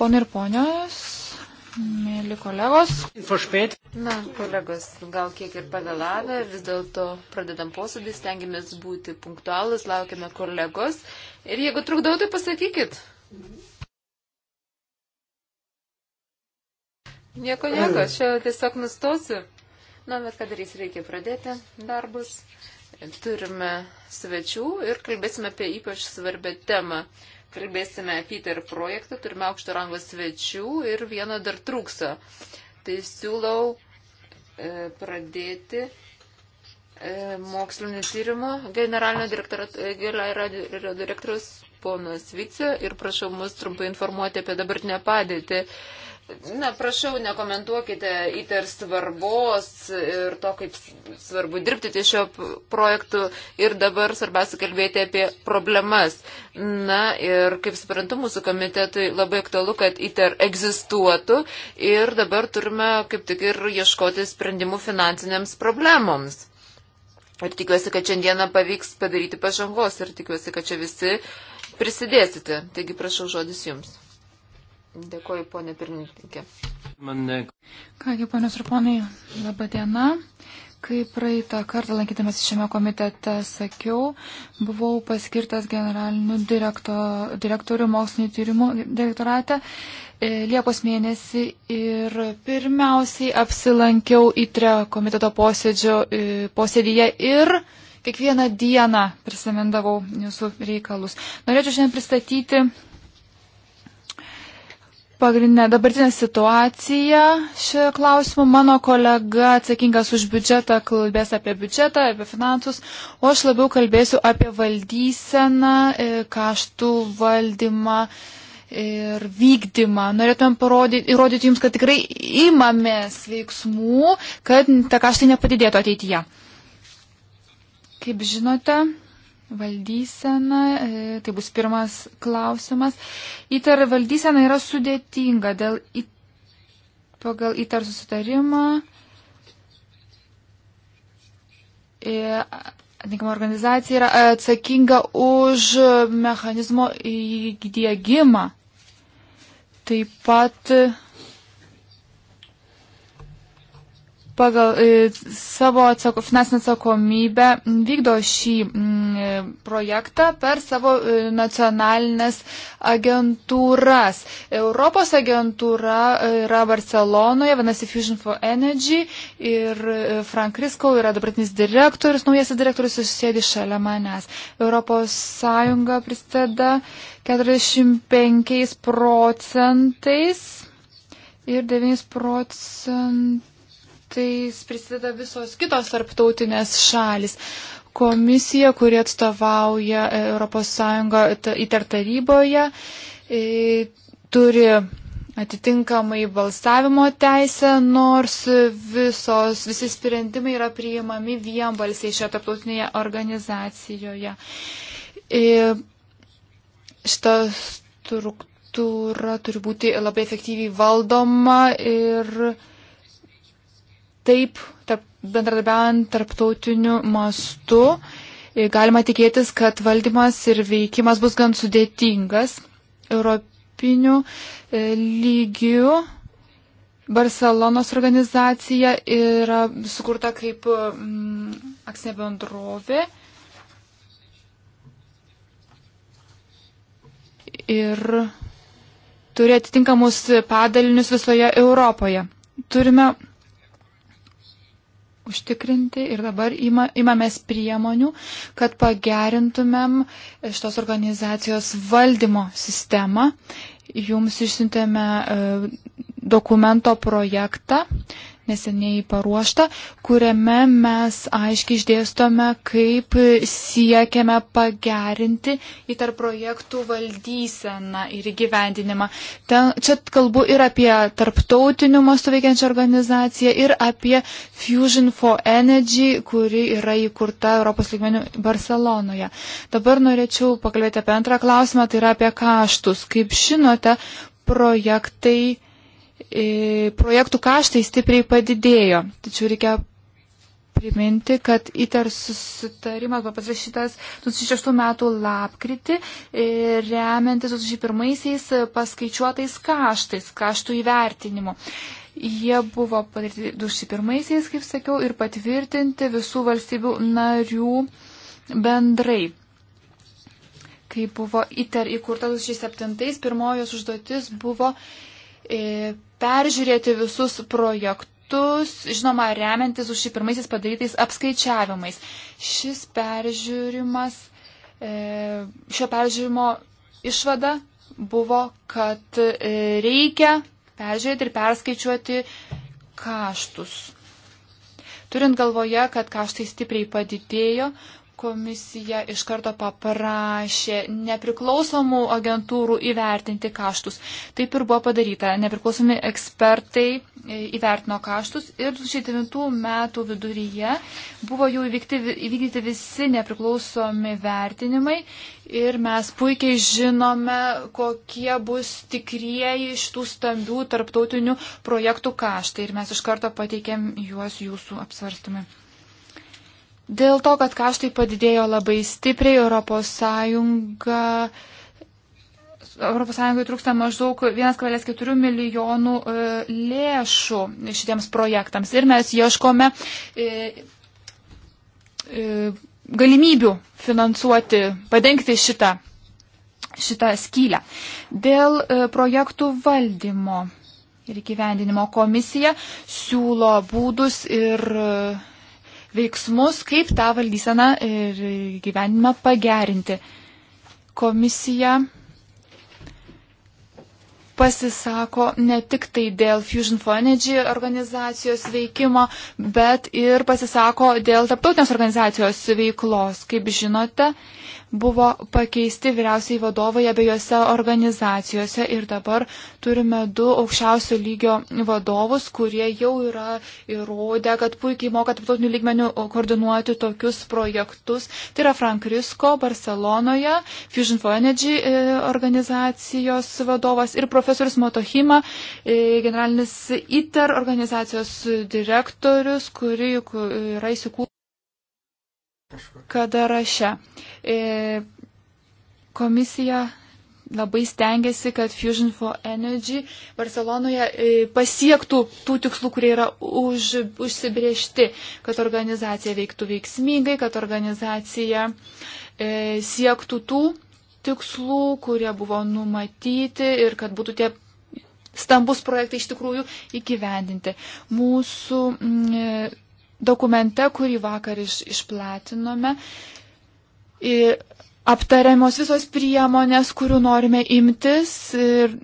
Pon ir ponios, mėly kolegos. Na, kolegos, gal kiek ir pavėlavę, vis dėlto pradedam posėdį, stengiamės būti punktualus, laukiame kolegos. Ir jeigu trukdau, tai pasakykit. Nieko, nieko, čia tiesiog nustosiu. Na, bet ką darys, reikia pradėti darbus. Turime svečių ir kalbėsime apie ypač svarbę temą kalbėsime apie ITER projektą, turime aukšto rango svečių ir vieno dar trūkso. Tai siūlau e, pradėti e, mokslinio tyrimo generalinio e, direktoriaus ponas Vice ir prašau mus trumpai informuoti apie dabartinę padėtį. E, Na, prašau, nekomentuokite įter svarbos ir to, kaip svarbu dirbti ties šio projektu ir dabar svarbiausia kalbėti apie problemas. Na ir, kaip suprantu, mūsų komitetui labai aktualu, kad įter egzistuotų ir dabar turime kaip tik ir ieškoti sprendimų finansiniams problemoms. Ir tikiuosi, kad šiandieną pavyks padaryti pažangos ir tikiuosi, kad čia visi prisidėsite. Taigi prašau žodis jums. Dėkuoju, ponė pirmininkė. Mane. Kągi, ponios ir ponai, laba diena. Kai praeitą kartą lankydamas šiame komitete sakiau, buvau paskirtas generaliniu direkto, direktoriu mokslinio tyrimų direktorate e, Liepos mėnesį ir pirmiausiai apsilankiau įtre komiteto posėdžio, e, posėdyje ir kiekvieną dieną prisimindavau jūsų reikalus. Norėčiau šiandien pristatyti pagrindinę dabartinę situaciją šio klausimu. Mano kolega atsakingas už biudžetą kalbės apie biudžetą, apie finansus, o aš labiau kalbėsiu apie valdyseną, e, kaštų valdymą ir vykdymą. Norėtumėm parodyti, įrodyti jums, kad tikrai imamės veiksmų, kad ta kaštai nepadidėtų ateityje. Kaip žinote, Valdysena, e, tai bus pirmas klausimas. Įtar valdysena yra sudėtinga dėl į, pagal įtar susitarimą. E, atinkama organizacija yra atsakinga už mechanizmo įdėgymą. Taip pat pagal e, savo atsako, finansinę atsakomybę vykdo šį m, mm, e, projektą per savo e, nacionalinės agentūras. Europos agentūra yra Barcelonoje, vadinasi Fusion for Energy ir Frank Riskau yra dabartinis direktorius, naujasis direktorius susėdi šalia manęs. Europos Sąjunga prisideda 45 procentais ir 9 procentais tais prisideda visos kitos tarptautinės šalis. Komisija, kuri atstovauja ES įtartaryboje, e, turi atitinkamai balsavimo teisę, nors visos, visi sprendimai yra priimami vienbalsiai šioje tarptautinėje organizacijoje. E, šita struktūra turi būti labai efektyviai valdoma ir taip, tarp, bendradarbiaujant tarptautiniu mastu, e, galima tikėtis, kad valdymas ir veikimas bus gan sudėtingas. Europiniu e, lygiu Barcelonos organizacija yra sukurta kaip mm, akcinė bendrovė. Ir turi atitinkamus padalinius visoje Europoje. Turime užtikrinti ir dabar ima, imamės priemonių, kad pagerintumėm šitos organizacijos valdymo sistemą. Jums išsintėme e, dokumento projektą neseniai paruoštą, kuriame mes aiškiai išdėstome, kaip siekiame pagerinti į tarp projektų valdyseną ir įgyvendinimą. Ten, čia kalbu ir apie tarptautinių mastų veikiančią organizaciją, ir apie Fusion for Energy, kuri yra įkurta Europos lygmenių Barcelonoje. Dabar norėčiau pakalbėti apie antrą klausimą, tai yra apie kaštus. Kaip žinote, projektai projektų kaštai stipriai padidėjo. Tačiau reikia priminti, kad ITER susitarimas buvo pasirašytas 2006 metų lapkritį, e, remiantis 2001-aisiais paskaičiuotais kaštais, kaštų įvertinimu. Jie buvo padaryti 2001-aisiais, kaip sakiau, ir patvirtinti visų valstybių narių bendrai. Kai buvo ITER įkurta 2007-ais, pirmojos užduotis buvo E, peržiūrėti visus projektus, žinoma, remiantis už šį pirmaisiais padarytais apskaičiavimais. Šis peržiūrimas, e, šio peržiūrimo išvada buvo, kad e, reikia peržiūrėti ir perskaičiuoti kaštus. Turint galvoje, kad kaštai stipriai padidėjo, komisija iš karto paprašė nepriklausomų agentūrų įvertinti kaštus. Taip ir buvo padaryta. Nepriklausomi ekspertai e, įvertino kaštus ir 2009 metų viduryje buvo jau įvykti, įvykdyti visi nepriklausomi vertinimai ir mes puikiai žinome, kokie bus tikrieji šitų stambių tarptautinių projektų kaštai ir mes iš karto pateikėm juos jūsų apsvarstymui. Dėl to, kad kaštai padidėjo labai stipriai, Europos Sąjunga ES trūksta maždaug 1,4 milijonų e, lėšų šitiems projektams. Ir mes ieškome e, e, galimybių finansuoti, padengti šitą, šitą skylę. Dėl projektų valdymo ir gyvendinimo komisija siūlo būdus ir veiksmus, kaip tą valdyseną ir gyvenimą pagerinti. Komisija pasisako ne tik tai dėl Fusion for Energy organizacijos veikimo, bet ir pasisako dėl tarptautinės organizacijos veiklos. Kaip žinote, buvo pakeisti vyriausiai vadovai abiejose organizacijose ir dabar turime du aukščiausio lygio vadovus, kurie jau yra įrodę, kad puikiai moka tarptautinių lygmenių koordinuoti tokius projektus. Tai yra Frank Risko Barcelonoje, Fusion for Energy e, organizacijos vadovas ir profesorius Motohima, e, generalinis ITER organizacijos direktorius, kuri yra įsikūręs. Kadaraše. E, komisija labai stengiasi, kad Fusion for Energy Barcelonoje e, pasiektų tų tikslų, kurie yra už, užsibriežti, kad organizacija veiktų veiksmingai, kad organizacija e, siektų tų tikslų, kurie buvo numatyti ir kad būtų tie stambus projektai iš tikrųjų įgyvendinti. Mūsų m, dokumente, kurį vakar iš, išplatinome, aptariamos visos priemonės, kurių norime imtis. Ir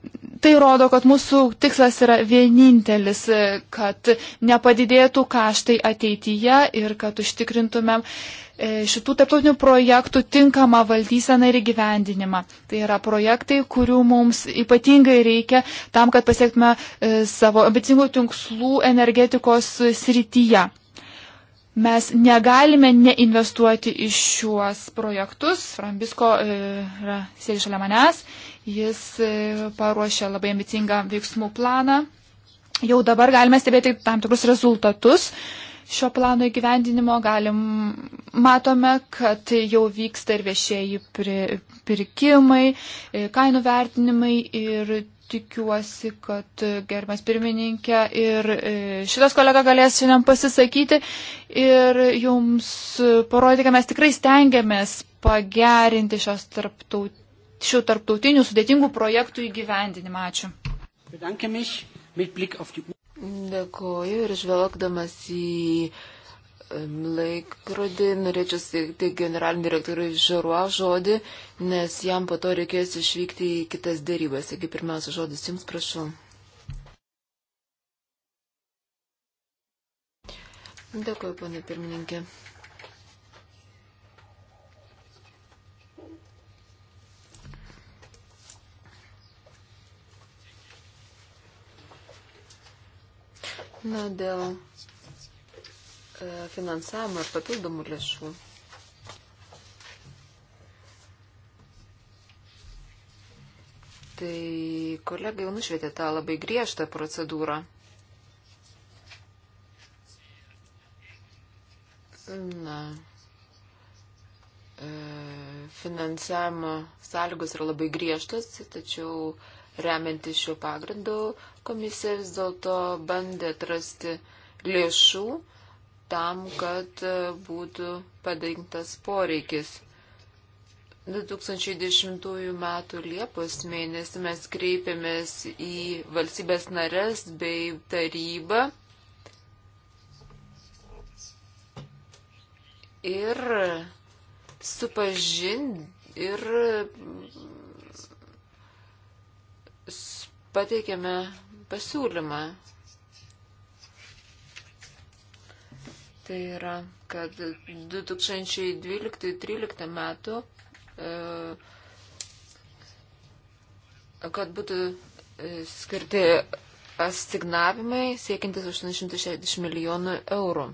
tai rodo, kad mūsų tikslas yra vienintelis, kad nepadidėtų kaštai ateityje ir kad užtikrintumėm e, šitų tarptautinių projektų tinkamą valdyseną ir įgyvendinimą. Tai yra projektai, kurių mums ypatingai reikia tam, kad pasiektume e, savo ambicingų tinklų energetikos srityje. Mes negalime neinvestuoti į šiuos projektus. Rambisko e, sėdi šalia manęs. Jis e, paruošė labai ambicingą veiksmų planą. Jau dabar galime stebėti tam tikrus rezultatus šio plano įgyvendinimo. Galim, matome, kad jau vyksta ir viešieji pirkimai, e, kainų vertinimai ir tikiuosi, kad gerbiamas pirmininkė ir e, šitas kolega galės šiandien pasisakyti ir jums parodyti, kad mes tikrai stengiamės pagerinti tarptaut, šių tarptautinių sudėtingų projektų įgyvendinimą. Ačiū. Dėkuoju ir žvelgdamas į laikrodį, norėčiau steigti generalinį direktorių Žarua žodį, nes jam po to reikės išvykti į kitas dėrybas. Taigi pirmiausia žodis jums prašau. Dėkuoju, ponė pirmininkė. Na, dėl E, finansavimo ir papildomų lėšų. Tai kolega jau nušvietė tą labai griežtą procedūrą. Na, e, finansavimo sąlygos yra labai griežtos, tačiau remianti šiuo pagrindu komisija vis dėlto bandė atrasti lėšų, e, tam, kad e, būtų padarytas poreikis. 2010 m. Liepos mėnesį mes kreipėmės į valstybės narės bei tarybą ir supažinti ir pateikėme pasiūlymą Tai yra, kad 2012-2013 metų, e, kad būtų e, skirti asignavimai siekintis 860 milijonų eurų.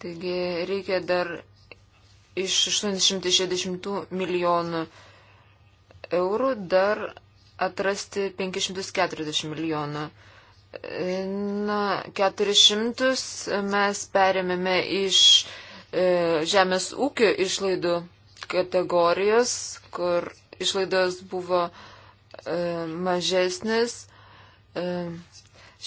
Taigi reikia dar iš 860 milijonų eurų dar atrasti 540 milijonų eurų Na, 400 mes perėmėme iš e, žemės ūkio išlaidų kategorijos, kur išlaidos buvo e, mažesnis. E,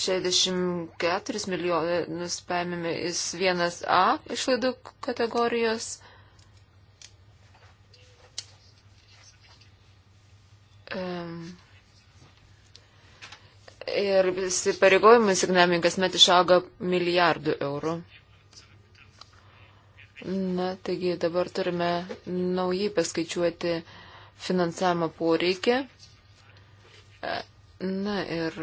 64 milijonus paėmėme iš 1A išlaidų kategorijos. Um. E, Ir įsipareigojimai signavimai kasmet išauga milijardų eurų. Na, taigi dabar turime naujai paskaičiuoti finansavimo poreikį. Na ir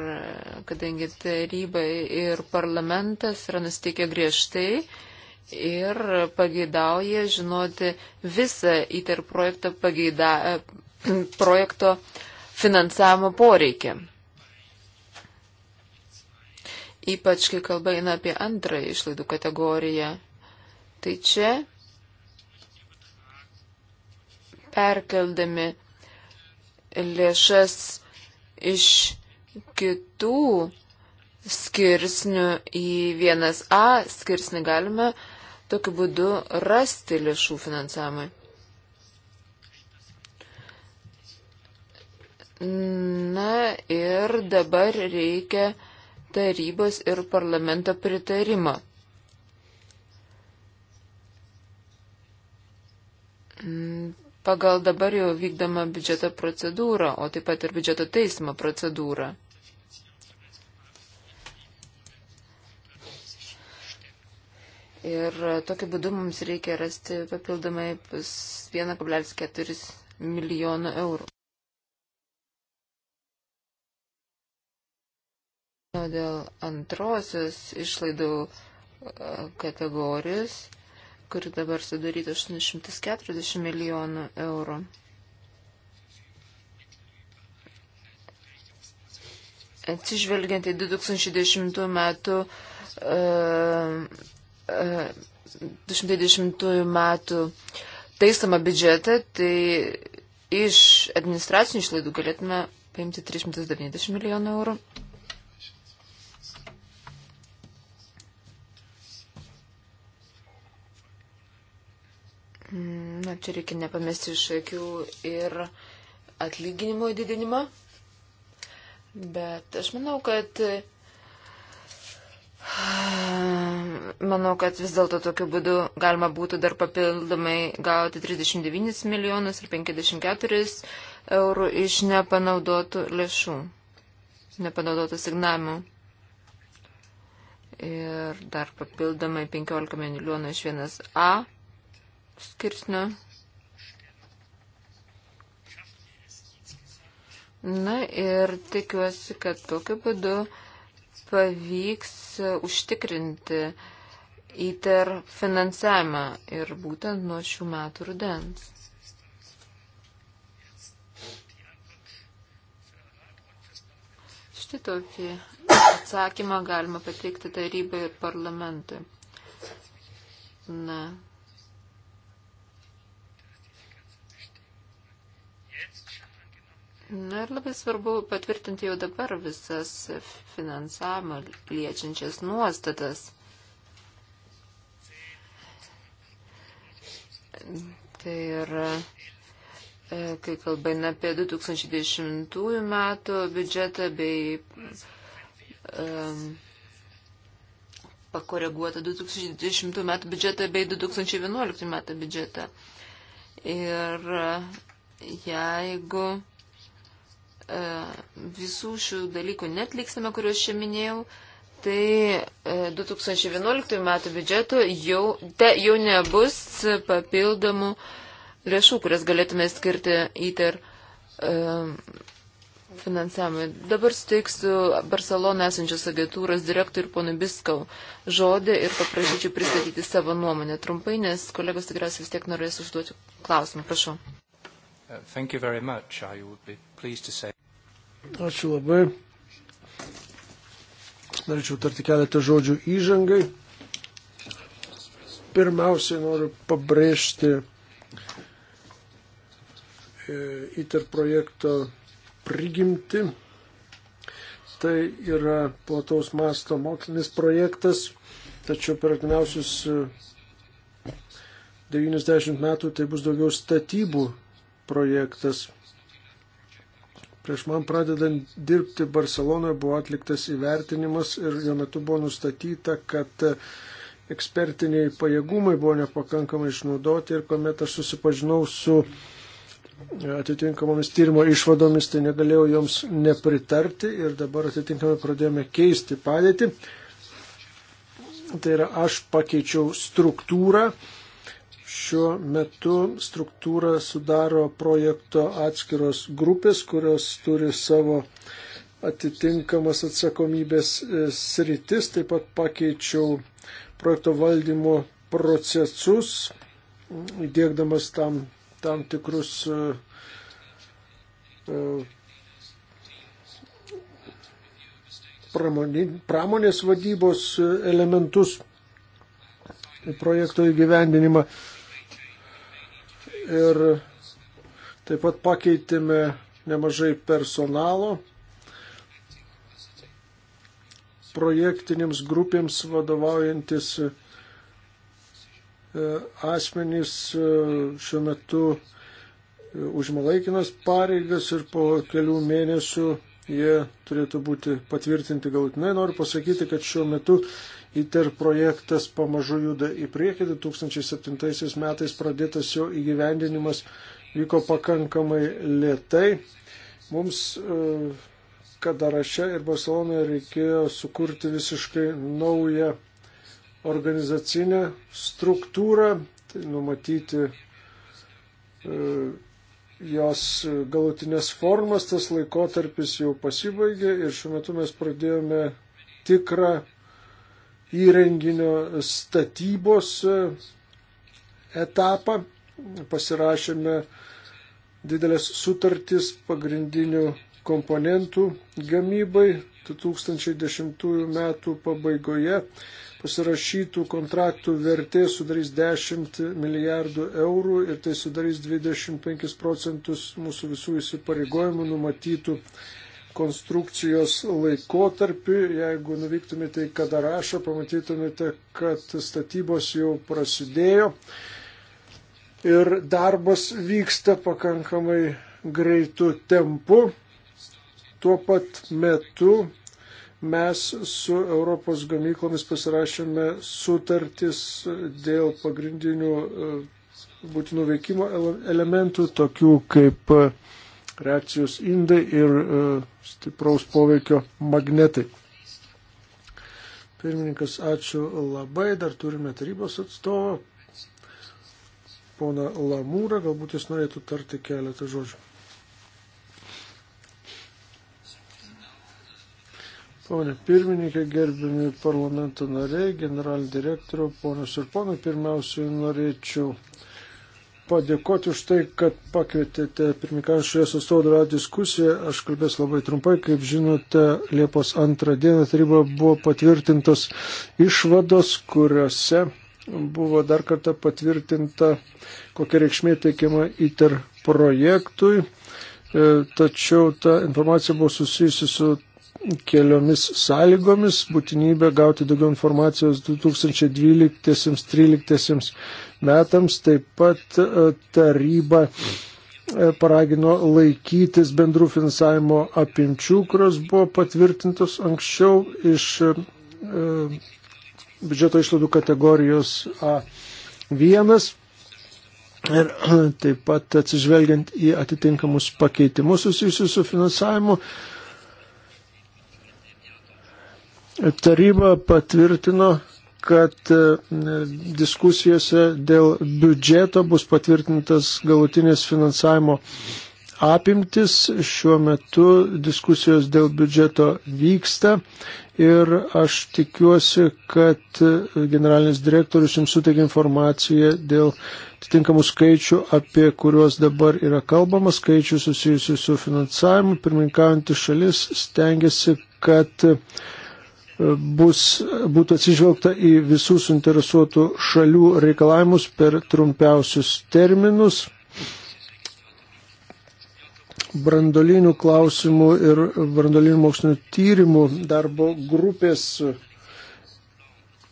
kadangi taryba ir parlamentas yra nusteikę griežtai ir pageidauja žinoti visą įter projekto, pageida, projekto finansavimo poreikį ypač kai kalba eina apie antrąją išlaidų kategoriją. Tai čia perkeldami lėšas iš kitų skirsnių į 1A skirsnį galime tokiu būdu rasti lėšų finansavimui. Na ir dabar reikia tarybos ir parlamento pritarimo. Pagal dabar jau vykdama biudžeto procedūrą, o taip pat ir biudžeto teismo procedūrą. Ir tokiu būdu mums reikia rasti papildomai 1,4 milijonų eurų. O dėl antrosios išlaidų e, kategorijos, kuri dabar sudaryta 840 milijonų eurų. Atsižvelgiant į 2010 metų, uh, uh, 2010 metų taisomą biudžetą, tai iš administracinių išlaidų galėtume paimti 390 milijonų eurų. Na, čia reikia nepamesti iš akių ir atlyginimo didinimą. Bet aš manau, kad. Manau, kad vis dėlto tokiu būdu galima būtų dar papildomai gauti 39 milijonus ir 54 eurų iš nepanaudotų lėšų, nepanaudotų signavimų. Ir dar papildomai 15 milijonų iš 1A skirsnio. Na ir tikiuosi, kad tokiu būdu pavyks užtikrinti įter finansavimą ir būtent nuo šių metų rudens. Štai tokį atsakymą galima pateikti tarybai ir parlamentui. Na, Na ir labai svarbu patvirtinti jau dabar visas finansavimą liečiančias nuostatas. Tai yra, e, kai kalbame apie 2010 metų biudžetą bei um, pakoreguotą 2010 metų biudžetą bei 2011 metų biudžetą. Ir jeigu E, visų šių dalykų netliksime, kuriuos čia minėjau, tai 2011 e, metų biudžeto jau, te, jau nebus papildomų lėšų, kurias galėtume skirti įter e, finansavimui. Dabar suteiksiu Barcelona esančios agentūros direktoriui ponui Biskau žodį ir paprašyčiau pristatyti savo nuomonę trumpai, nes kolegos tikriausiai vis tiek norės užduoti klausimą. Prašau. Uh, thank you very much. I would be pleased to say. Ačiū labai. Norėčiau tarti keletą žodžių įžangai. Pirmiausiai noriu pabrėžti e, ITER projekto prigimti. Tai yra plataus masto mokslinis projektas, tačiau per artimiausius 90 e, metų tai bus daugiau statybų projektas. Prieš man pradedant dirbti Barcelonoje buvo atliktas įvertinimas ir jo metu buvo nustatyta, kad ekspertiniai pajėgumai buvo nepakankamai išnaudoti ir kuomet aš susipažinau su atitinkamomis tyrimo išvadomis, tai negalėjau joms nepritarti ir dabar atitinkamai pradėjome keisti padėtį. Tai yra, aš pakeičiau struktūrą Šiuo metu struktūrą sudaro projekto atskiros grupės, kurios turi savo atitinkamas atsakomybės e, sritis. Taip pat pakeičiau projekto valdymo procesus, įdėkdamas tam, tam tikrus e, e, pramonės vadybos elementus projekto įgyvendinimą ir taip pat pakeitėme nemažai personalo projektinėms grupėms vadovaujantis e, asmenys e, šiuo metu e, užima laikinas pareigas ir po kelių mėnesių jie turėtų būti patvirtinti galutinai. Noriu pasakyti, kad šiuo metu ITER projektas pamažu juda į priekį. 2007 metais pradėtas jo įgyvendinimas vyko pakankamai lėtai. Mums e, Kadaraše ir Barcelonoje reikėjo sukurti visiškai naują organizacinę struktūrą, tai numatyti e, jos galutinės formas, tas laikotarpis jau pasibaigė ir šiuo metu mes pradėjome tikrą įrenginio statybos e, etapą. Pasirašėme didelės sutartis pagrindinių komponentų gamybai 2010 m. pabaigoje. Pasirašytų kontraktų vertė sudarys 10 milijardų eurų ir tai sudarys 25 procentus mūsų visų įsipareigojimų numatytų konstrukcijos laikotarpį, jeigu nuvyktumėte į Kadarašą, pamatytumėte, kad statybos jau prasidėjo ir darbas vyksta pakankamai greitų tempų. Tuo pat metu mes su Europos gamyklomis pasirašėme sutartis dėl pagrindinių e, būtinų veikimo elementų, tokių kaip reakcijos indai ir e, stipraus poveikio magnetai. Pirmininkas, ačiū labai. Dar turime tarybos atstovą, pona Lamūrą. Galbūt jis norėtų tarti keletą žodžių. Pone pirmininkė, gerbiami parlamento nariai, generalinį direktorių, ponios ir ponai, pirmiausiai norėčiau padėkoti už tai, kad pakvietėte pirmininkančioje susodrą diskusiją. Aš kalbės labai trumpai. Kaip žinote, Liepos antrą dieną taryba buvo patvirtintos išvados, kuriuose buvo dar kartą patvirtinta, kokia reikšmė teikiama ITER projektui. E, tačiau ta informacija buvo susijusi su keliomis sąlygomis, būtinybė gauti daugiau informacijos 2012-2013 metams, taip pat e, taryba e, paragino laikytis bendrų finansavimo apimčių, kurios buvo patvirtintos anksčiau iš e, biudžeto išlaidų kategorijos A1. Ir taip pat atsižvelgiant į atitinkamus pakeitimus susijusius su finansavimu, uh, Taryba patvirtino, kad e, diskusijose dėl biudžeto bus patvirtintas galutinės finansavimo apimtis. Šiuo metu diskusijos dėl biudžeto vyksta ir aš tikiuosi, kad e, generalinis direktorius jums suteikia informaciją dėl atitinkamų skaičių, apie kuriuos dabar yra kalbama, skaičių susijusių su finansavimu. Pirmininkaujantys šalis stengiasi, kad bus, būtų atsižvelgta į visų suinteresuotų šalių reikalavimus per trumpiausius terminus. Brandolinių klausimų ir brandolinių mokslinių tyrimų darbo grupės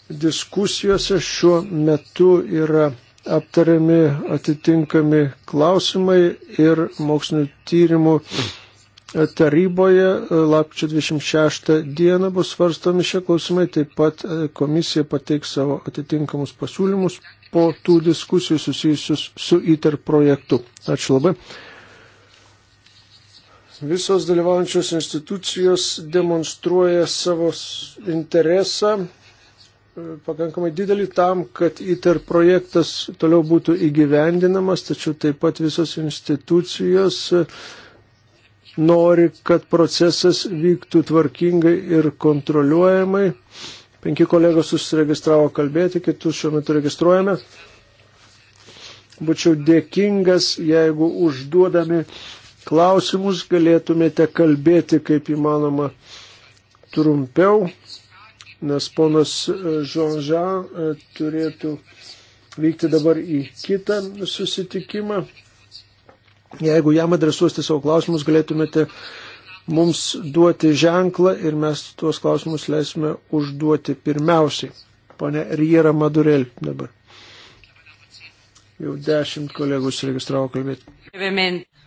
diskusijose šiuo metu yra aptariami atitinkami klausimai ir mokslinių tyrimų taryboje e, lapčio 26 dieną bus svarstomi šie klausimai, taip pat e, komisija pateiks savo atitinkamus pasiūlymus po tų diskusijų susijusius su ITER projektu. Ačiū labai. Visos dalyvaujančios institucijos demonstruoja savo interesą e, pakankamai didelį tam, kad ITER projektas toliau būtų įgyvendinamas, tačiau taip pat visos institucijos uh, nori, kad procesas vyktų tvarkingai ir kontroliuojamai. Penki kolegos susiregistravo kalbėti, kitus šiuo metu registruojame. Būčiau dėkingas, jeigu užduodami klausimus galėtumėte kalbėti kaip įmanoma trumpiau, nes ponas Žonžan e, e, turėtų vykti dabar į kitą susitikimą. Jeigu jam adresuosite savo klausimus, galėtumėte mums duoti ženklą ir mes tuos klausimus leisime užduoti pirmiausiai. Pane Riera Madurel dabar. Jau dešimt kolegų suregistravo kalbėti.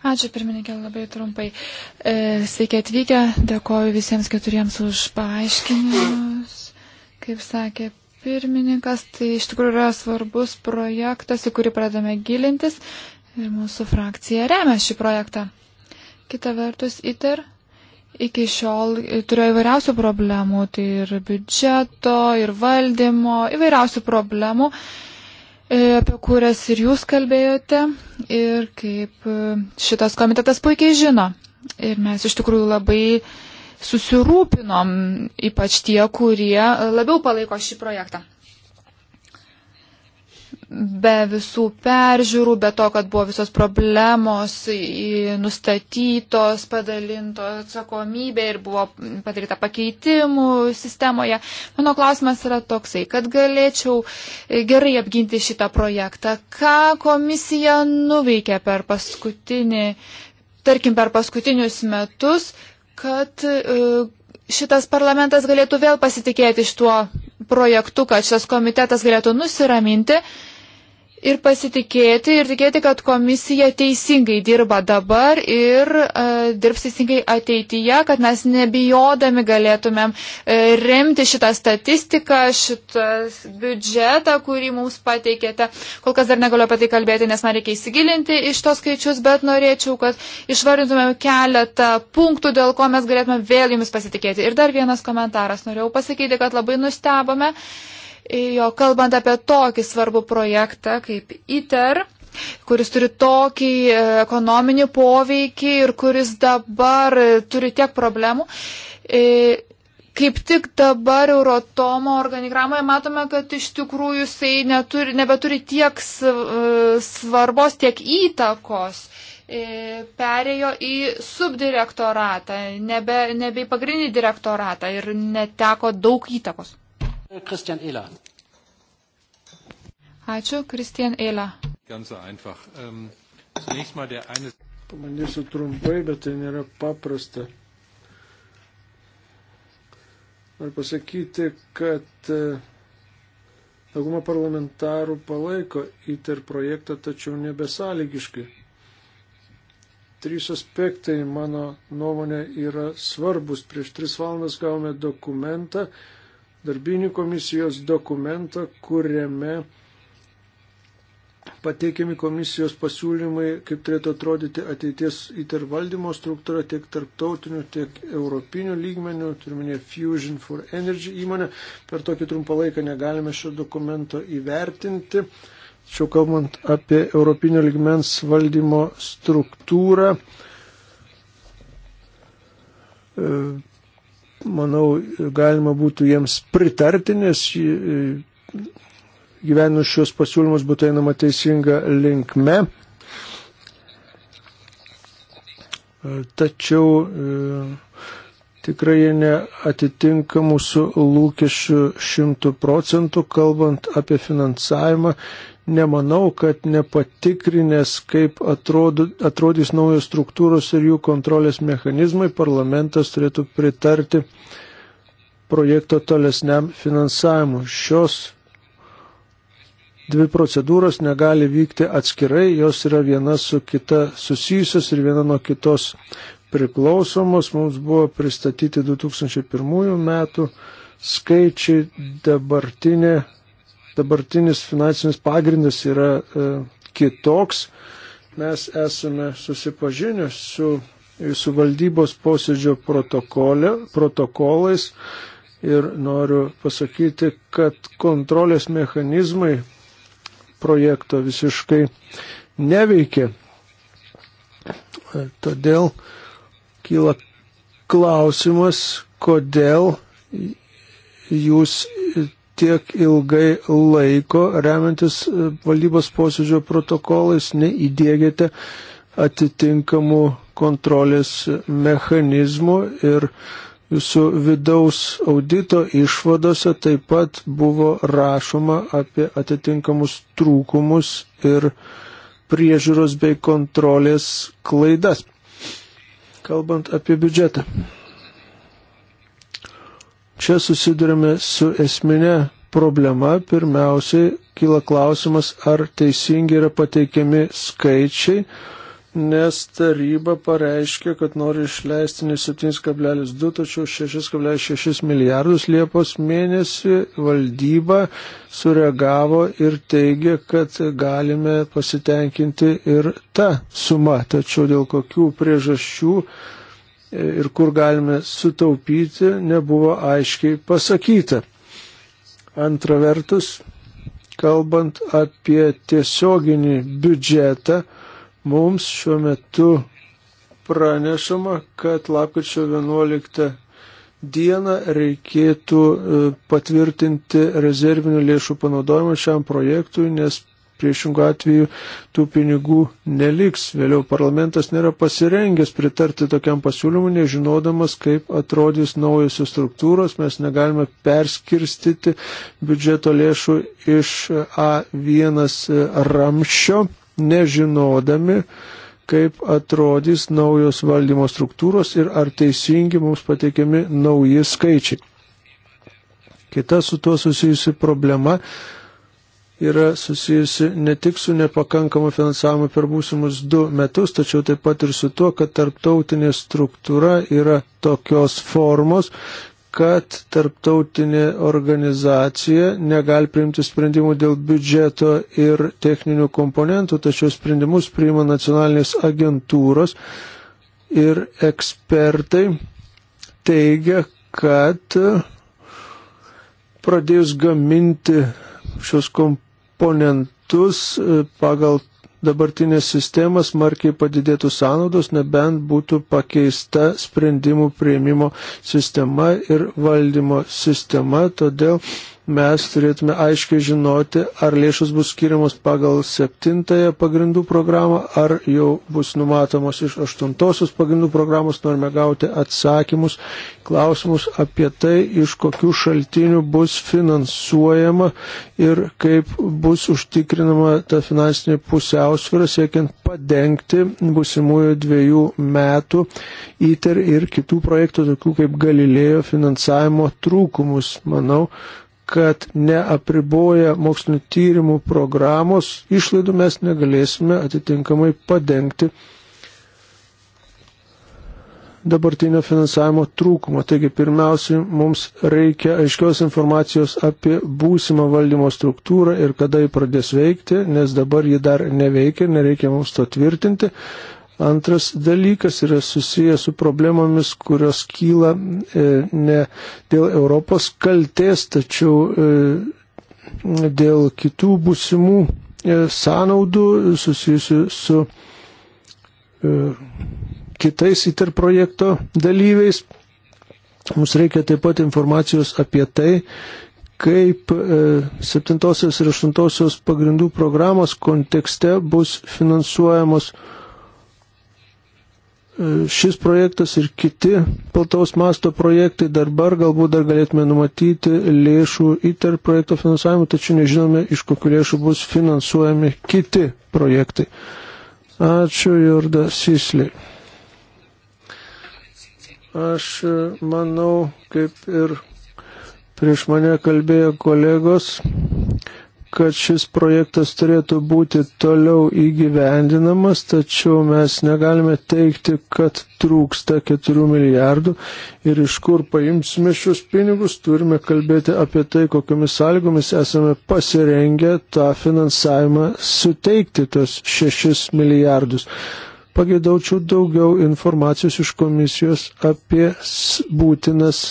Ačiū pirmininkė, labai trumpai. E, sveiki atvykę, dėkoju visiems keturiems už paaiškinimus. Kaip sakė pirmininkas, tai iš tikrųjų yra svarbus projektas, į kurį pradame gilintis Ir mūsų frakcija remia šį projektą. Kita vertus, ITER iki šiol turėjo įvairiausių problemų, tai ir biudžeto, ir valdymo, įvairiausių problemų, e, apie kurias ir jūs kalbėjote, ir kaip e, šitas komitetas puikiai žino. Ir mes iš tikrųjų labai susirūpinom, ypač tie, kurie labiau palaiko šį projektą be visų peržiūrų, be to, kad buvo visos problemos nustatytos, padalinto atsakomybė ir buvo padaryta pakeitimų sistemoje. Mano klausimas yra toksai, kad galėčiau e, gerai apginti šitą projektą. Ką komisija nuveikė per paskutinį, tarkim, per paskutinius metus, kad e, šitas parlamentas galėtų vėl pasitikėti šituo projektu, kad šitas komitetas galėtų nusiraminti ir pasitikėti ir tikėti, kad komisija teisingai dirba dabar ir e, dirbs teisingai ateityje, kad mes nebijodami galėtumėm e, remti šitą statistiką, šitą biudžetą, kurį mums pateikėte. Kol kas dar negaliu apie tai kalbėti, nes man reikia įsigilinti iš tos skaičius, bet norėčiau, kad išvardintumėm keletą punktų, dėl ko mes galėtume vėl jumis pasitikėti. Ir dar vienas komentaras. Norėjau pasakyti, kad labai nustebome. E, jo kalbant apie tokį svarbų projektą kaip ITER, kuris turi tokį e, ekonominį poveikį ir kuris dabar e, turi tiek problemų. E, kaip tik dabar Eurotomo organigramoje matome, kad iš tikrųjų jisai neturi, nebeturi tiek svarbos, tiek įtakos perėjo į subdirektoratą, nebe, nebe į pagrindinį direktoratą ir neteko daug įtakos. Kristian Eila. Ačiū, Kristian Eila. Ähm, Pabandysiu trumpai, bet tai nėra paprasta. Noriu pasakyti, kad e, dauguma parlamentarų palaiko ITER projektą, tačiau nebesąlygiškai. Trys aspektai, mano nuomonė, yra svarbus. Prieš tris valandas gavome dokumentą, darbinį komisijos dokumentą, kuriame pateikiami komisijos pasiūlymai, kaip turėtų atrodyti ateities įtervaldymo struktūra tiek tarptautiniu, tiek europiniu lygmeniu, turime Fusion for Energy įmonę. Per tokį trumpą laiką negalime šio dokumento įvertinti. Tačiau kalbant apie europinio lygmens valdymo struktūrą, e, manau, galima būtų jiems pritarti, nes e, gyvenus šios pasiūlymus būtų einama teisinga linkme. E, tačiau e, Tikrai jie neatitinka mūsų lūkesčių šimtų procentų, kalbant apie finansavimą. Nemanau, kad nepatikrinės, kaip atrodo, atrodys naujos struktūros ir jų kontrolės mechanizmai, parlamentas turėtų pritarti projekto tolesniam finansavimui. Šios dvi procedūros negali vykti atskirai, jos yra viena su kita susijusios ir viena nuo kitos priklausomos. Mums buvo pristatyti 2001 metų skaičiai, dabartinė, dabartinis finansinis pagrindas yra e, kitoks. Mes esame susipažinę su, su valdybos posėdžio protokolais ir noriu pasakyti, kad kontrolės mechanizmai projekto visiškai neveikia. Todėl kyla klausimas, kodėl jūs tiek ilgai laiko, remiantis valdybos posėdžio protokolais, neįdėgėte atitinkamų kontrolės mechanizmų ir jūsų vidaus audito išvadose taip pat buvo rašoma apie atitinkamus trūkumus ir priežiūros bei kontrolės klaidas kalbant apie biudžetą. Čia susidurime su esminė problema. Pirmiausiai kyla klausimas, ar teisingi yra pateikiami skaičiai, nes taryba pareiškė, kad nori išleisti ne 7,2, tačiau 6,6 milijardus Liepos mėnesį. Valdyba sureagavo ir teigė, kad galime pasitenkinti ir tą sumą, tačiau dėl kokių priežasčių ir kur galime sutaupyti, nebuvo aiškiai pasakyta. Antra vertus, kalbant apie tiesioginį biudžetą, Mums šiuo metu pranešama, kad lapkričio 11 dieną reikėtų e, patvirtinti rezervinių lėšų panaudojimą šiam projektui, nes priešingų atveju tų pinigų neliks. Vėliau parlamentas nėra pasirengęs pritarti tokiam pasiūlymui, nežinodamas, kaip atrodys naujosios struktūros. Mes negalime perskirstyti biudžeto lėšų iš A1 e, ramščio nežinodami, kaip atrodys naujos valdymo struktūros ir ar teisingi mums pateikiami nauji skaičiai. Kita su tuo susijusi problema yra susijusi ne tik su nepakankamu finansavimu per būsimus du metus, tačiau taip pat ir su tuo, kad tarptautinė struktūra yra tokios formos, kad tarptautinė organizacija negali priimti sprendimų dėl biudžeto ir techninių komponentų, tačiau sprendimus priima nacionalinės agentūros ir ekspertai teigia, kad pradėjus gaminti šios komponentus e, pagal dabartinės sistemas markiai padidėtų sąnaudos, nebent būtų pakeista sprendimų prieimimo sistema ir valdymo sistema. Todėl mes turėtume aiškiai žinoti, ar lėšus bus skiriamos pagal septintąją pagrindų programą, ar jau bus numatomos iš aštuntosios pagrindų programos, norime gauti atsakymus, klausimus apie tai, iš kokių šaltinių bus finansuojama ir kaip bus užtikrinama ta finansinė pusiausvėra, siekiant padengti busimųjų dviejų metų ITER ir kitų projektų, tokių kaip Galilėjo finansavimo trūkumus. Manau, kad neapriboja mokslinio tyrimų programos, išlaidų mes negalėsime atitinkamai padengti dabartinio finansavimo trūkumo. Taigi pirmiausiai mums reikia aiškios informacijos apie būsimą valdymo struktūrą ir kada ji pradės veikti, nes dabar ji dar neveikia, nereikia mums to tvirtinti. Antras dalykas yra susijęs su problemomis, kurios kyla e, ne dėl Europos kalties, tačiau e, dėl kitų būsimų e, sąnaudų susijusių su kitais įterprojekto dalyviais. Mums reikia taip pat informacijos apie tai, kaip 7 ir 8 pagrindų programos kontekste bus finansuojamos šis projektas ir kiti plataus masto projektai dabar galbūt dar galėtume numatyti lėšų įter projekto finansavimą, tačiau nežinome, iš kokių lėšų bus finansuojami kiti projektai. Ačiū Jorda Sisli. Aš e, manau, kaip ir prieš mane kalbėjo kolegos, kad šis projektas turėtų būti toliau įgyvendinamas, tačiau mes negalime teikti, kad trūksta 4 milijardų ir iš kur paimsime šios pinigus, turime kalbėti apie tai, kokiamis sąlygomis esame pasirengę tą finansavimą suteikti tos 6 milijardus. Pagėdaučiau daugiau informacijos iš komisijos apie būtinas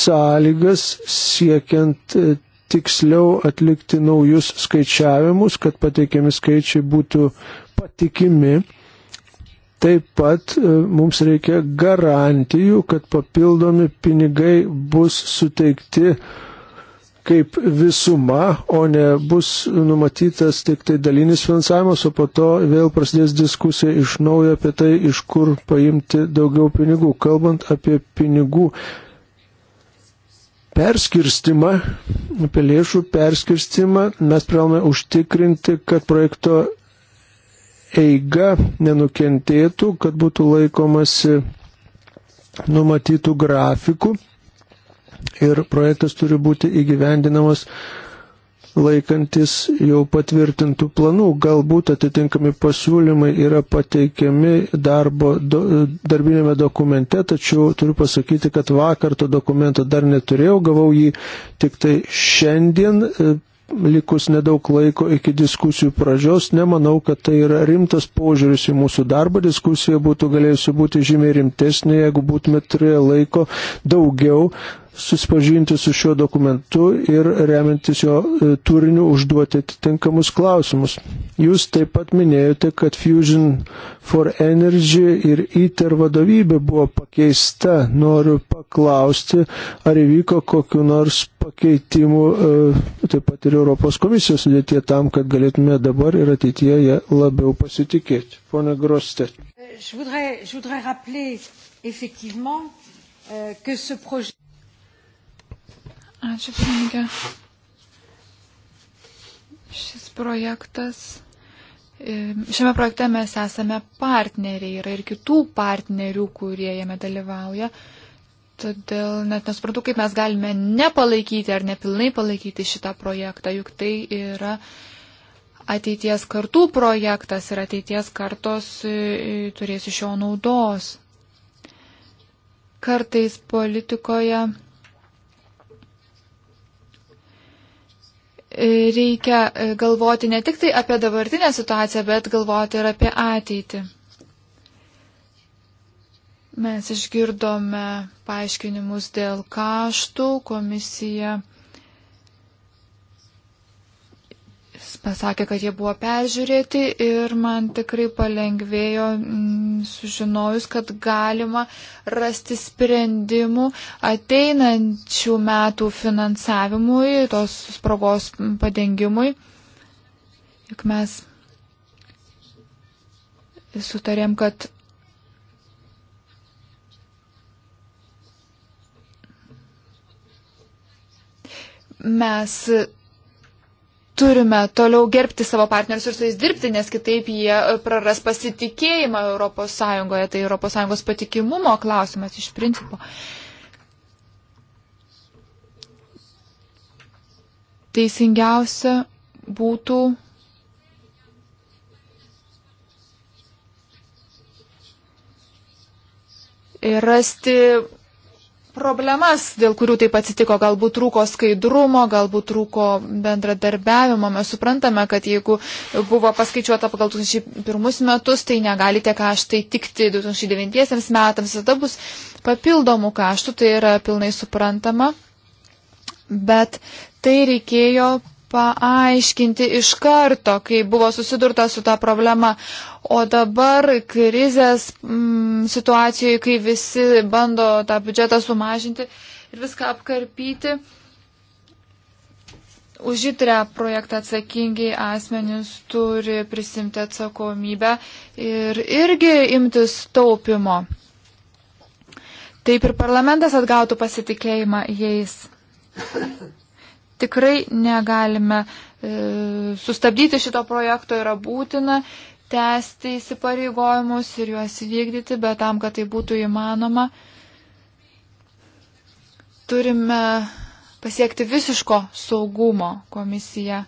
sąlygas siekiant e, tiksliau atlikti naujus skaičiavimus, kad pateikiami skaičiai būtų patikimi. Taip pat e, mums reikia garantijų, kad papildomi pinigai bus suteikti kaip visuma, o ne bus numatytas tik tai dalinis finansavimas, o po to vėl prasidės diskusija iš naujo apie tai, iš kur paimti daugiau pinigų. Kalbant apie pinigų perskirstimą, apie lėšų perskirstimą, mes privalome užtikrinti, kad projekto eiga nenukentėtų, kad būtų laikomasi numatytų grafikų ir projektas turi būti įgyvendinamas laikantis jau patvirtintų planų. Galbūt atitinkami pasiūlymai yra pateikiami darbo, do, darbinėme dokumente, tačiau turiu pasakyti, kad vakar to dokumento dar neturėjau, gavau jį tik tai šiandien. E, likus nedaug laiko iki diskusijų pradžios, nemanau, kad tai yra rimtas požiūris į mūsų darbą. Diskusija būtų galėjusi būti žymiai rimtesnė, jeigu būtume turėję laiko daugiau susipažinti su šiuo dokumentu ir remiantis jo e, turiniu užduoti atitinkamus klausimus. Jūs taip pat minėjote, kad Fusion for Energy ir ITER vadovybė buvo pakeista. Noriu paklausti, ar įvyko kokiu nors pakeitimu e, taip pat ir Europos komisijos sudėtie tam, kad galėtume dabar ir ateityje labiau pasitikėti. Pone Grostet. Je voudrais, je voudrais rappeler effectivement euh, que ce projet Ačiū, pirmininkė. Šis projektas. E, šiame projekte mes esame partneriai, yra ir kitų partnerių, kurie jame dalyvauja. Todėl net nesuprantu, kaip mes galime nepalaikyti ar nepilnai palaikyti šitą projektą, juk tai yra ateities kartų projektas ir ateities kartos e, e, turės iš jo naudos. Kartais politikoje reikia e, galvoti ne tik tai apie dabartinę situaciją, bet galvoti ir apie ateitį. Mes išgirdome paaiškinimus dėl kaštų, komisija Jis pasakė, kad jie buvo peržiūrėti ir man tikrai palengvėjo mm, sužinojus, kad galima rasti sprendimų ateinančių metų finansavimui, tos sprogos padengimui. Juk mes sutarėm, kad mes turime toliau gerbti savo partnerius ir su jais dirbti, nes kitaip jie e, praras pasitikėjimą ES, tai ES patikimumo klausimas iš principo. Teisingiausia būtų. Rasti problemas, dėl kurių taip atsitiko. Galbūt trūko skaidrumo, galbūt trūko bendradarbiavimo. Mes suprantame, kad jeigu buvo paskaičiuota pagal 2001 metus, tai negalite kaštai tikti 2009 metams. Tada bus papildomų kaštų, tai yra pilnai suprantama. Bet tai reikėjo paaiškinti iš karto, kai buvo susidurta su ta problema. O dabar krizės mm, situacijoje, kai visi bando tą biudžetą sumažinti ir viską apkarpyti, už įtrę projektą atsakingi asmenys turi prisimti atsakomybę ir irgi imtis taupimo. Taip ir parlamentas atgautų pasitikėjimą jais tikrai negalime e, sustabdyti šito projekto, yra būtina tęsti įsipareigojimus ir juos vykdyti, bet tam, kad tai būtų įmanoma, turime pasiekti visiško saugumo komisija.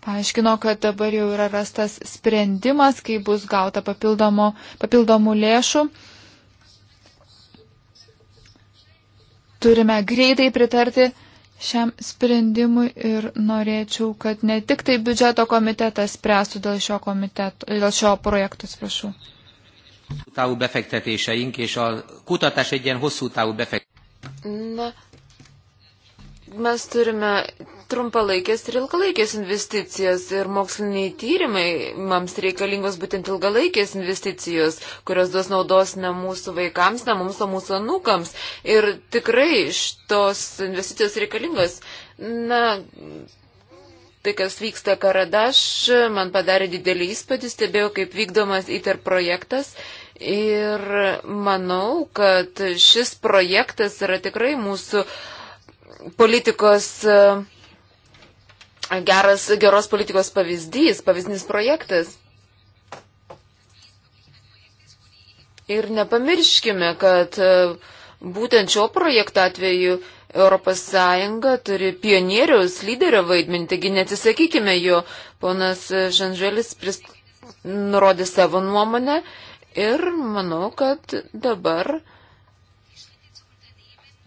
Paaiškino, kad dabar jau yra rastas sprendimas, kai bus gauta papildomų, papildomų lėšų. Turime greitai pritarti šiam sprendimui ir norėčiau, kad ne tik tai biudžeto komitetas spręstų dėl šio, komiteto, dėl šio projekto, atsiprašau. Na, mes turime trumpalaikės ir ilgalaikės investicijas ir moksliniai tyrimai mums reikalingos būtent ilgalaikės investicijos, kurios duos naudos ne mūsų vaikams, ne mums, o mūsų anūkams. Ir tikrai šitos investicijos reikalingos. Na, tai, kas vyksta Karadaš, man padarė didelį įspūdį, stebėjau, kaip vykdomas ITER projektas. Ir manau, kad šis projektas yra tikrai mūsų politikos uh, geras, geros politikos pavyzdys, pavyzdinis projektas. Ir nepamirškime, kad e, būtent šio projekto atveju ES turi pionieriaus lyderio vaidmenį, taigi neatsisakykime jo. Ponas Žanželis prist... nurodė savo nuomonę ir manau, kad dabar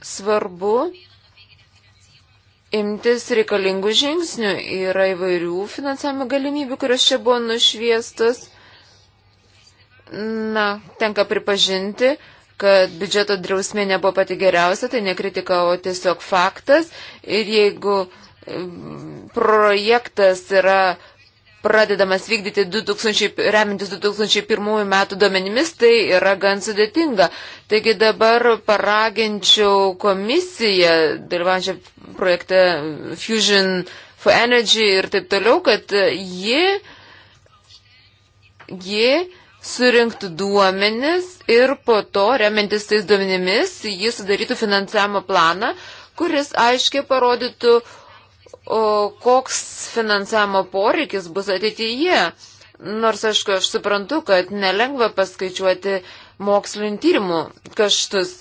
svarbu imtis reikalingų žingsnių. Yra įvairių finansavimo galimybių, kurios čia buvo nušviestos. Na, tenka pripažinti, kad biudžeto drausmė nebuvo pati geriausia, tai nekritika, o tiesiog faktas. Ir jeigu mm, projektas yra pradedamas vykdyti 2000, remintis 2001 metų duomenimis, tai yra gan sudėtinga. Taigi dabar paraginčiau komisiją, dalyvaujančią projekte Fusion for Energy ir taip toliau, kad ji, ji surinktų duomenis ir po to, remintis tais duomenimis, ji sudarytų finansavimo planą, kuris aiškiai parodytų, koks finansavimo poreikis bus ateityje. Nors, aišku, aš suprantu, kad nelengva paskaičiuoti mokslinį tyrimų kaštus,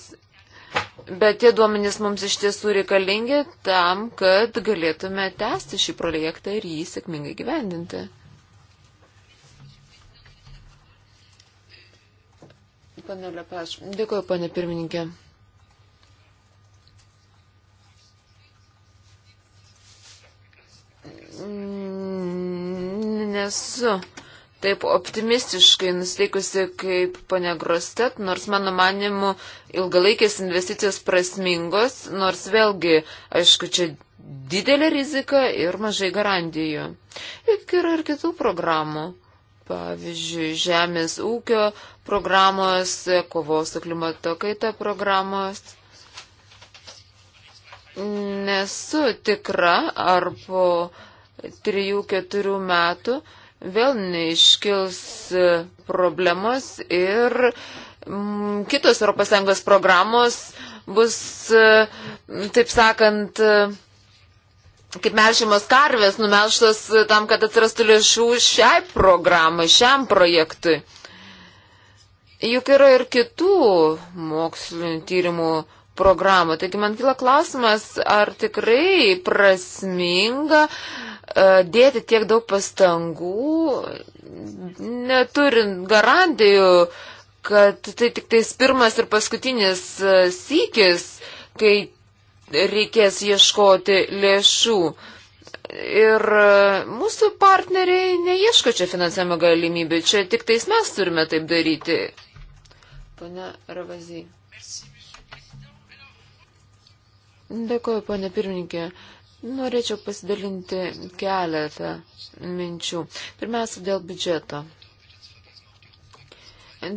bet tie duomenys mums iš tiesų reikalingi tam, kad galėtume tęsti šį projektą ir jį sėkmingai gyvendinti. Pane Lepaš, dėkuoju, pane pirmininkė. Mm, nesu taip optimistiškai nusteikusi kaip ponia Grostet, nors mano manimu ilgalaikės investicijos prasmingos, nors vėlgi, aišku, čia didelė rizika ir mažai garantijų. Juk yra ir kitų programų. Pavyzdžiui, žemės ūkio programos, kovos su klimato kaita programos. Nesu tikra, ar po uh, 3-4 metų vėl neiškils e, problemos ir mm, kitos ES programos bus, e, taip sakant, e, kaip melšimas karvės, numelštas tam, kad atsirastų lėšų šiai programai, šiam projektui. Juk yra ir kitų mokslinių tyrimų programų. Taigi man kila klausimas, ar tikrai prasminga uh, E, dėti tiek daug pastangų, neturint garantijų, kad tai tik tais pirmas ir paskutinis e, sykis, kai reikės ieškoti lėšų. Ir e, mūsų partneriai neieško čia finansavimo galimybių, čia tik tais mes turime taip daryti. Pane Ravazy. Dėkuoju, pane pirmininkė. Uh, Norėčiau pasidalinti keletą minčių. Pirmiausia, dėl biudžeto.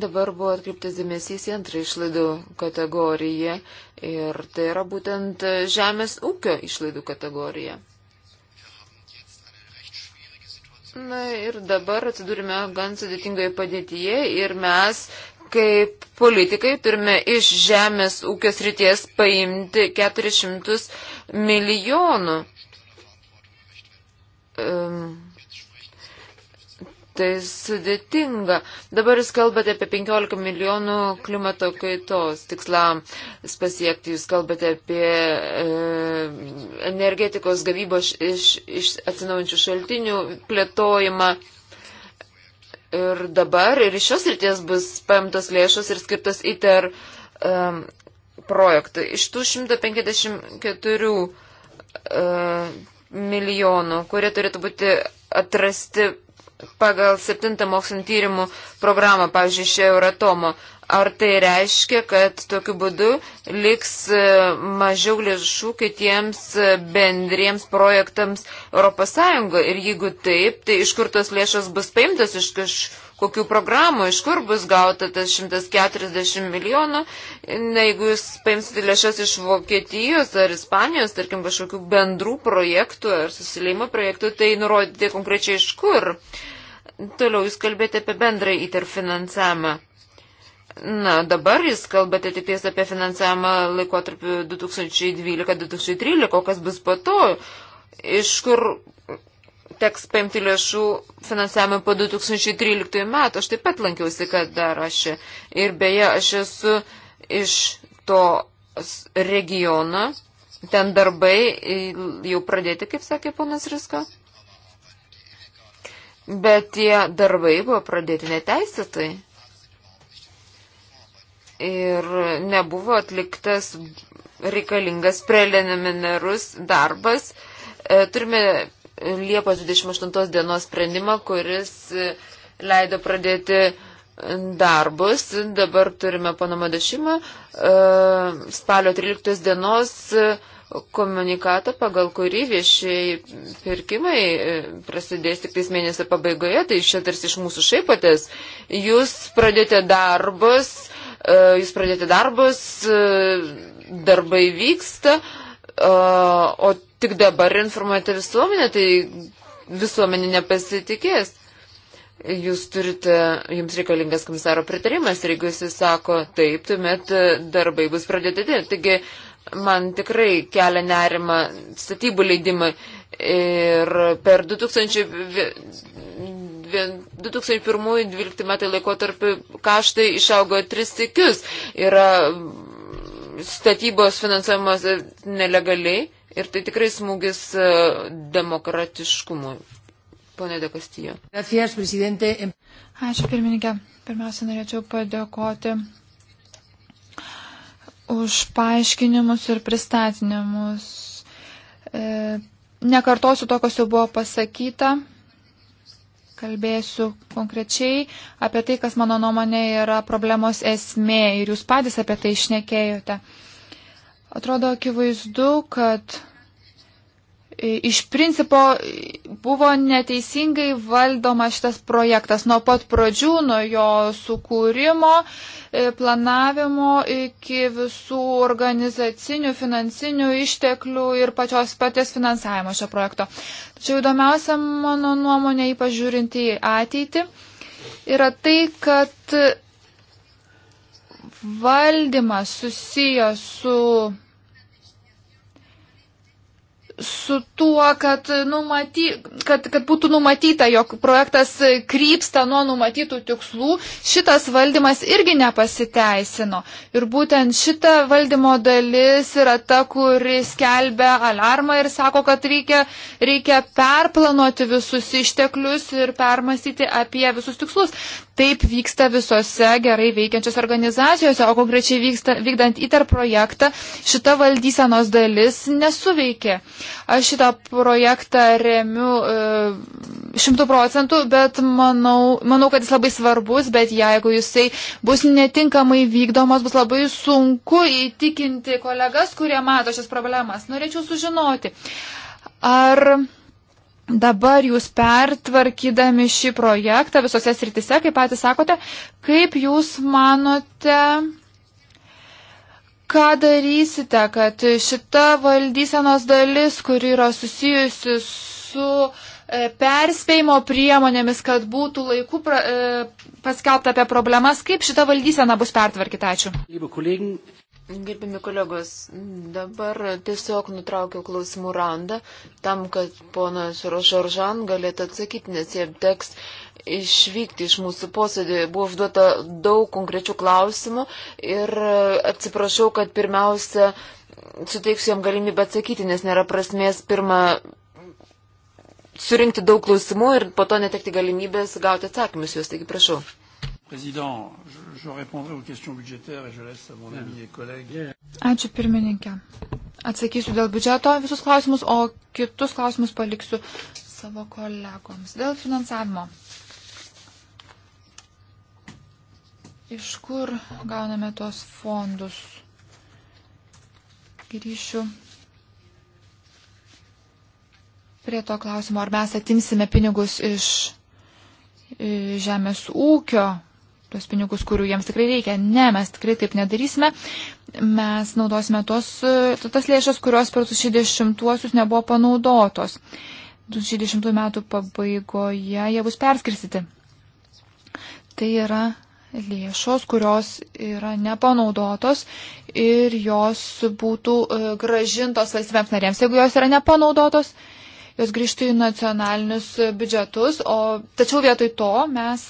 Dabar buvo atkreiptas dėmesys į antrą išlaidų kategoriją ir tai yra būtent žemės ūkio išlaidų kategorija. Na ir dabar atsidūrime gan sudėtingoje padėtyje ir mes kaip politikai turime iš žemės ūkios ryties paimti 400 milijonų. Um, tai sudėtinga. Dabar jūs kalbate apie 15 milijonų klimato kaitos tikslams pasiekti. Jūs kalbate apie e, energetikos gavybos iš, iš atsinaujančių šaltinių plėtojimą. E, Ir dabar ir iš šios ryties bus paimtos lėšos ir skirtos ITER um, projektui. Iš tų 154 uh, milijonų, kurie turėtų būti atrasti pagal septintą mokslinį tyrimų programą, pavyzdžiui, iš Euratomo, Ar tai reiškia, kad tokiu būdu liks e, mažiau lėšų kitiems e, bendriems projektams ES? Ir jeigu taip, tai iš kur tos lėšos bus paimtas, iš kažkokių programų, iš kur bus gauta tas 140 milijonų, na, jeigu jūs paimsite lėšas iš Vokietijos ar Ispanijos, tarkim, kažkokių bendrų projektų ar susileimo projektų, tai nurodyti konkrečiai iš kur. Toliau jūs kalbėte apie bendrą įterfinansavimą. Na, dabar jūs kalbate tik tais apie finansavimą laikotarpiu 2012-2013, o kas bus po to, iš kur teks paimti lėšų finansavimą po 2013 metų. Aš taip pat lankiausi, kad dar aš. Ir beje, aš esu iš to regiono, ten darbai jau pradėti, kaip sakė ponas Riska. Bet tie darbai buvo pradėti neteisėtai. Tai ir nebuvo atliktas reikalingas preliminarus darbas. E, turime Liepos 28 dienos sprendimą, kuris e, leido pradėti darbus. Dabar turime Panama dešimą e, spalio 13 dienos komunikatą, pagal kurį viešieji pirkimai prasidės tik tais mėnesio pabaigoje, tai iš čia tarsi iš mūsų šaipotės. Jūs pradėte darbus E, jūs pradėti darbus, e, darbai vyksta, e, o tik dabar informuojate visuomenę, tai visuomenė nepasitikės. Jūs turite, jums reikalingas komisaro pritarimas ir jeigu jis sako taip, tuomet darbai bus pradėti. Taigi man tikrai kelia nerima statybų leidimai ir per 2000. 2001-2012 metai laikotarpiu kaštai išaugo tris tikius. Yra statybos finansuojamas nelegaliai ir tai tikrai smūgis e, demokratiškumui. Pone Dekastijo. Ačiū pirmininkė. Pirmiausia, norėčiau padėkoti už paaiškinimus ir pristatinimus. E, nekartosiu to, kas jau buvo pasakyta kalbėsiu konkrečiai apie tai, kas mano nuomonė yra problemos esmė ir jūs patys apie tai išnekėjote. Atrodo akivaizdu, kad iš principo buvo neteisingai valdomas šitas projektas nuo pat pradžių, nuo jo sukūrimo, e, planavimo iki visų organizacinių, finansinių išteklių ir pačios paties finansavimo šio projekto. Tačiau įdomiausia mano nuomonė, ypač žiūrint į ateitį, yra tai, kad valdymas susijęs su su tuo, kad, numaty, kad, kad būtų numatyta, jog projektas krypsta nuo numatytų tikslų, šitas valdymas irgi nepasiteisino. Ir būtent šita valdymo dalis yra ta, kuris kelbia alarmą ir sako, kad reikia, reikia perplanuoti visus išteklius ir permastyti apie visus tikslus. Taip vyksta visose gerai veikiančios organizacijose, o konkrečiai vyksta, vykdant ITER projektą šita valdysenos dalis nesuveikė. Aš šitą projektą remiu šimtų e, procentų, bet manau, manau, kad jis labai svarbus, bet jeigu jisai bus netinkamai vykdomas, bus labai sunku įtikinti kolegas, kurie mato šias problemas. Norėčiau sužinoti. Ar Dabar jūs pertvarkydami šį projektą visose sritise, kaip patys sakote, kaip jūs manote, ką darysite, kad šita valdysenos dalis, kuri yra susijusi su e, perspėjimo priemonėmis, kad būtų laiku pra, e, paskelbta apie problemas, kaip šita valdysena bus pertvarkyta. Ačiū. Gerbimi kolegos, dabar tiesiog nutraukiau klausimų randą tam, kad ponas Rošaržan galėtų atsakyti, nes jie teks išvykti iš mūsų posėdį. Buvo užduota daug konkrečių klausimų ir atsiprašau, kad pirmiausia suteiksiu jam galimybę atsakyti, nes nėra prasmės pirmą surinkti daug klausimų ir po to netekti galimybės gauti atsakymus juos. Taigi prašau. President, je Ačiū pirmininkė. Atsakysiu dėl biudžeto visus klausimus, o kitus klausimus paliksiu savo kolegoms. Dėl finansavimo. Iš kur gauname tos fondus? Grįšiu prie to klausimo, ar mes atimsime pinigus iš žemės ūkio tuos pinigus, kurių jiems tikrai reikia. Ne, mes tikrai taip nedarysime. Mes naudosime tos, tas lėšas, kurios per 2010-uosius nebuvo panaudotos. 2010 metų pabaigoje jie bus perskirstyti. Tai yra lėšos, kurios yra nepanaudotos ir jos būtų e, gražintos valstybėms narėms. Jeigu jos yra nepanaudotos, jos grįžtų į nacionalinius biudžetus, o tačiau vietoj to mes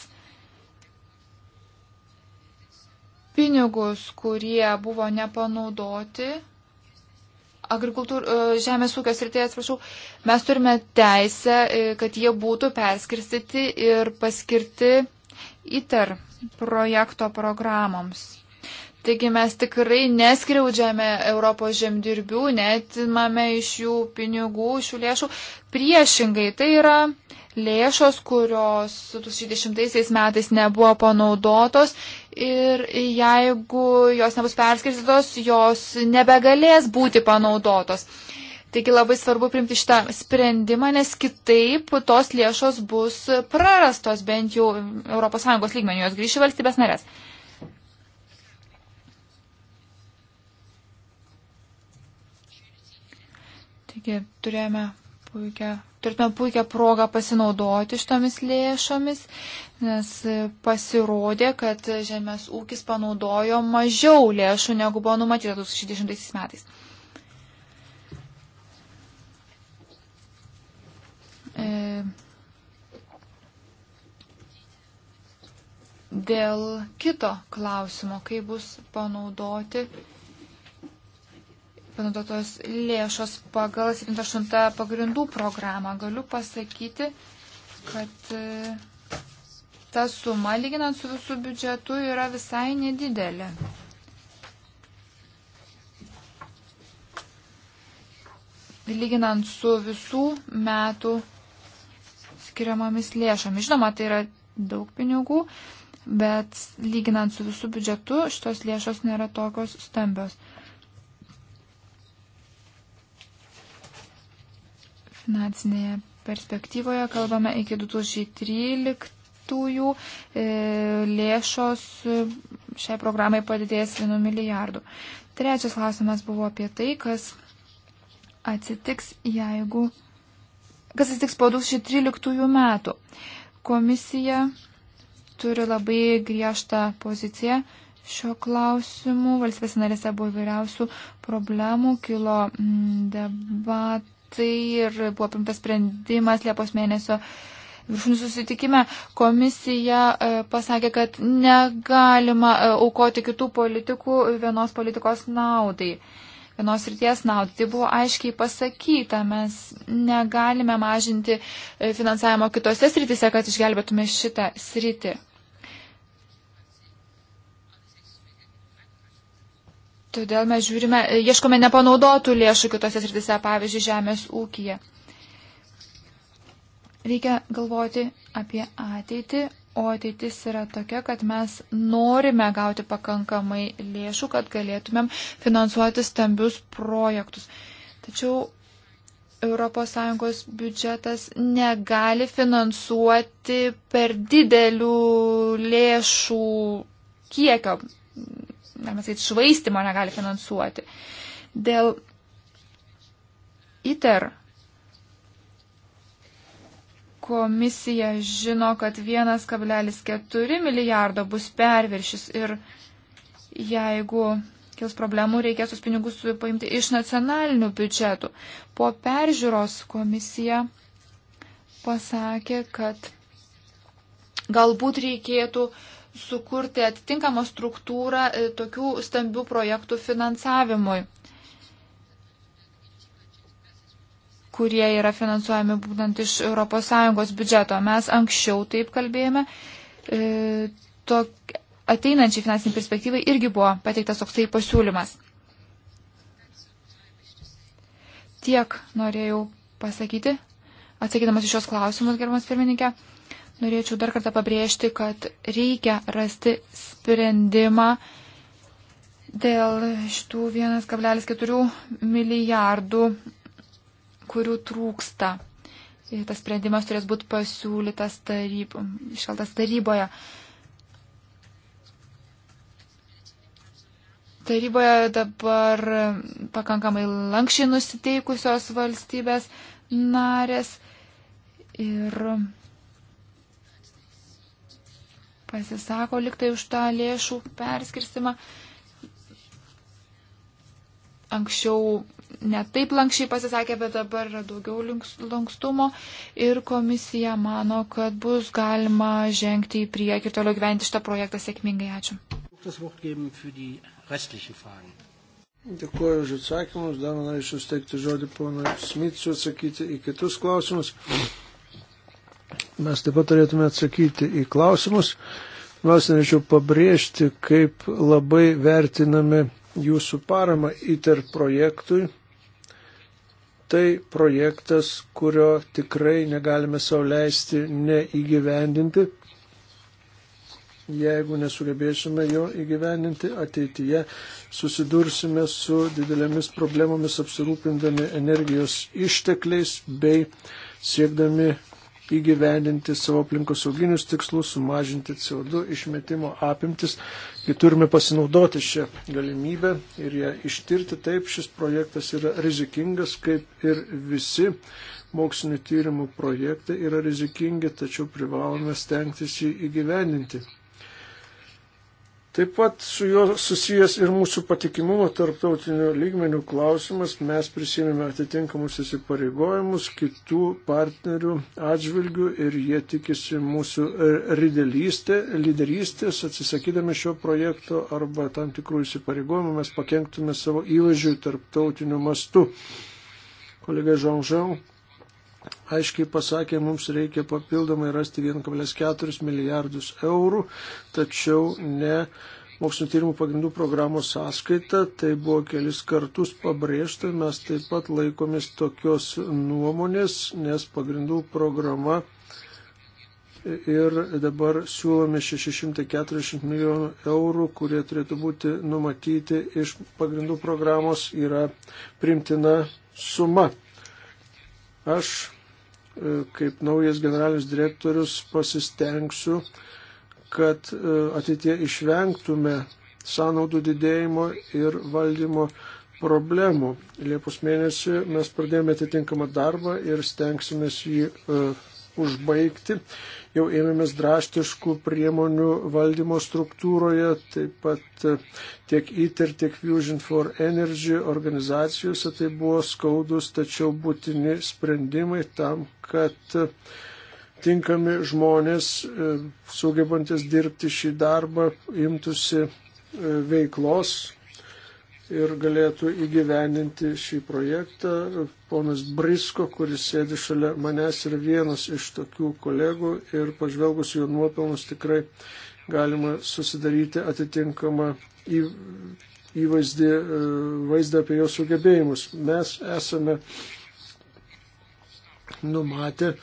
pinigus, kurie buvo nepanaudoti agrikultūr, e, žemės ūkio srityje, atsiprašau, mes turime teisę, e, kad jie būtų perskirstyti ir paskirti ITER projekto programoms. Taigi mes tikrai neskriaudžiame Europos žemdirbių, netimame iš jų pinigų, iš jų lėšų. Priešingai, tai yra lėšos, kurios 2010 metais nebuvo panaudotos ir jeigu jos nebus perskirstytos, jos nebegalės būti panaudotos. Taigi labai svarbu primti šitą sprendimą, nes kitaip tos lėšos bus prarastos, bent jau ES lygmenių, jos grįš į valstybės narės. Taigi turėjome puikią, turėtume puikią progą pasinaudoti šitomis lėšomis nes pasirodė, kad žemės ūkis panaudojo mažiau lėšų, negu buvo numatyta 2010 metais. E, dėl kito klausimo, kaip bus panaudoti panaudotos lėšos pagal 78 pagrindų programą, galiu pasakyti, kad e, ta suma, lyginant su visų biudžetu, yra visai nedidelė. Lyginant su visų metų skiriamomis lėšomis. Žinoma, tai yra daug pinigų, bet lyginant su visų biudžetu, šitos lėšos nėra tokios stambios. Finansinėje perspektyvoje kalbame iki 2013 tųjų e, lėšos e, šiai programai padidės 1 milijardu. Trečias klausimas buvo apie tai, kas atsitiks, jeigu, kas atsitiks po 2013 metų. Komisija turi labai griežtą poziciją šio klausimu. Valstybės narėse buvo įvairiausių problemų, kilo mm, debatai ir buvo primtas sprendimas Liepos mėnesio uh, viršūnių susitikime komisija e, pasakė, kad negalima e, aukoti kitų politikų vienos politikos naudai. Vienos ryties naudai. Tai buvo aiškiai pasakyta, mes negalime mažinti e, finansavimo kitose srityse, kad išgelbėtume šitą sritį. Todėl mes žiūrime, ieškome nepanaudotų lėšų kitose srityse, pavyzdžiui, žemės ūkija. Reikia galvoti apie ateitį, o ateitis yra tokia, kad mes norime gauti pakankamai lėšų, kad galėtumėm finansuoti stambius projektus. Tačiau ES biudžetas negali finansuoti per didelių lėšų kiekio, galima sakyti, švaistimo negali finansuoti. Dėl ITER Komisija žino, kad 1,4 milijardo bus perviršis ir jeigu kils problemų, reikės tos pinigus paimti iš nacionalinių biudžetų. Po peržiūros komisija pasakė, kad galbūt reikėtų sukurti atitinkamą struktūrą e, tokių stambių projektų finansavimui. kurie yra finansuojami būtent iš ES biudžeto. Mes anksčiau taip kalbėjome. E, tok, ateinančiai finansiniai perspektyvai irgi buvo pateiktas toksai pasiūlymas. Tiek norėjau pasakyti, atsakydamas iš šios klausimus, gerbamas pirmininkė. Norėčiau dar kartą pabrėžti, kad reikia rasti sprendimą dėl šitų 1,4 milijardų kurių trūksta. Ir tas sprendimas turės būti pasiūlytas taryb, iškeltas taryboje. Taryboje dabar pakankamai lankščiai nusiteikusios valstybės narės ir pasisako liktai už tą lėšų perskirstimą. Anksčiau netaip lankščiai pasisakė, bet dabar yra daugiau lankstumo ir komisija mano, kad bus galima žengti į priekį ir toliau gyventi šitą projektą sėkmingai. Ačiū. Dėkuoju už atsakymus, dar norėčiau steigti žodį ponui Smitsui atsakyti į kitus klausimus. Mes taip pat turėtume atsakyti į klausimus. Mes norėčiau pabrėžti, kaip labai vertiname jūsų paramą ITER projektui tai projektas, kurio tikrai negalime sauliaisti neįgyvendinti. Jeigu nesugebėsime jo įgyvendinti ateityje, susidursime su didelėmis problemomis apsirūpindami energijos ištekliais bei siekdami įgyvendinti savo aplinkosauginius tikslus, sumažinti CO2 išmetimo apimtis, kai turime pasinaudoti šią galimybę ir ją ištirti. Taip, šis projektas yra rizikingas, kaip ir visi mokslinio tyrimų projektai yra rizikingi, tačiau privalome stengtis jį įgyvendinti. Taip pat su juo susijęs ir mūsų patikimumo tarptautinio lygmenių klausimas. Mes prisėmėme atitinkamus įsipareigojimus kitų partnerių atžvilgių ir jie tikisi mūsų lyderystės, atsisakydami šio projekto arba tam tikrų įsipareigojimų mes pakenktume savo įvaizdžiui tarptautiniu mastu. Kolega Žonžau aiškiai pasakė, mums reikia papildomai rasti 1,4 milijardus eurų, tačiau ne mokslinio tyrimų pagrindų programos sąskaita. Tai buvo kelis kartus pabrėžta, mes taip pat laikomės tokios nuomonės, nes pagrindų programa ir dabar siūlome 640 milijonų eurų, kurie turėtų būti numatyti iš pagrindų programos, yra primtina suma. Aš E, kaip naujas generalinis direktorius pasistengsiu, kad e, ateitie išvengtume sąnaudų didėjimo ir valdymo problemų. Liepos mėnesį mes pradėjome atitinkamą darbą ir stengsimės jį e, užbaigti. Jau ėmėmės drastiškų priemonių valdymo struktūroje, taip pat e, tiek ITER, tiek Fusion for Energy organizacijose tai buvo skaudus, tačiau būtini sprendimai tam, kad e, tinkami žmonės, e, sugebantis dirbti šį darbą, imtųsi veiklos, ir galėtų įgyveninti šį projektą. Ponas Brisko, kuris sėdi šalia manęs, yra vienas iš tokių kolegų ir pažvelgus jų nuopelnus tikrai galima susidaryti atitinkamą į, įvaizdį, e, vaizdą apie jo sugebėjimus. Mes esame numatę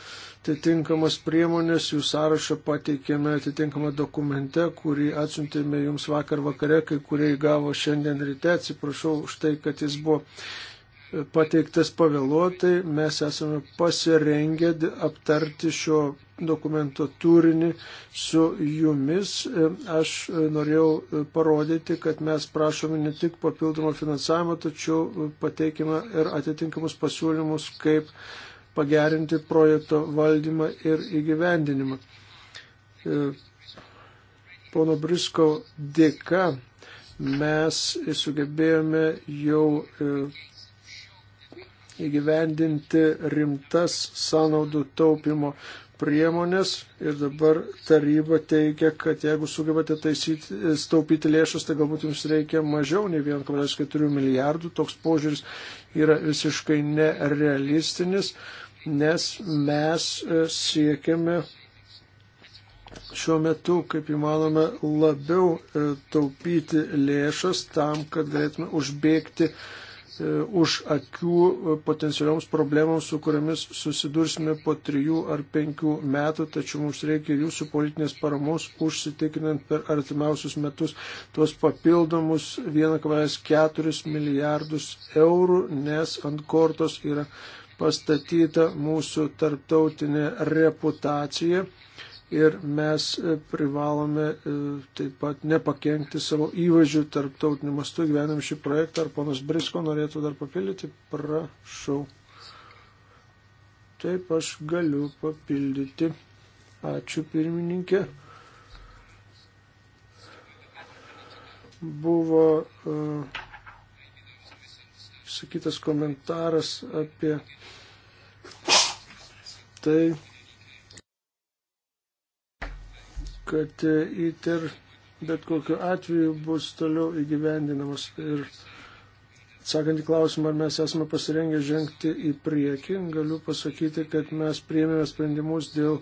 atitinkamas priemonės, jų sąrašą pateikėme atitinkamą dokumente, kurį atsiuntėme jums vakar vakare, kai kurie įgavo šiandien ryte, atsiprašau už tai, kad jis buvo pateiktas pavėluotai, mes esame pasirengę aptarti šio dokumento turinį su jumis. Aš norėjau parodyti, kad mes prašome ne tik papildomo finansavimo, tačiau pateikime ir atitinkamus pasiūlymus, kaip pagerinti projekto valdymą ir įgyvendinimą. E, pono Brisko dėka mes sugebėjome jau e, įgyvendinti rimtas sąnaudų taupimo priemonės ir dabar taryba teigia, kad jeigu sugebate taisyti, staupyti lėšas, tai galbūt jums reikia mažiau nei 1,4 milijardų. Toks požiūris yra visiškai nerealistinis nes mes e, siekiame šiuo metu, kaip įmanome, labiau e, taupyti lėšas tam, kad galėtume užbėgti e, už akių potencialioms problemams, su kuriamis susidursime po trijų ar penkių metų, tačiau mums reikia jūsų politinės paramos užsitikrinant per artimiausius metus tuos papildomus 1,4 milijardus eurų, nes ant kortos yra pastatyta mūsų tarptautinė reputacija ir mes e, privalome e, taip pat nepakengti savo įvažių tarptautiniu mastu gyvenam šį projektą. Ar ponas Brisko norėtų dar papildyti? Prašau. Taip aš galiu papildyti. Ačiū pirmininkė. Buvo uh, išsakytas komentaras apie tai, kad ITER bet kokiu atveju bus toliau įgyvendinamas. Ir atsakant į klausimą, ar mes esame pasirengę žengti į priekį, galiu pasakyti, kad mes priėmėme sprendimus dėl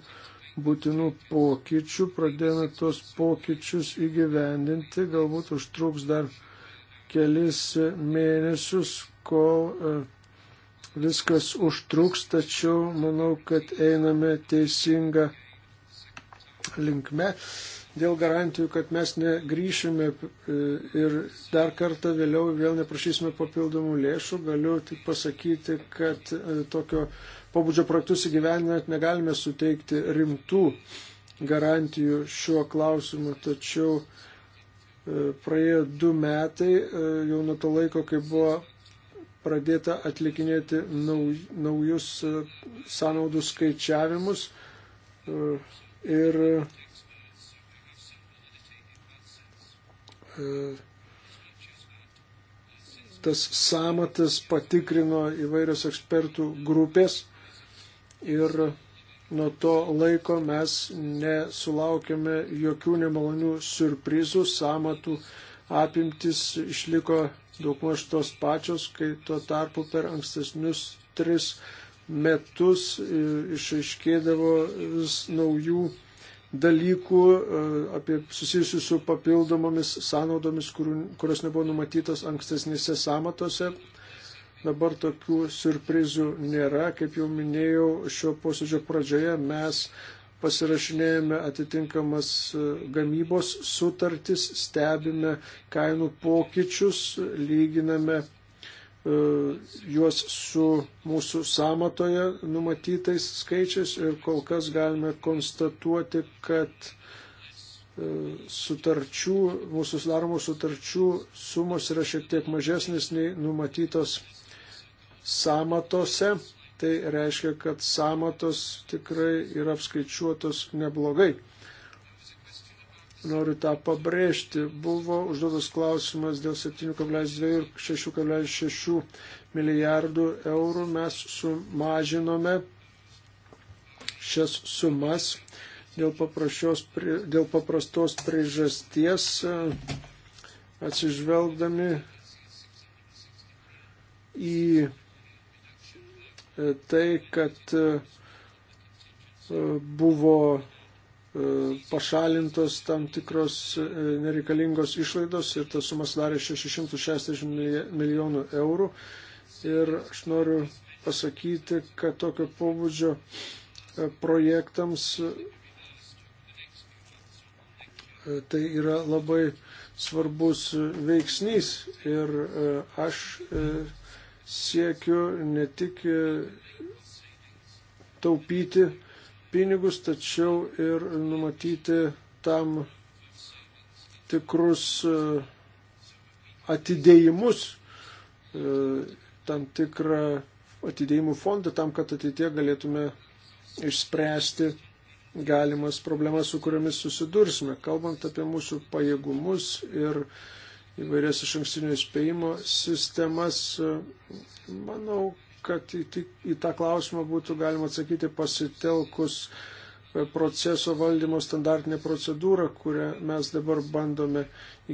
būtinų pokyčių, pradėjome tuos pokyčius įgyvendinti, galbūt užtruks dar kelis mėnesius, kol e, viskas užtruks, tačiau manau, kad einame teisinga linkme. Dėl garantijų, kad mes negryšime e, ir dar kartą vėliau vėl neprašysime papildomų lėšų, galiu tik pasakyti, kad e, tokio pobūdžio projektus įgyveninant negalime suteikti rimtų garantijų šiuo klausimu, tačiau uh, E, praėjo du metai e, jau nuo to laiko, kai buvo pradėta atlikinėti naujus e, sąnaudų skaičiavimus ir tas samatas patikrino įvairios ekspertų grupės ir nuo to laiko mes nesulaukėme jokių nemalonių surprizų, samatų apimtis išliko daugmaž tos pačios, kai tuo tarpu per ankstesnius tris metus e, išaiškėdavo vis naujų dalykų e, apie susijusių su papildomomis sąnaudomis, kurios nebuvo numatytos ankstesnėse samatose. Dabar tokių surprizų nėra. Kaip jau minėjau, šio posėdžio pradžioje mes pasirašinėjame atitinkamas e, gamybos sutartis, stebime kainų pokyčius, lyginame e, juos su mūsų samatoje numatytais skaičiais ir kol kas galime konstatuoti, kad e, sutarčių, mūsų sudaromų sutarčių sumos yra šiek tiek mažesnis nei numatytos samatose. Tai reiškia, kad samatos tikrai yra apskaičiuotos neblogai. Noriu tą pabrėžti. Buvo užduotas klausimas dėl 7,2 ir 6,6 milijardų eurų. Mes sumažinome šias sumas dėl, dėl paprastos priežasties atsižvelgdami į tai, kad e, buvo e, pašalintos tam tikros e, nereikalingos išlaidos ir tas sumas darė 660 milijonų eurų. Ir aš noriu pasakyti, kad tokio pobūdžio projektams tai yra labai svarbus veiksnys ir aš siekiu ne tik e, taupyti pinigus, tačiau ir numatyti tam tikrus e, atidėjimus, e, tam tikrą atidėjimų fondą, tam, kad ateitie galėtume išspręsti galimas problemas, su kuriomis susidursime. Kalbant apie mūsų pajėgumus ir uh, įvairias iš ankstinio įspėjimo sistemas. Manau, kad į, į tą klausimą būtų galima atsakyti pasitelkus e, proceso valdymo standartinė procedūra, kurią mes dabar bandome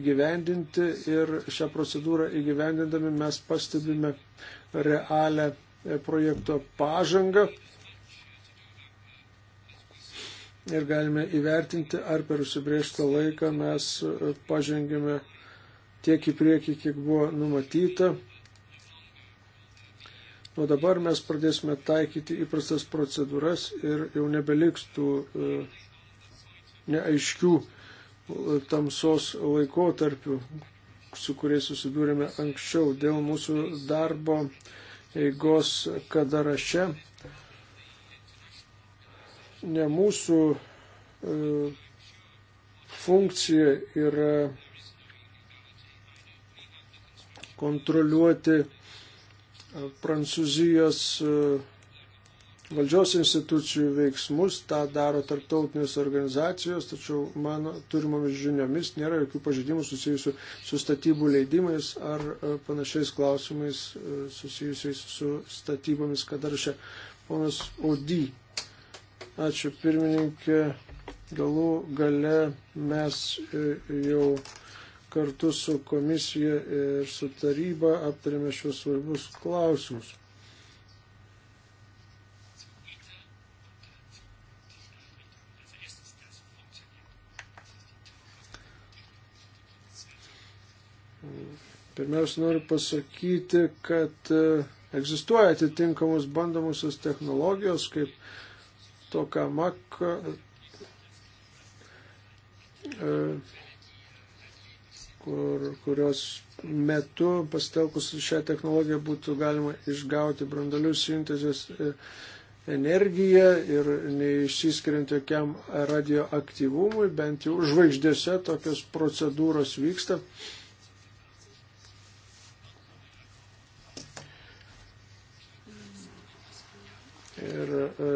įgyvendinti ir šią procedūrą įgyvendindami mes pastebime realią e, projekto pažangą ir galime įvertinti, ar per užsibriežtą laiką mes e, pažengėme tiek į priekį, kiek buvo numatyta. Nuo dabar mes pradėsime taikyti įprastas procedūras ir jau nebeliks tų e, neaiškių e, tamsos laikotarpių, su kuriais susidūrėme anksčiau dėl mūsų darbo eigos kadaraše. Ne mūsų e, funkcija yra kontroliuoti e, Prancūzijos e, valdžios institucijų veiksmus, tą daro tarptautinės organizacijos, tačiau mano turimomis žiniomis nėra jokių pažeidimų susijusių su statybų leidimais ar e, panašiais klausimais susijusiais su statybomis, kad ar čia ponas Odi. Ačiū pirmininkė, galų gale mes jau kartu su komisija ir su taryba aptarėme šios svarbus klausimus. Pirmiausia, noriu pasakyti, kad e, egzistuoja atitinkamos bandomusios technologijos, kaip tokamak kur, kurios metu pastelkus šią technologiją būtų galima išgauti brandalių sintezės e, energiją ir neišsiskiriant jokiam radioaktyvumui, bent jau žvaigždėse tokios procedūros vyksta. Ir e,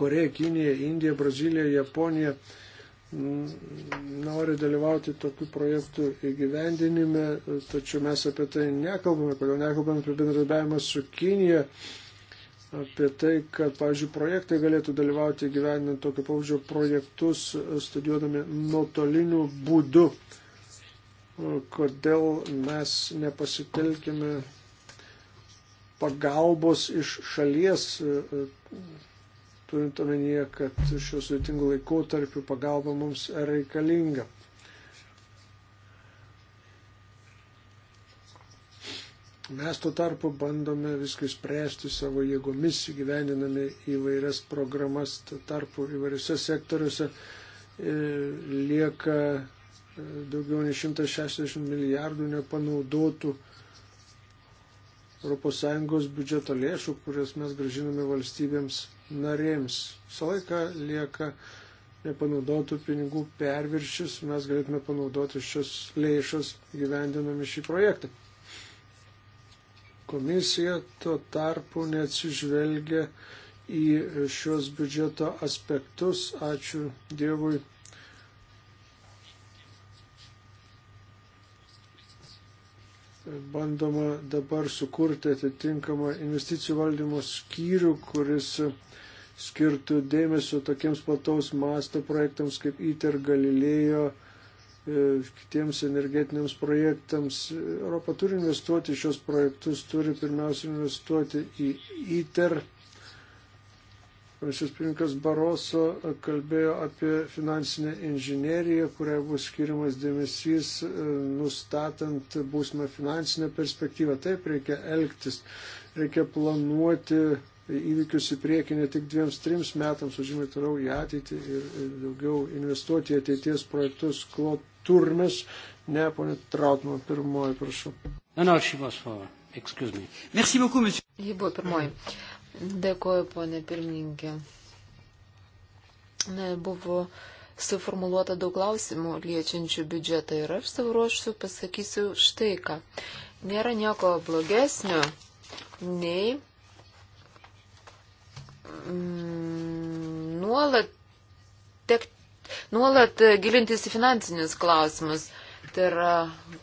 Koreja, Kinija, Indija, Brazilija, Japonija mm, nori dalyvauti tokių projektų įgyvendinime, tačiau mes apie tai nekalbame, kodėl nekalbame apie bendradarbiavimą su Kinija, apie tai, kad, pavyzdžiui, projektai galėtų dalyvauti įgyvendinant tokio pavyzdžio projektus, studijuodami nuotoliniu būdu. Kodėl mes nepasitelkime pagalbos iš šalies turint omenyje, kad šiuo sudėtingu laikotarpiu pagalba mums reikalinga. Mes tuo tarpu bandome viską spręsti savo jėgomis, gyveniname įvairias programas, tuo tarpu įvairiose sektoriuose e, lieka e, daugiau nei 160 milijardų nepanaudotų ES biudžeto lėšų, kurias mes gražiname valstybėms narėms. Visą laiką lieka nepanaudotų pinigų perviršis, mes galėtume panaudoti šios lėšas gyvendinami šį projektą. Komisija tuo tarpu neatsižvelgia į šios biudžeto aspektus. Ačiū Dievui bandoma dabar sukurti atitinkamą investicijų valdymo skyrių, kuris skirtų dėmesio tokiems plataus masto projektams kaip ITER Galilėjo, e, kitiems energetiniams projektams. Europa turi investuoti šios projektus, turi pirmiausia investuoti į ITER. E, Komisijos pirmininkas Baroso kalbėjo apie finansinę inžineriją, kuriai bus skiriamas dėmesys e, nustatant būsimą finansinę perspektyvą. Taip reikia elgtis, reikia planuoti įvykius į priekį ne tik dviems, trims metams, o žymiai toliau į ateitį ir, ir daugiau investuoti į ateities projektus. Klo turmes, ne, ponė Trautman, pirmoji, prašau. Na, na, aš jums, excuse me. Merci beaucoup, monsieur. Ji buvo pirmoji. Dėkuoju, ponė pirmininkė. Ne, buvo suformuoluota daug klausimų liečiančių biudžetą ir aš savo ruošų pasakysiu štai ką. Nėra nieko blogesnio nei mm, nuolat, tek, nuolat gilintis į finansinius klausimus. Tai yra,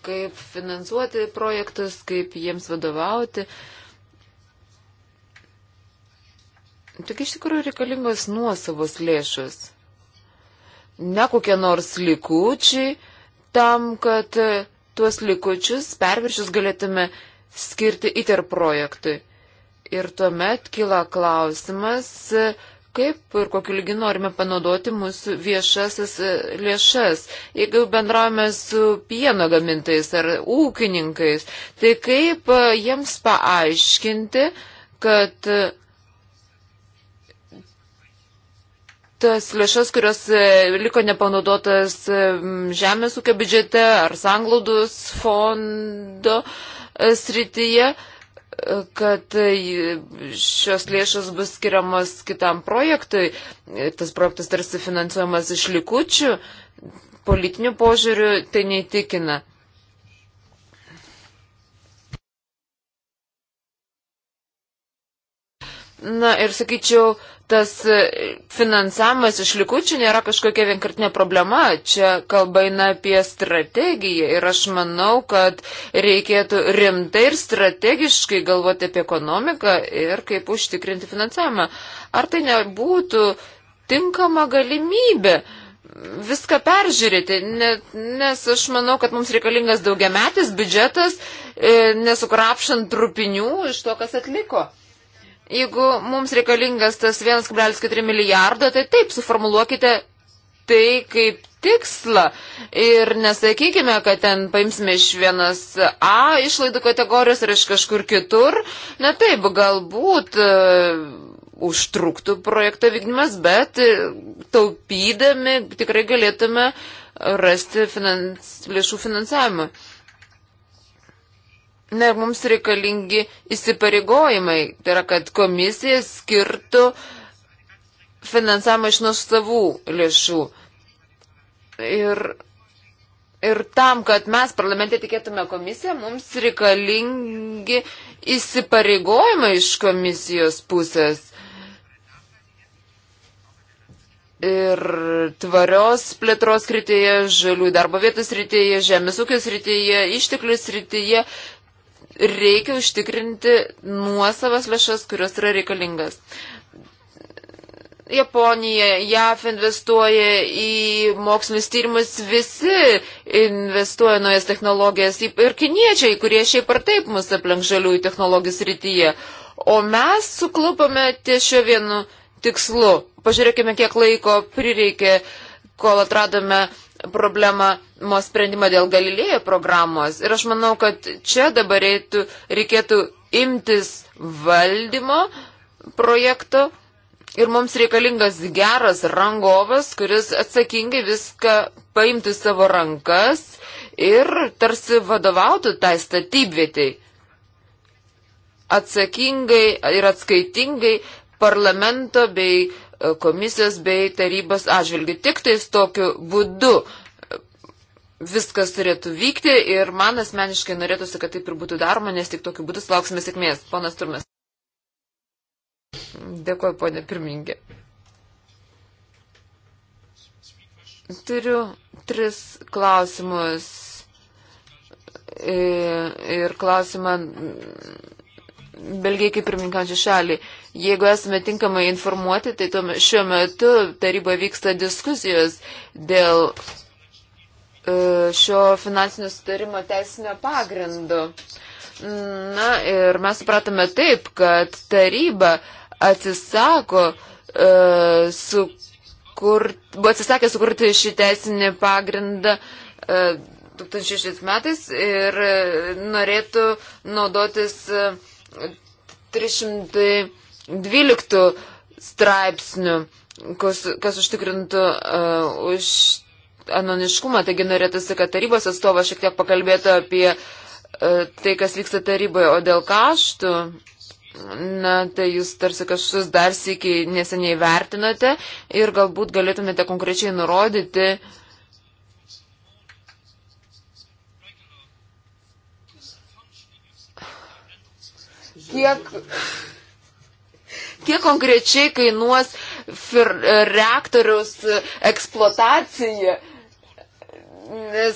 kaip finansuoti projektus, kaip jiems vadovauti. Uh, Tik iš tikrųjų reikalingos nuosavos lėšos. Ne kokie nors likučiai tam, kad e, tuos likučius perviršius galėtume skirti ITER projektui. Ir tuomet kyla klausimas, e, kaip ir kokiu lygi norime panaudoti mūsų viešasis e, lėšas. Jeigu bendraujame su pieno gamintais ar ūkininkais, tai kaip jiems paaiškinti, kad tas lėšas, kurios e, liko nepanaudotas e, žemės ūkio biudžete ar sanglaudos fondo e, srityje, kad šios lėšos bus skiriamas kitam projektui. Tas projektas tarsi finansuojamas iš likučių. Politinių požiūrių tai neįtikina. Na ir sakyčiau, tas e, finansavimas iš likučių nėra kažkokia vienkartinė problema. Čia kalba eina apie strategiją ir aš manau, kad reikėtų rimtai ir strategiškai galvoti apie ekonomiką ir kaip užtikrinti finansavimą. Ar tai nebūtų tinkama galimybė? viską peržiūrėti, ne, nes aš manau, kad mums reikalingas daugiametis biudžetas, e, nesukrapšant trupinių iš to, kas atliko. Jeigu mums reikalingas tas 1,4 milijardo, tai taip, suformuluokite tai kaip tikslą ir nesakykime, kad ten paimsime iš vienas A išlaidų kategorijos ar iš kažkur kitur. Na taip, galbūt e, užtruktų projekto vykdymas, bet e, taupydami tikrai galėtume rasti finans, lėšų finansavimą. Na ir mums reikalingi įsipareigojimai, tai yra, kad komisija skirtų finansavimą iš nuosavų lėšų. Ir, ir tam, kad mes parlamente tikėtume komisiją, mums reikalingi įsipareigojimai iš komisijos pusės. Ir tvarios plėtros srityje, žalių darbo vietos srityje, žemės ūkio srityje, išteklių srityje reikia užtikrinti nuosavas lėšas, kurios yra reikalingas. Japonija, JAF investuoja į mokslinis tyrimus, visi investuoja naujas technologijas ir kiniečiai, kurie šiaip ar taip mus aplenk žaliųjų technologijų srityje. O mes suklupame ties šio vienu tikslu. Pažiūrėkime, kiek laiko prireikė, kol atradome problemą mo sprendimo dėl Galilėjo programos. Ir aš manau, kad čia dabar reikėtų, reikėtų imtis valdymo projekto ir mums reikalingas geras rangovas, kuris atsakingai viską paimtų savo rankas ir tarsi vadovautų tai statybvietiai. Atsakingai ir atskaitingai parlamento bei e, komisijos bei tarybos atžvilgių. Tik tais tokiu būdu viskas turėtų vykti ir man asmeniškai norėtųsi, kad taip ir būtų daroma, nes tik tokiu būdu sulauksime sėkmės. Ponas Turmes. Dėkuoju, ponė pirmininkė. Turiu tris klausimus e, ir klausimą Belgijai kaip pirmininkančią šalį. Jeigu esame tinkamai informuoti, tai tuo, šiuo metu taryboje vyksta diskusijos dėl E, šio finansinio sutarimo teisinio pagrindo. Na ir mes supratome taip, kad taryba atsisako uh, e, sukurti, buvo atsisakė sukurti šį teisinį pagrindą uh, e, 2006 metais ir uh, norėtų naudotis uh, 312 straipsnių, kas, kas užtikrintų uh, už anoniškumą, taigi norėtųsi, kad tarybos atstovas šiek tiek pakalbėtų apie e, tai, kas vyksta taryboje, o dėl kaštų. Na, tai jūs tarsi kažkokius dar sėkiai neseniai vertinote ir galbūt galėtumėte konkrečiai nurodyti, kiek, kiek konkrečiai kainuos reaktoriaus eksploatacija Nes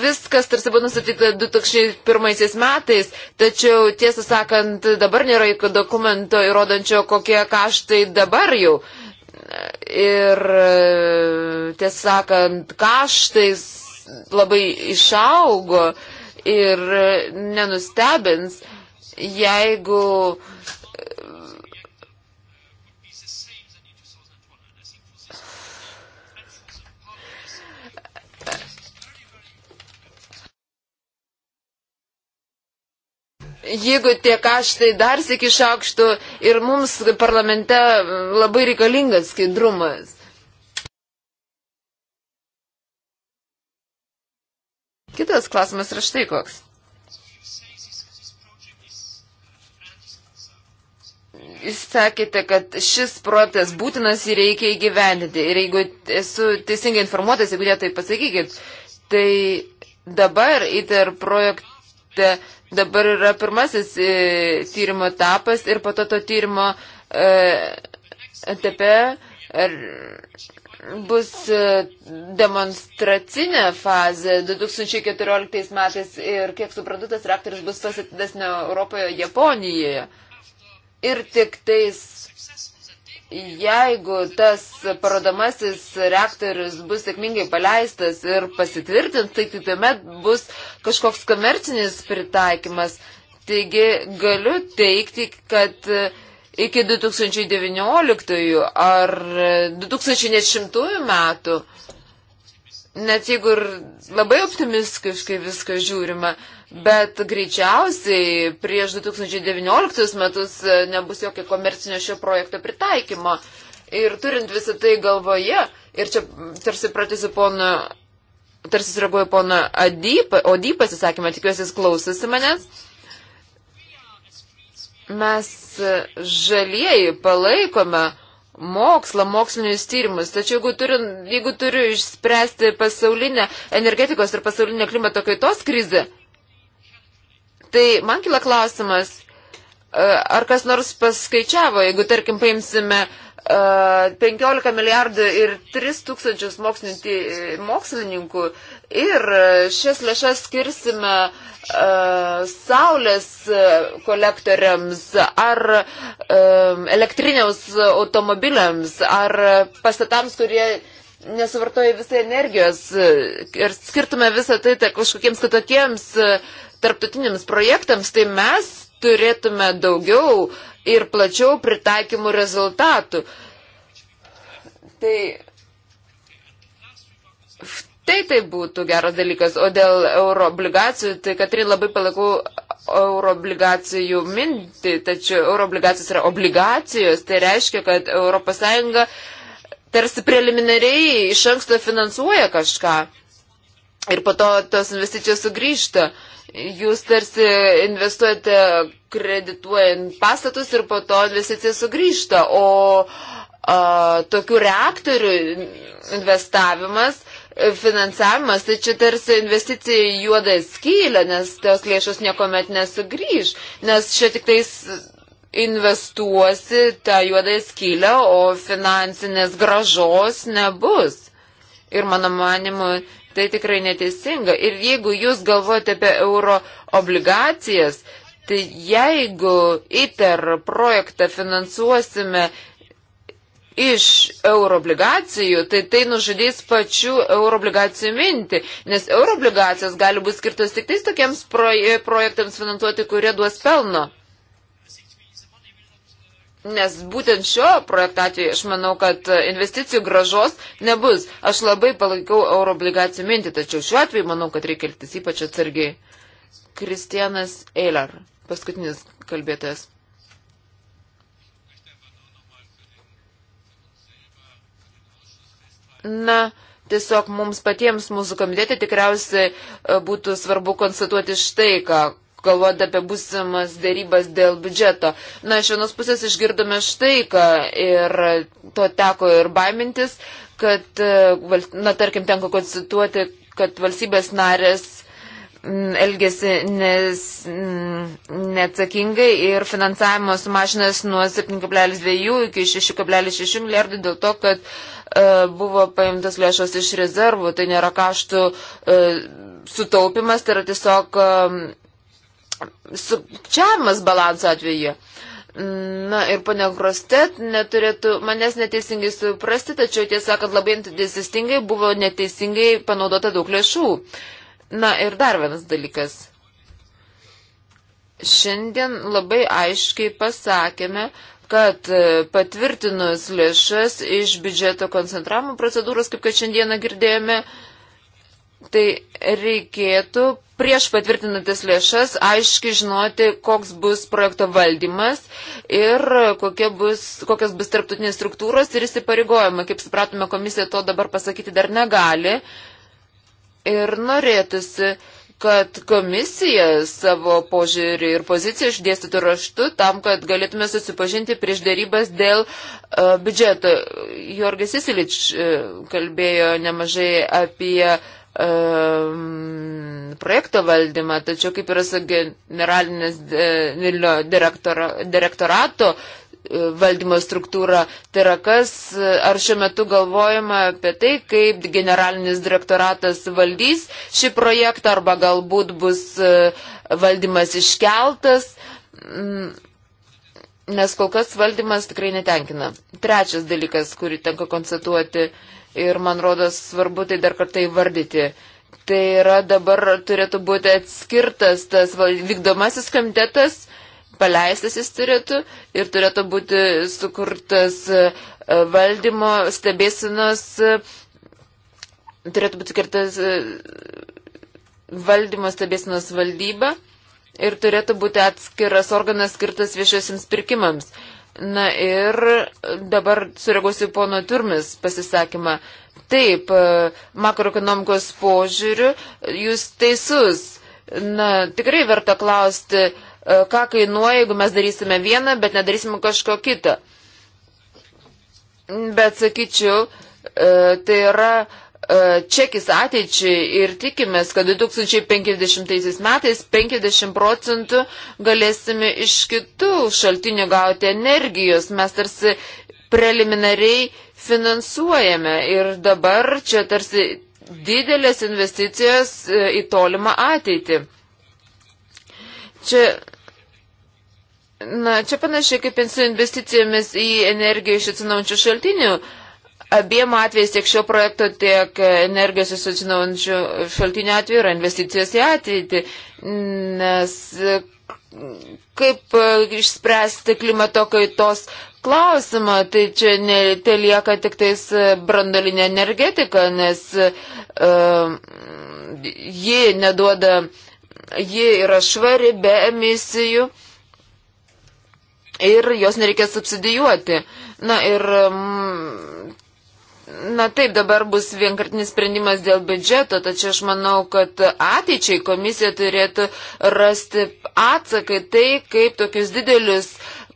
viskas tarsi buvo nustatyta 2001 metais, tačiau tiesą sakant, dabar nėra jokio dokumento įrodančio, kokie kaštai dabar jau. Ir tiesą sakant, kaštais labai išaugo ir nenustebins, jeigu jeigu tie kaštai dar sik išaukštų ir mums parlamente labai reikalingas skaidrumas. Kitas klausimas yra štai koks. Jūs sakėte, kad šis projektas būtinas ir reikia įgyvendinti. Ir jeigu esu teisingai informuotas, jeigu jie tai pasakykit, tai dabar ITER projekte Dabar yra pirmasis e, tyrimo etapas ir po to to tyrimo e, etape bus e, demonstracinė fazė 2014 metais ir, kiek suprantu, tas reaktorius bus pastatytas ne Europoje, Japonijoje. Ir tik tais jeigu tas parodomasis reaktorius bus sėkmingai paleistas ir pasitvirtins, tai tuomet bus kažkoks komercinis pritaikymas. Taigi galiu teikti, kad iki 2019 ar 2100 metų net jeigu ir labai optimistiškai viską žiūrima, bet greičiausiai prieš 2019 metus e, nebus jokio komercinio šio projekto pritaikymo. Ir turint visą tai galvoje, ir čia tarsi pratėsiu pono, tarsi sureaguoju pono Adypą, Odypą, sakymą, tikiuosi jis klausosi manęs. Mes e, žalieji palaikome mokslą, mokslinius tyrimus. Tačiau jeigu turiu, jeigu turiu išspręsti pasaulinę energetikos ir pasaulinę klimato kaitos krizę, tai man kila klausimas, e, ar kas nors paskaičiavo, jeigu tarkim paimsime 15 e, milijardų ir 3 tūkstančius e, mokslininkų, Ir šias lėšas skirsime uh, saulės e, kolektoriams ar um, elektriniams automobiliams ar pastatams, kurie nesuvartoja visą energijos ir skirtume visą tai ta, kažkokiems kitokiems tarptautiniams projektams, tai mes turėtume daugiau ir plačiau pritaikymų rezultatų. Tai Tai tai būtų geras dalykas. O dėl euroobligacijų, tai Katrin labai palaikau euroobligacijų mintį, tačiau euroobligacijos yra obligacijos, tai reiškia, kad ES tarsi preliminariai iš anksto finansuoja kažką ir po to tos investicijos sugrįžta. Jūs tarsi investuojate kredituojant pastatus ir po to investicija sugrįžta, o a, tokių reaktorių investavimas finansavimas, tai čia tarsi investicija į juodą skylę, nes tos lėšos niekuomet nesugrįž, nes čia tik tais investuosi tą juodą skylę, o finansinės gražos nebus. Ir mano manimu, tai tikrai neteisinga. Ir jeigu jūs galvojate apie euro obligacijas, tai jeigu ITER projektą finansuosime iš euroobligacijų, tai tai nužudys pačių euroobligacijų mintį, nes euroobligacijas gali būti skirtas tik tais tokiems proje, projektams finansuoti, kurie duos pelno. Nes būtent šio projekto atveju aš manau, kad investicijų gražos nebus. Aš labai palaikau euroobligacijų mintį, tačiau šiuo atveju manau, kad reikia elgtis ypač atsargiai. Kristianas Eilar, paskutinis kalbėtojas. Na, tiesiog mums patiems mūsų komitete tikriausiai e, būtų svarbu konstatuoti štai ką galvojant apie būsimas dėrybas dėl biudžeto. Na, iš vienos pusės išgirdome štai, ką ir to teko ir baimintis, kad, e, na, tarkim, tenko konstituoti, kad valstybės narės Mm, elgesi nes, mm, neatsakingai ir finansavimo sumažinas nuo 7,2 iki 6,6 milijardų dėl to, kad e, buvo paimtas lėšos iš rezervų, tai nėra kaštų e, sutaupimas, tai yra tiesiog e, sukčiavimas balanso atveju. Na ir ponia Grostet neturėtų manęs neteisingai suprasti, tačiau tiesą sakant labai entuziastingai buvo neteisingai panaudota daug lėšų. Uh, Na ir dar vienas dalykas. Šiandien labai aiškiai pasakėme, kad e, patvirtinus lėšas iš biudžeto koncentravimo procedūros, kaip kad šiandieną girdėjome, tai reikėtų prieš patvirtinantis lėšas aiškiai žinoti, koks bus projekto valdymas ir kokie bus, kokios bus tarptautinės struktūros ir įsipareigojimai. Kaip supratome, komisija to dabar pasakyti dar negali. Uh, Ir norėtųsi, kad komisija savo požiūrį ir poziciją išdėstytų raštu tam, kad galėtume susipažinti prieš darybas dėl uh, biudžeto. Jorgis Isilič uh, e, kalbėjo nemažai apie um, projekto valdymą, tačiau kaip yra su generalinės uh, direktora, direktorato E, valdymo struktūrą. Tai yra kas, e, ar šiuo metu galvojama apie tai, kaip generalinis direktoratas valdys šį projektą, arba galbūt bus e, valdymas iškeltas, mm, nes kol kas valdymas tikrai netenkina. Trečias dalykas, kurį tenka konstatuoti ir man rodos svarbu tai dar kartą įvardyti. Tai yra dabar turėtų būti atskirtas tas vykdomasis komitetas paleistas jis turėtų ir turėtų būti sukurtas e, valdymo stebėsinos, e, turėtų būti skirtas e, valdymo stebėsinos valdyba ir turėtų būti atskiras organas skirtas viešiesiams pirkimams. Na ir dabar sureaguosiu pono Turmis pasisakymą. Taip, makroekonomikos požiūriu, jūs teisus. Na, tikrai verta klausti, uh, E, ką kainuoja, jeigu mes darysime vieną, bet nedarysime kažko kitą. Bet sakyčiau, e, tai yra e, čekis ateičiai ir tikimės, kad 2050 metais 50 procentų galėsime iš kitų šaltinių gauti energijos. Mes tarsi preliminariai finansuojame ir dabar čia tarsi didelės investicijos į tolimą ateitį. Čia Na, čia panašiai kaip su investicijomis į energiją iš atsinaujančių šaltinių. Abiem atvejais tiek šio projekto, tiek energijos iš atsinaujančių šaltinių atveju yra investicijos į ateitį, nes kaip išspręsti klimato kaitos klausimą, tai čia ne, tai lieka tik tais brandolinė energetika, nes uh, ji neduoda, ji yra švari be emisijų. Uh, ir jos nereikės subsidijuoti. Na ir. Mm, Na taip, dabar bus vienkartinis sprendimas dėl biudžeto, tačiau aš manau, kad ateičiai komisija turėtų rasti atsakai tai, kaip tokius didelius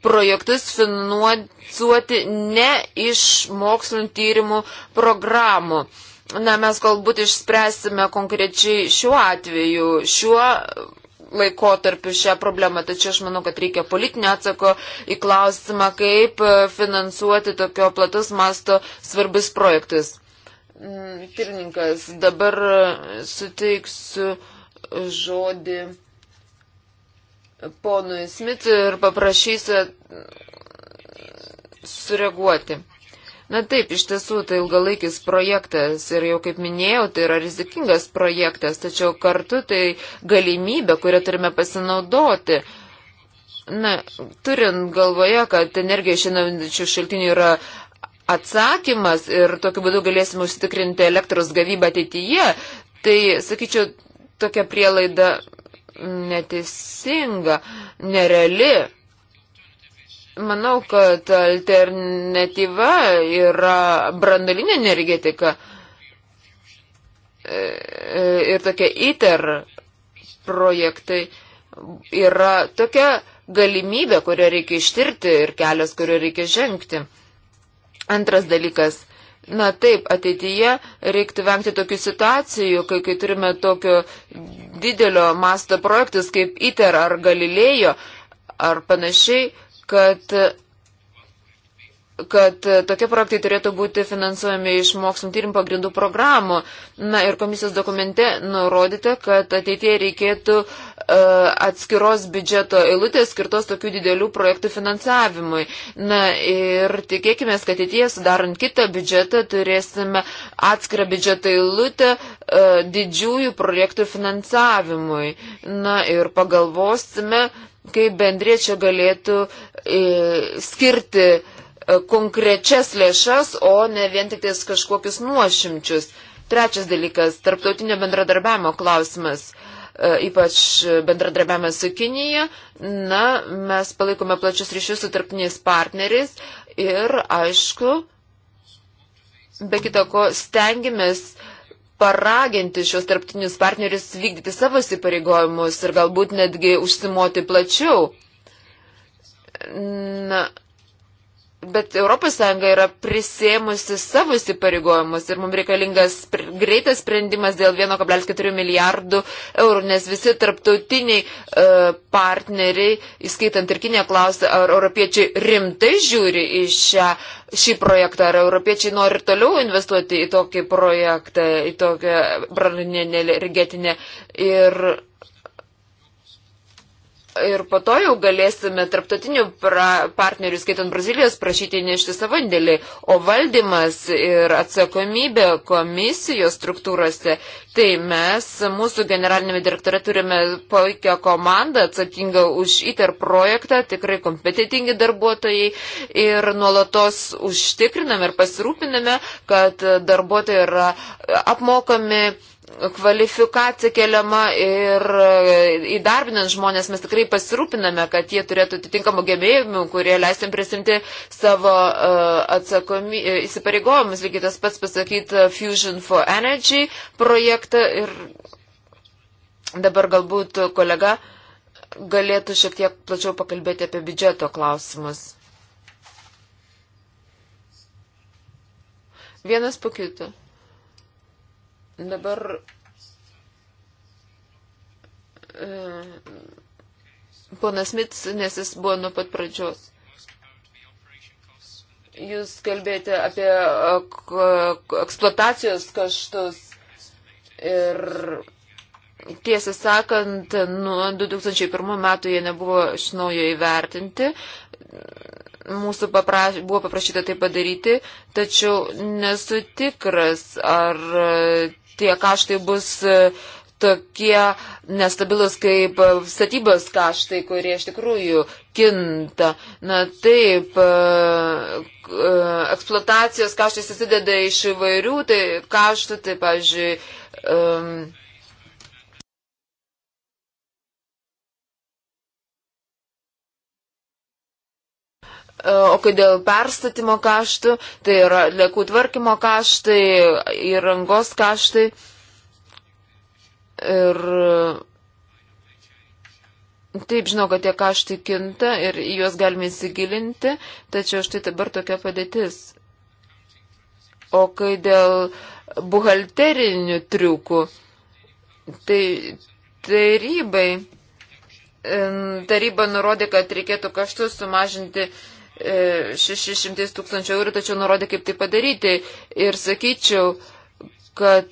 projektus finansuoti ne iš mokslinų tyrimų programų. Na, mes galbūt išspręsime konkrečiai šiuo atveju, šiuo laikotarpiu šią problemą, tačiau aš manau, kad reikia politinio atsako į klausimą, kaip e, finansuoti tokio platus masto svarbius projektus. Mm, pirmininkas, dabar e, suteiksiu žodį ponui Smith ir paprašysiu sureaguoti. Na taip, iš tiesų tai ilgalaikis projektas ir jau kaip minėjau, tai yra rizikingas projektas, tačiau kartu tai galimybė, kurią turime pasinaudoti. Na, turint galvoje, kad energija šiandien šaltinių yra atsakymas ir tokiu būdu galėsime užsitikrinti elektros gavybą ateityje, tai, sakyčiau, tokia prielaida neteisinga, nereali. Manau, kad alternatyva yra brandalinė energetika e, e, ir tokie ITER projektai yra tokia galimybė, kurią reikia ištirti ir kelias, kurio reikia žengti. Antras dalykas. Na taip, ateityje reiktų vengti tokių situacijų, kai, kai turime tokio didelio masto projektus kaip ITER ar Galilėjo ar panašiai, kad kad tokie projektai turėtų būti finansuojami iš mokslinio tyrimų pagrindų programų. Na ir komisijos dokumente nurodyta, kad ateitie reikėtų uh, atskiros biudžeto eilutės skirtos tokių didelių projektų finansavimui. Na ir tikėkime, kad ateitie sudarant kitą biudžetą turėsime atskirą biudžeto eilutę uh, didžiųjų projektų finansavimui. Na ir pagalvosime, uh, kaip bendrė čia galėtų e, skirti e, konkrečias lėšas, o ne vien tik tais kažkokius nuošimčius. Trečias dalykas - tarptautinio bendradarbiavimo klausimas e, ypač bendradarbiavime su Kinija. Na, mes palaikome plačius ryšius su tarptiniais partneriais ir, aišku, be kitako stengiamės uh, paraginti šios tarptinius partnerius vykdyti savo įsipareigojimus ir galbūt netgi užsimoti plačiau. Na, Bet ES yra prisėmusi savo įsipareigojimus ir mums reikalingas greitas sprendimas dėl 1,4 milijardų eurų, nes visi tarptautiniai e, partneriai, įskaitant ir Kinė, klausia, ar europiečiai rimtai žiūri į šią, šį projektą, ar europiečiai nori toliau investuoti į tokį projektą, į tokią branduolinę energetinę. Ir Ir po to jau galėsime tarptautinių partnerių, skaitant Brazilijos, prašyti nešti savo indėlį. O valdymas ir atsakomybė komisijos struktūrose, tai mes, mūsų generalinėme direktore, turime puikią komandą atsakingą už ITER projektą, tikrai kompetitingi darbuotojai ir nuolatos užtikriname ir pasirūpiname, kad darbuotojai yra apmokami kvalifikacija keliama ir įdarbinant žmonės mes tikrai pasirūpiname, kad jie turėtų atitinkamų gebėjimų, kurie leistum prisimti savo uh, atsakomi, e, įsipareigojimus. Lygiai tas pats pasakyti uh, Fusion for Energy projektą ir dabar galbūt kolega galėtų šiek tiek plačiau pakalbėti apie biudžeto klausimus. Vienas po kito. Dabar e, ponas Mits, nes jis buvo nuo pat pradžios. Jūs kalbėjote apie e, eksploatacijos kaštus ir tiesą sakant, nuo 2001 metų jie nebuvo iš naujo įvertinti. Mūsų papraš, buvo paprašyta tai padaryti, tačiau nesu tikras, ar tie kaštai bus e, tokie nestabilus kaip e, statybos kaštai, kurie iš tikrųjų kinta. Na taip, e, eksploatacijos kaštai susideda iš įvairių tai kaštų, tai pavyzdžiui, E, o kai dėl perstatymo kaštų, tai yra lėkų tvarkymo kaštai, įrangos kaštai. Ir taip žinau, kad tie kaštai kinta ir juos galime įsigilinti, tačiau štai dabar tokia padėtis. O kai dėl buhalterinių triukų, tai tarybai. Taryba nurodė, kad reikėtų kaštus sumažinti 600 e, tūkstančių eurų, tačiau nurodė, kaip tai padaryti. Ir sakyčiau, kad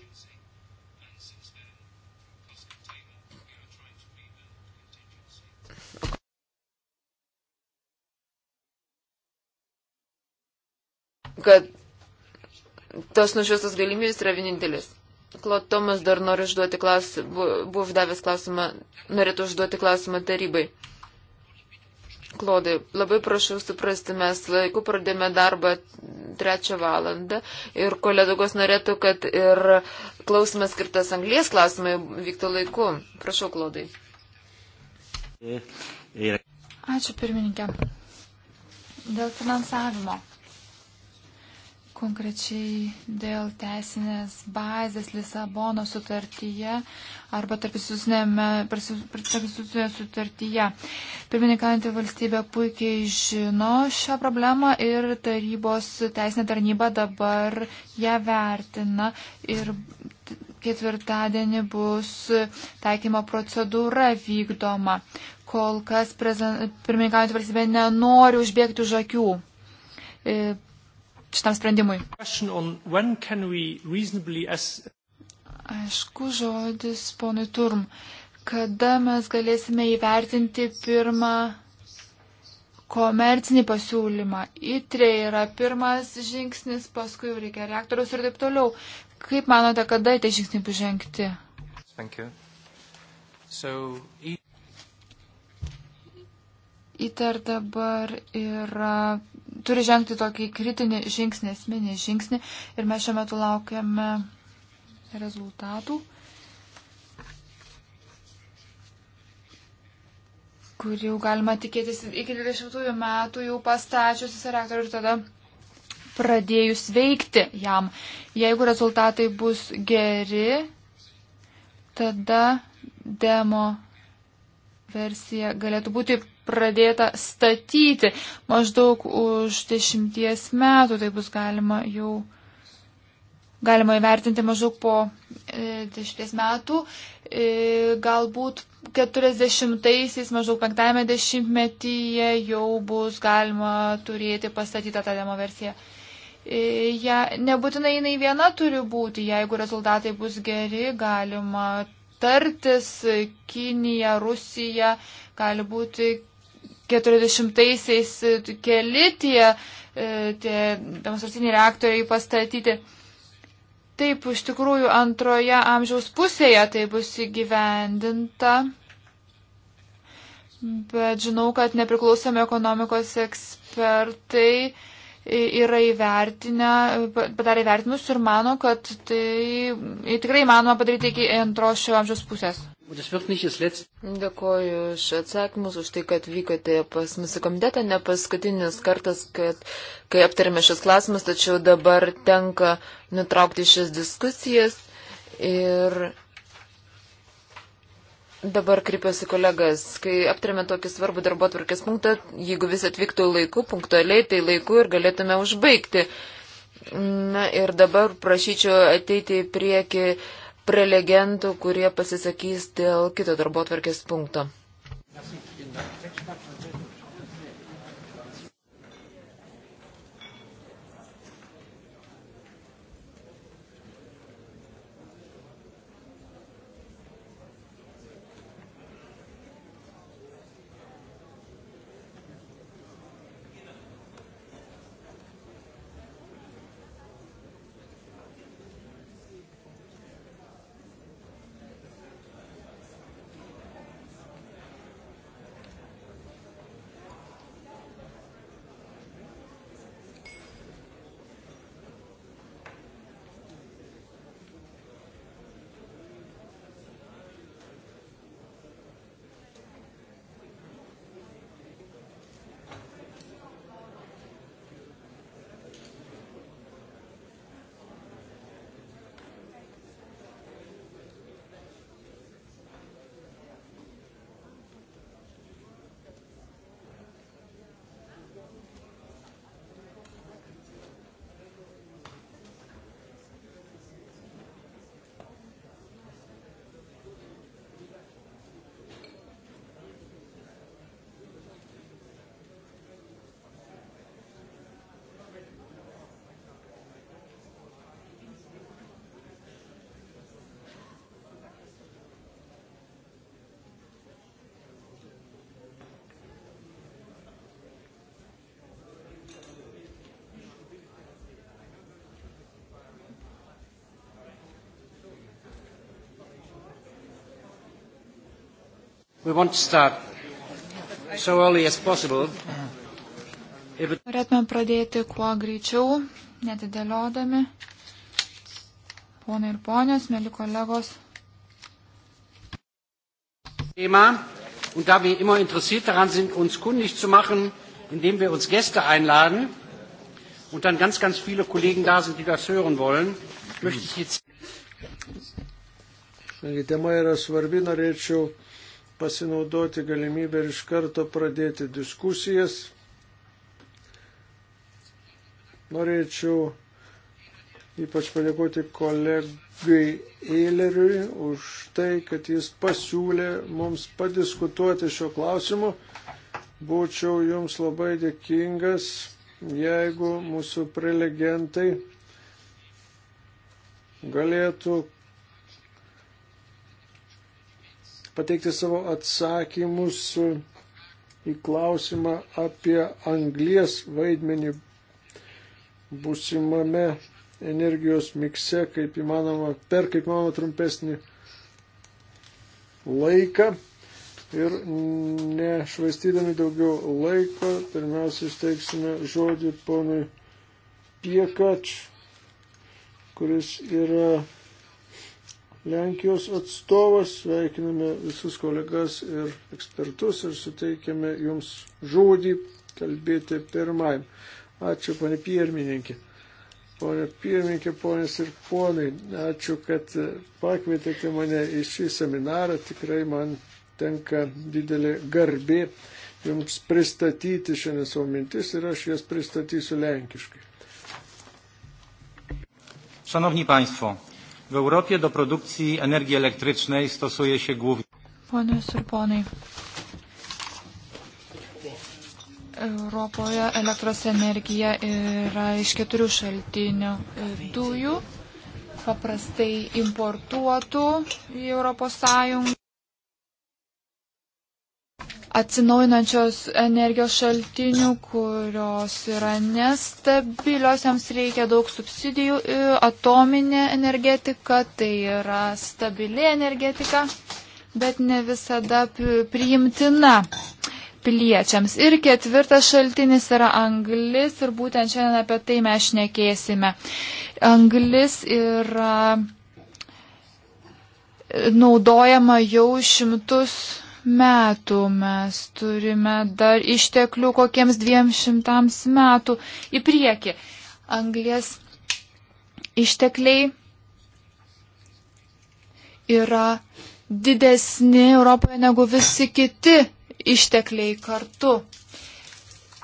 kad tos nušviestos galimybės yra vienintelis. Klot Tomas dar nori užduoti klausimą, buvo uždavęs klausimą, norėtų užduoti klausimą tarybai. Klodai, labai prašau suprasti, mes laiku pradėjome darbą trečią valandą ir kolegos norėtų, kad ir klausimas skirtas anglės klausimai vyktų laiku. Prašau, Klodai. Ačiū pirmininkė. Dėl finansavimo konkrečiai dėl teisinės bazės Lisabono sutartyje arba tarpisusinėje sutartyje. Pirmininkaujantį valstybę puikiai žino šią problemą ir tarybos teisinė tarnyba dabar ją vertina ir ketvirtadienį bus taikymo procedūra vykdoma. Kol kas pirmininkaujantį valstybę nenori užbėgti už akių e, šitam sprendimui. Aišku, žodis ponui Turm. Kada mes galėsime įvertinti pirmą komercinį pasiūlymą? Įtrė yra pirmas žingsnis, paskui reikia reaktorius ir taip toliau. Kaip manote, kada tie žingsniai bus žengti? So, ITER dabar yra turi žengti tokį kritinį žingsnį, esminį žingsnį ir mes šiuo metu laukiame rezultatų, kurių galima tikėtis iki 20 metų jau pastačius visą reaktorių ir tada pradėjus veikti jam. Jeigu rezultatai bus geri, tada demo versija galėtų būti pradėta statyti. Maždaug už dešimties metų tai bus galima jau, galima įvertinti maždaug po e, dešimties metų, e, galbūt 40-aisiais, maždaug 5-ame dešimtmetyje jau bus galima turėti pastatytą tą demo versiją. E, ja, nebūtinai jinai viena turi būti, jeigu rezultatai bus geri, galima tartis Kinija, Rusija, gali būti 40-aisiais e, keli tie, e, tie demonstraciniai reaktoriai pastatyti. Taip, iš tikrųjų, antroje amžiaus pusėje tai bus įgyvendinta. Bet žinau, kad nepriklausomi ekonomikos ekspertai yra įvertinę, padarė vertinimus ir mano, kad tai tikrai manoma padaryti iki antros šio amžiaus pusės. Dėkoju už atsakymus, už tai, kad vykote pas mūsų komitetą. Ne paskutinis kartas, kad, kai aptarėme šis klausimas, tačiau dabar tenka nutraukti šias diskusijas. Ir dabar kreipiuosi kolegas, kai aptarėme tokį svarbų darbo atvarkės punktą, jeigu vis atvyktų laiku, punktualiai, tai laiku ir galėtume užbaigti. Na ir dabar prašyčiau ateiti į priekį prelegentų, kurie pasisakys dėl kito darbo tvarkės punkto. We want to start so early as possible. It... Norėtume pradėti kuo greičiau, netidėliodami. Ponai ir ponios, mėly kolegos. Thema. Und da wir immer interessiert daran sind, uns kundig zu machen, indem wir uns Gäste einladen und dann ganz, ganz viele Kollegen da sind, die das hören wollen, möchte ich jetzt. Tema yra svarbi, norėčiau pasinaudoti galimybę ir iš karto pradėti diskusijas. Norėčiau ypač padėkoti kolegai Eileriui už tai, kad jis pasiūlė mums padiskutuoti šio klausimu. Būčiau jums labai dėkingas, jeigu mūsų prelegentai galėtų pateikti savo atsakymus į klausimą apie anglies vaidmenį būsimame energijos mikse, kaip įmanoma, per kaip įmanoma trumpesnį laiką. Ir nešvaistydami daugiau laiko, pirmiausia, išteiksime žodį ponui Piekač, kuris yra Lenkijos atstovas. Sveikiname visus kolegas ir ekspertus ir suteikiame jums žodį kalbėti pirmajam. Ačiū, ponė pirmininkė. Pone pirmininkė, ponės ir ponai, ačiū, kad pakvietėte mane į šį seminarą. Tikrai man tenka didelė garbė jums pristatyti šiandien savo mintis ir aš jas pristatysiu lenkiškai. Szanowni Państwo, W Europie do produkcji energii elektrycznej stosuje się głównie. Panie Surponai. Europoje elektros energija yra iš keturių šaltinių dujų, paprastai importuotų į ES atsinaujinančios energijos šaltinių, kurios yra nestabilios, jiems reikia daug subsidijų, atominė energetika, tai yra stabili energetika, bet ne visada priimtina piliečiams. Ir ketvirtas šaltinis yra anglis ir būtent šiandien apie tai mes šnekėsime. Anglis yra e, naudojama jau šimtus metų mes turime dar išteklių kokiems dviem šimtams metų į priekį. Anglės ištekliai yra didesni Europoje negu visi kiti ištekliai kartu.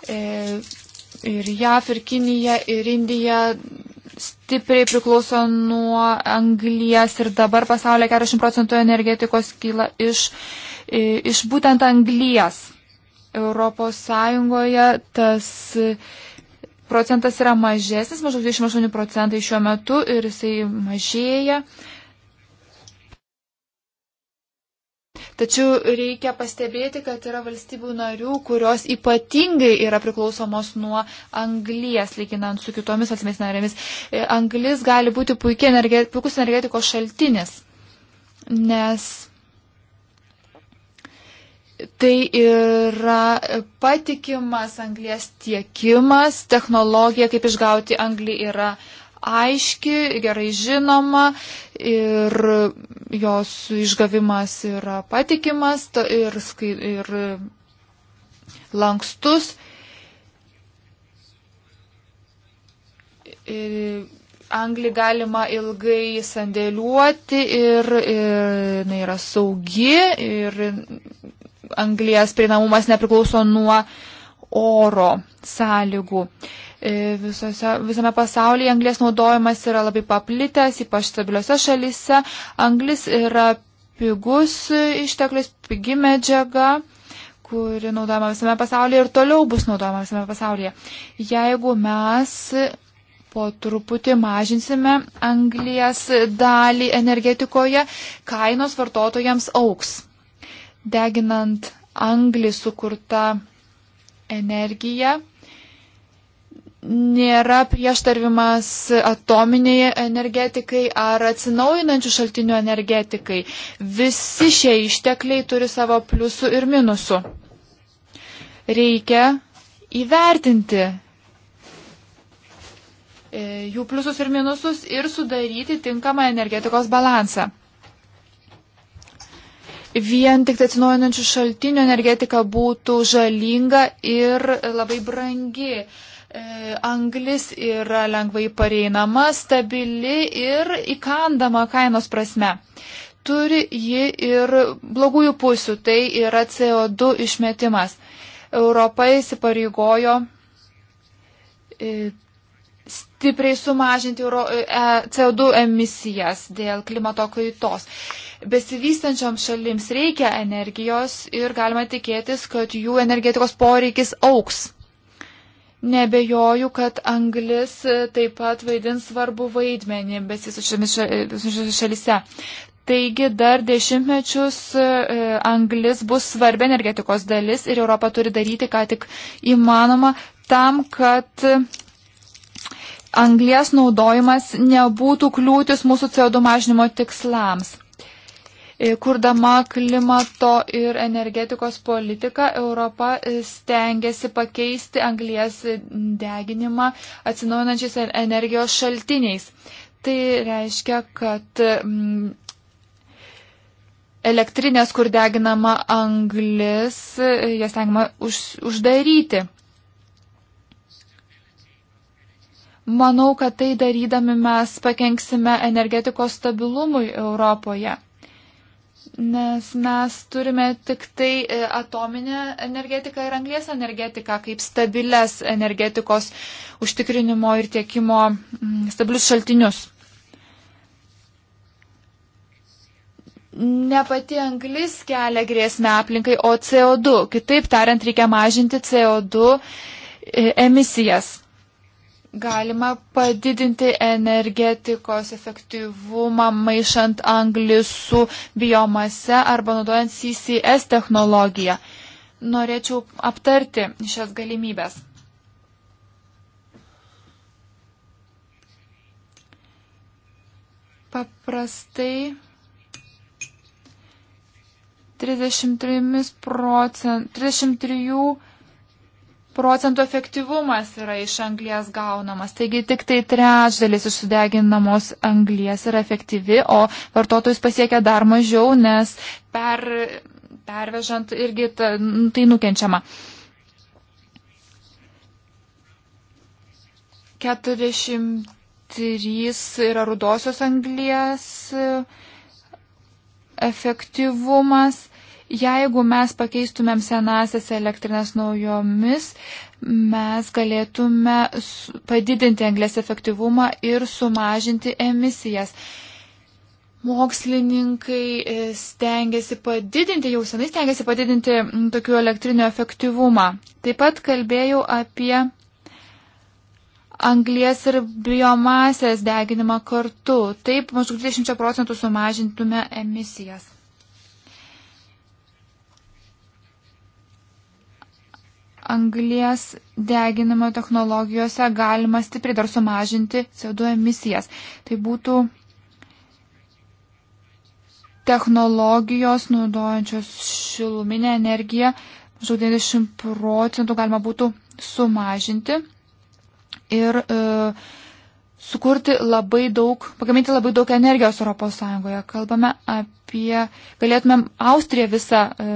E, ir JAF, ir Kinija, ir Indija stipriai priklauso nuo anglijas ir dabar pasaulyje 40 procentų energetikos kyla iš iš būtent anglijas. Europos Sąjungoje tas procentas yra mažesnis, maždaug 28 procentai šiuo metu ir jisai mažėja. Tačiau reikia pastebėti, kad yra valstybių narių, kurios ypatingai yra priklausomos nuo anglies, lyginant su kitomis valstybės narėmis. E, anglis gali būti energeti, puikus energetikos šaltinis, nes Tai yra patikimas anglės tiekimas, technologija, kaip išgauti anglį, yra aiški, gerai žinoma ir jos išgavimas yra patikimas ir, ir lankstus. Ir anglį galima ilgai sandėliuoti ir, ir jinai yra saugi ir anglijas prieinamumas nepriklauso nuo oro sąlygų. E, visose, visame pasaulyje anglės naudojimas yra labai paplitęs, ypač stabiliuose šalyse. Anglis yra pigus išteklis, pigi medžiaga kuri naudojama visame pasaulyje ir toliau bus naudojama visame pasaulyje. Jeigu mes po truputį mažinsime anglijas dalį energetikoje, kainos vartotojams auks deginant anglį sukurta energija nėra prieštarvimas atominiai energetikai ar atsinaujinančių šaltinių energetikai. Visi šie ištekliai turi savo pliusų ir minusų. Reikia įvertinti e, jų pliusus ir minusus ir sudaryti tinkamą energetikos balansą vien tik tai atsinaujinančių šaltinių energetika būtų žalinga ir labai brangi. E, anglis yra lengvai pareinama, stabili ir įkandama kainos prasme. Turi ji ir blogųjų pusių, tai yra CO2 išmetimas. Europa įsipareigojo e, stipriai sumažinti e, CO2 emisijas dėl klimato kaitos besivystančioms šalims reikia energijos ir galima tikėtis, kad jų energetikos poreikis auks. Nebejoju, kad anglis taip pat vaidins svarbu vaidmenį besivystančiomis šalise. Taigi dar dešimtmečius e, anglis bus svarbi energetikos dalis ir Europa turi daryti, ką tik įmanoma, tam, kad anglies naudojimas nebūtų kliūtis mūsų CO2 mažinimo tikslams. E, kurdama klimato ir energetikos politiką, Europa e, stengiasi pakeisti anglijas deginimą atsinaujinančiais energijos šaltiniais. Tai reiškia, kad mm, elektrinės, kur deginama anglis, e, jas tengiama už, uždaryti. Manau, kad tai darydami mes pakenksime energetikos stabilumui Europoje. Nes mes turime tik tai e, atominę energetiką ir anglės energetiką kaip stabilias energetikos užtikrinimo ir tiekimo mm, stabilius šaltinius. Ne pati anglis kelia grėsmę aplinkai, o CO2. Kitaip tariant, reikia mažinti CO2 e, emisijas galima padidinti energetikos efektyvumą, maišant anglį su biomase arba naudojant CCS technologiją. Norėčiau aptarti šias galimybės. Paprastai 33 procentų, 33 procentų efektyvumas yra iš anglies gaunamas. Taigi tik tai trečdalis iš sudeginamos anglies yra efektyvi, o vartotojus pasiekia dar mažiau, nes per, pervežant irgi ta, tai nukenčiama. 43 yra rudosios anglies efektyvumas Jeigu mes pakeistumėm senasias elektrinės naujomis, mes galėtume padidinti anglės efektyvumą ir sumažinti emisijas. Mokslininkai e, stengiasi padidinti, jau senai stengiasi padidinti tokių elektrinio efektyvumą. Taip pat kalbėjau apie anglies ir biomasės deginimą kartu. Taip maždaug 20 procentų sumažintume emisijas. anglies deginimo technologijose galima stipriai dar sumažinti CO2 emisijas. Tai būtų technologijos naudojančios šiluminę energiją, mažiau 90 procentų galima būtų sumažinti ir e, sukurti labai daug, pagaminti labai daug energijos ES. Kalbame apie, galėtumėm Austriją visą e,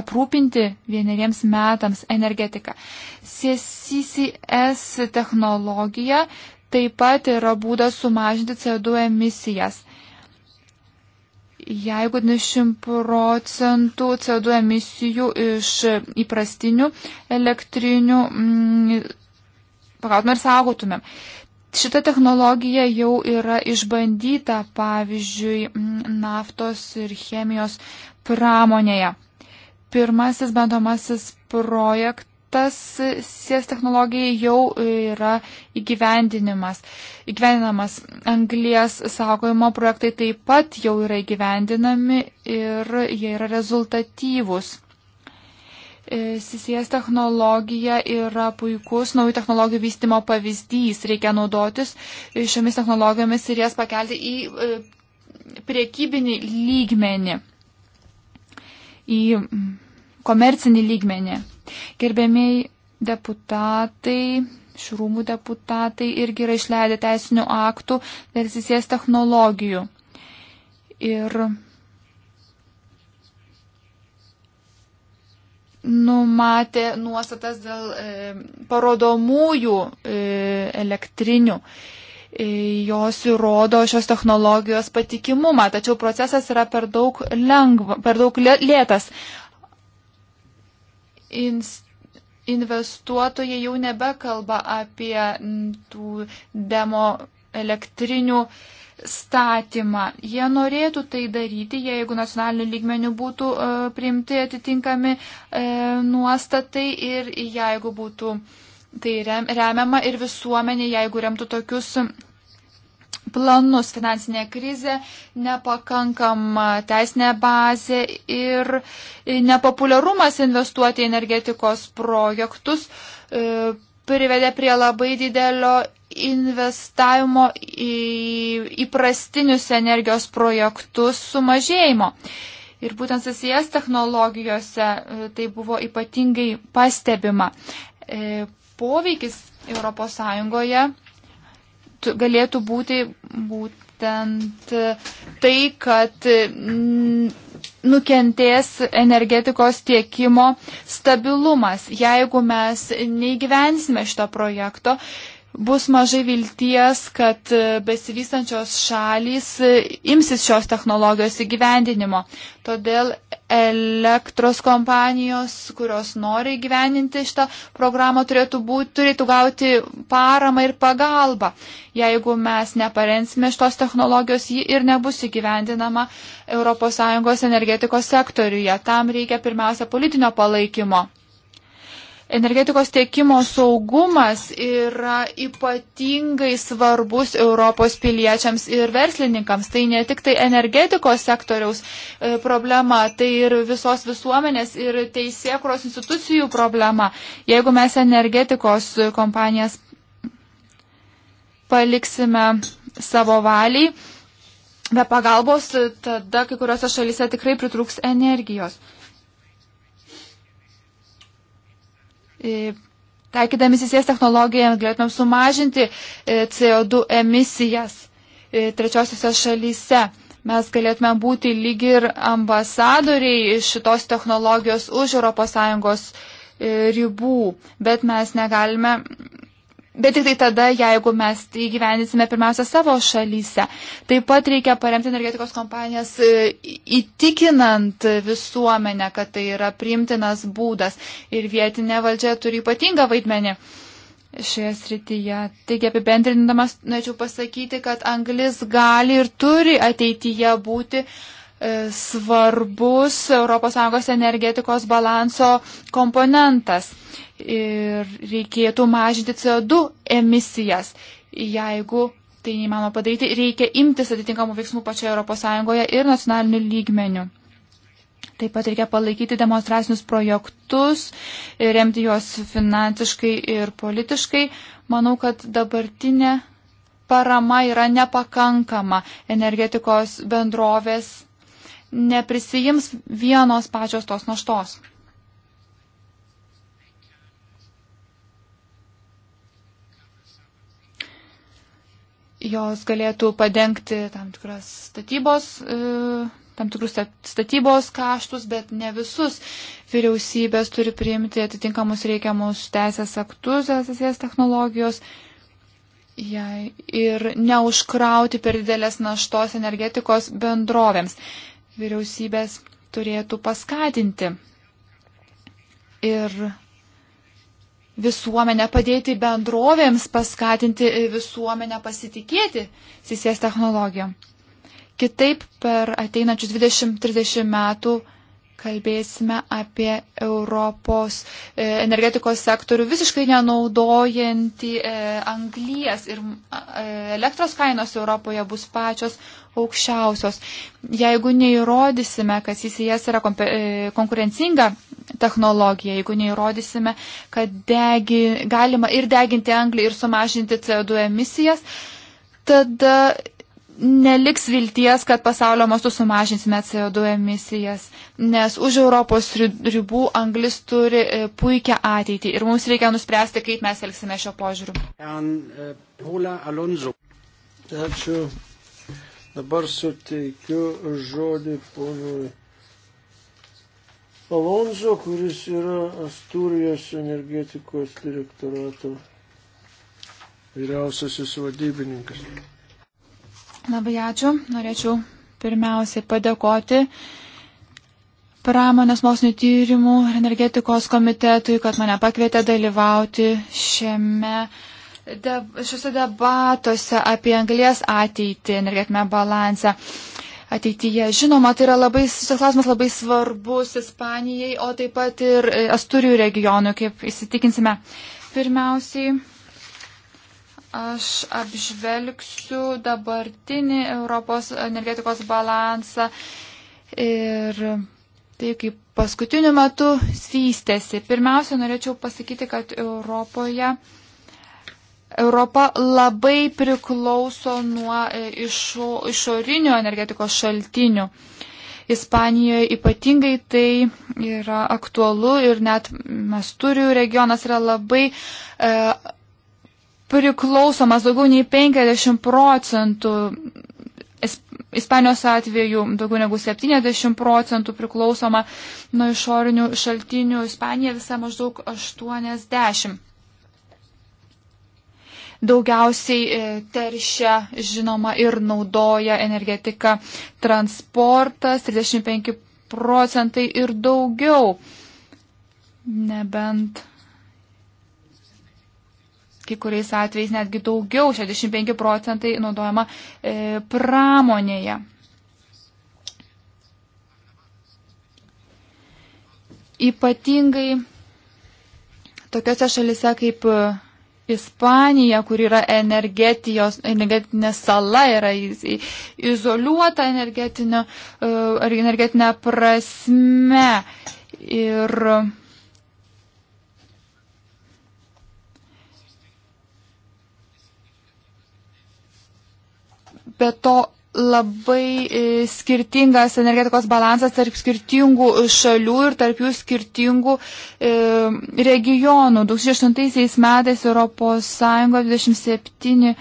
aprūpinti vieneriems metams energetiką. CCS technologija taip pat yra būdas sumažinti CO2 emisijas. Jeigu 20 procentų CO2 emisijų iš įprastinių elektrinių mm, pagautumėm ir saugotumėm. Šita technologija jau yra išbandyta, pavyzdžiui, naftos ir chemijos pramonėje. Pirmasis bandomasis projektas sies technologijai jau yra įgyvendinimas. Įgyvendinamas anglies saugojimo projektai taip pat jau yra įgyvendinami ir jie yra rezultatyvūs. E, CCS technologija yra puikus naujų technologijų vystimo pavyzdys. Reikia naudotis e, šiomis technologijomis ir jas pakelti į e, priekybinį lygmenį, į komercinį lygmenį. Gerbėmiai deputatai, šrūmų deputatai irgi yra išleidę teisinių aktų dėl CCS technologijų. Ir numatė nuostatas dėl e, parodomųjų e, elektrinių. E, jos įrodo šios technologijos patikimumą, tačiau procesas yra per daug, lengva, per daug lėtas. Inst investuotojai jau nebekalba apie tų demo elektrinių e, statymą. Jie norėtų tai daryti, jeigu nacionaliniu lygmeniu būtų e, priimti atitinkami e, nuostatai ir jeigu būtų tai remiama ir visuomenė, jeigu remtų tokius planus finansinė krizė, nepakankama teisinė bazė ir nepopuliarumas investuoti į energetikos projektus. E, privedė prie labai didelio investavimo į įprastinius energijos projektus sumažėjimo. Ir būtent susijęs technologijose e, tai buvo ypatingai pastebima. E, poveikis ES galėtų būti būtent tai, kad nukentės energetikos tiekimo stabilumas. Jeigu mes neįgyvensime šito projekto, bus mažai vilties, kad besivystančios šalys imsis šios technologijos įgyvendinimo. Todėl elektros kompanijos, kurios nori gyveninti šitą programą, turėtų, būti, turėtų gauti paramą ir pagalbą. Jeigu mes neparensime šitos technologijos, ji ir nebus įgyvendinama ES energetikos sektoriuje. Tam reikia pirmiausia politinio palaikymo. Energetikos tiekimo saugumas yra ypatingai svarbus Europos piliečiams ir verslininkams. Tai ne tik tai energetikos sektoriaus e, problema, tai ir visos visuomenės ir teisėkros institucijų problema. Jeigu mes energetikos kompanijas paliksime savo valiai, be pagalbos, tada kai kuriuose šalyse tikrai pritrūks energijos. E, taikydami sisės technologiją galėtumėm sumažinti e, CO2 emisijas e, trečiosiuose šalyse. Mes galėtume būti lygi ir ambasadoriai šitos technologijos už ES ribų, bet mes negalime Bet tik tai tada, jeigu mes įgyvendysime tai pirmiausia savo šalyse. Taip pat reikia paremti energetikos kompanijas e, įtikinant visuomenę, kad tai yra priimtinas būdas ir vietinė valdžia turi ypatingą vaidmenį šioje srityje. Taigi apibendrindamas norėčiau pasakyti, kad anglis gali ir turi ateityje būti e, svarbus ES energetikos balanso komponentas ir reikėtų mažinti CO2 emisijas. Jeigu tai neįmanoma padaryti, reikia imtis atitinkamų veiksmų pačioje ES ir nacionaliniu lygmeniu. Taip pat reikia palaikyti demonstracinius projektus, remti juos finansiškai ir politiškai. Manau, kad dabartinė parama yra nepakankama. Energetikos bendrovės neprisijims vienos pačios tos naštos. jos galėtų padengti tam tikras statybos, e, tam tikrus statybos kaštus, bet ne visus. Vyriausybės turi priimti atitinkamus reikiamus teisės aktus, esasės technologijos. Jei ir neužkrauti per didelės naštos energetikos bendrovėms. Vyriausybės turėtų paskatinti ir visuomenę, padėti bendrovėms paskatinti visuomenę pasitikėti sisės technologijom. Kitaip per ateinančius 20-30 metų kalbėsime apie Europos e, energetikos sektorių visiškai nenaudojantį e, anglijas ir e, elektros kainos Europoje bus pačios aukščiausios. Jeigu neįrodysime, kad CCS yra konkurencinga technologija, jeigu neįrodysime, kad degi, galima ir deginti anglį, ir sumažinti CO2 emisijas, tada neliks vilties, kad pasaulio mastu sumažinsime CO2 emisijas, nes už Europos ribų anglis turi e, puikią ateitį ir mums reikia nuspręsti, kaip mes elgsime šio požiūriu. E, Ačiū. Dabar suteikiu žodį ponui Alonso, kuris yra Asturijos energetikos direktorato vyriausiasis vadybininkas. Labai ačiū. Norėčiau pirmiausiai padėkoti pramonės mokslinio tyrimų ir energetikos komitetui, kad mane pakvietė dalyvauti šiame. De, šiuose debatuose apie anglės ateitį, energetinę balansę ateityje. Žinoma, tai yra labai, šis klausimas labai svarbus Ispanijai, o taip pat ir Asturijų regionui, kaip įsitikinsime. Pirmiausiai, Aš apžvelgsiu dabartinį Europos energetikos balansą ir tai kaip paskutiniu metu svystėsi. Pirmiausia, norėčiau pasakyti, kad Europoje Europa labai priklauso nuo e, išo, išorinių energetikos šaltinių. Ispanijoje ypatingai tai yra aktualu ir net Masturių regionas yra labai e, priklausomas daugiau nei 50 procentų, Ispanijos atveju daugiau negu 70 procentų priklausoma nuo išorinių šaltinių, Ispanija visa maždaug 80. Daugiausiai e, teršia, žinoma, ir naudoja energetika transportas 35 procentai ir daugiau. Nebent kai kuriais atvejais netgi daugiau, 65 procentai naudojama e, pramonėje. Ypatingai tokiose šalise kaip e, Ispanija, kur yra energetinė sala, yra izoliuota e, energetinė prasme. Ir Be to labai e, skirtingas energetikos balansas tarp skirtingų šalių ir tarp jų skirtingų e, regionų. 2008 metais Europos Sąjungo 27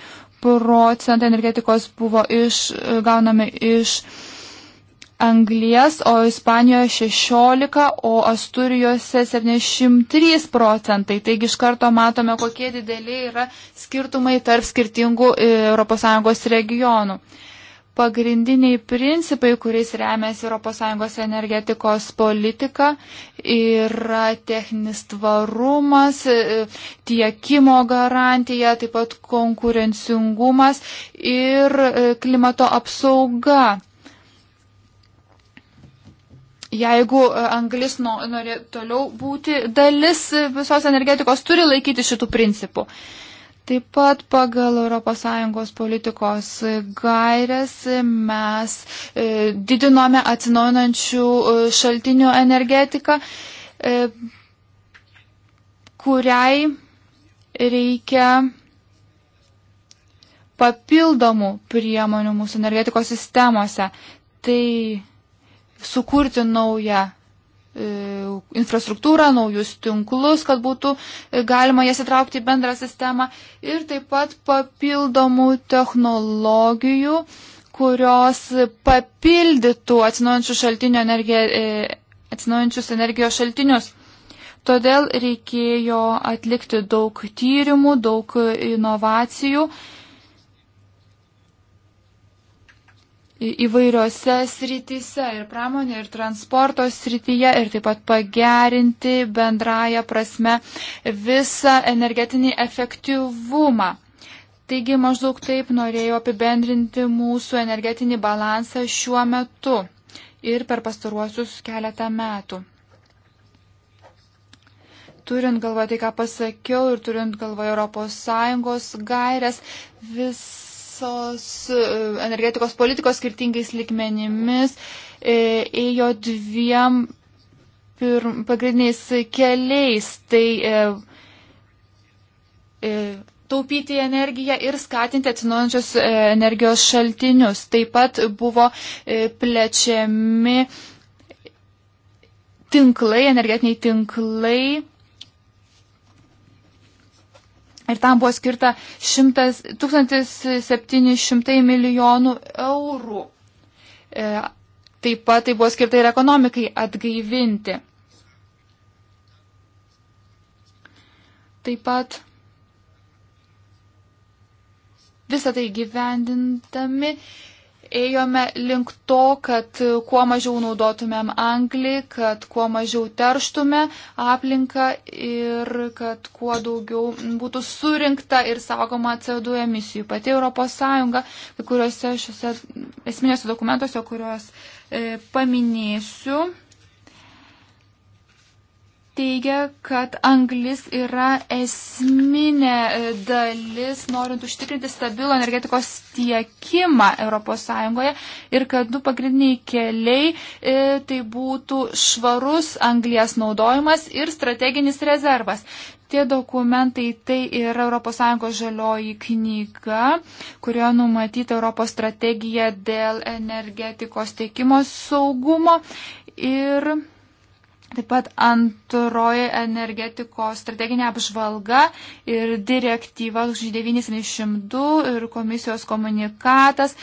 procentai energetikos buvo iš, e, gaunami iš anglies, o Ispanijoje 16, o Asturijose 73 procentai. Taigi iš karto matome, kokie dideliai yra skirtumai tarp skirtingų ES regionų. Pagrindiniai principai, kuriais remiasi ES energetikos politika, yra techninis tvarumas, e, tiekimo garantija, taip pat konkurencingumas ir e, klimato apsauga Jeigu e, anglis nori toliau būti dalis e, visos energetikos, turi laikyti šitų principų. Taip pat pagal ES politikos gairias e, mes didinome atsinaujinančių šaltinių energetiką, kuriai reikia papildomų priemonių mūsų energetikos sistemose. Tai sukurti naują e, infrastruktūrą, naujus tinklus, kad būtų e, galima jas įtraukti į bendrą sistemą ir taip pat papildomų technologijų, kurios papildytų atsinaujančių, energiją, e, atsinaujančius energijos šaltinius. Todėl reikėjo atlikti daug tyrimų, daug inovacijų įvairiose srityse ir pramonė, ir transporto srityje, ir taip pat pagerinti bendrają prasme visą energetinį efektyvumą. Taigi maždaug taip norėjau apibendrinti mūsų energetinį balansą šiuo metu ir per pastaruosius keletą metų. Turint galvoje tai, ką pasakiau, ir turint galvoje ES gairias, vis visos e, energetikos politikos skirtingais likmenimis e, ėjo dviem pagrindiniais keliais. Tai e, taupyti energiją ir skatinti atsinaujančius energijos šaltinius. Taip pat buvo plečiami tinklai, energetiniai tinklai Ir tam buvo skirta 100, 1700 milijonų eurų. E, taip pat tai buvo skirta ir ekonomikai atgaivinti. Taip pat visą tai gyvendintami ėjome link to, kad kuo mažiau naudotumėm anglį, kad kuo mažiau terštume aplinką ir kad kuo daugiau būtų surinkta ir saugoma CO2 emisijų. Pati ES, kai kuriuose šiuose esminėse dokumentuose, kuriuos e, paminėsiu, teigia, kad anglis yra esminė e, dalis, norint užtikrinti stabilų energetikos tiekimą ES ir kad du pagrindiniai keliai e, tai būtų švarus anglies naudojimas ir strateginis rezervas. Tie dokumentai tai yra ES žalioji knyga, kurioje numatyta Europos strategija dėl energetikos tiekimo saugumo ir Taip pat antroji energetikos strateginė apžvalga ir direktyva 972 ir komisijos komunikatas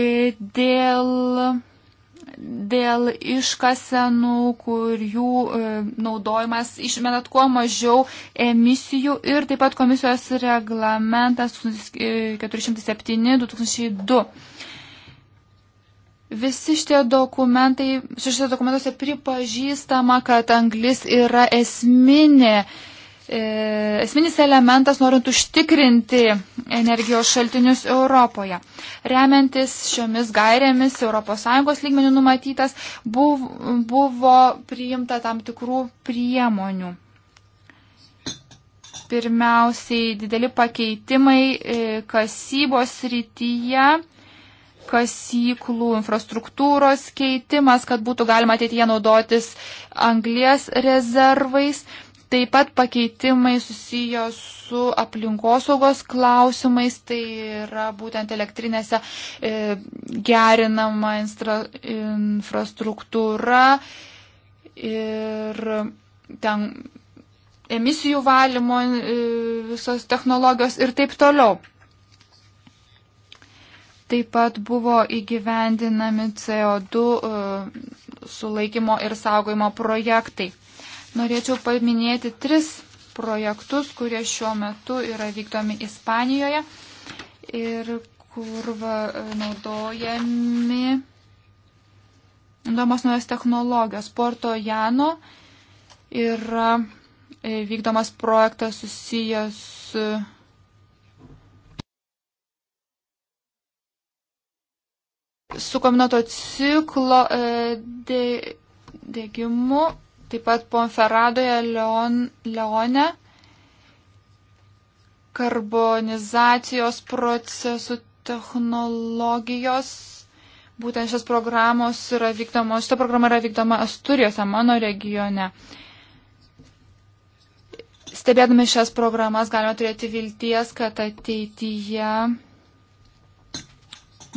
e, dėl, dėl iškasenų, kur jų e, naudojimas išmetat kuo mažiau emisijų ir taip pat komisijos reglamentas 407-2002. E, Visi šitie dokumentai, šiuose dokumentuose pripažįstama, kad anglis yra esminė, e, esminis elementas norint užtikrinti energijos šaltinius Europoje. Remiantis šiomis gairėmis ES lygmenių numatytas buvo priimta tam tikrų priemonių pirmiausiai dideli pakeitimai e, kasybos rytyje kasyklų infrastruktūros keitimas, kad būtų galima ateityje naudotis anglės rezervais. Taip pat pakeitimai susiję su aplinkosaugos klausimais, tai yra būtent elektrinėse e, gerinama instra, infrastruktūra ir ten emisijų valymo e, visos technologijos ir taip toliau. Taip pat buvo įgyvendinami CO2 e, sulaikymo ir saugojimo projektai. Norėčiau paminėti tris projektus, kurie šiuo metu yra vykdomi Ispanijoje ir kur va, e, naudojami naudojamos naujos technologijos. Porto Jano yra e, vykdomas projektas susijęs su su kominoto ciklo e, dėgymu, taip pat Ponferadoje, Leon, Leone, karbonizacijos procesų technologijos būtent šios programos yra vykdomos, šita programa yra vykdoma Asturijose, mano regione. Stebėdami šias programas galime turėti vilties, kad ateityje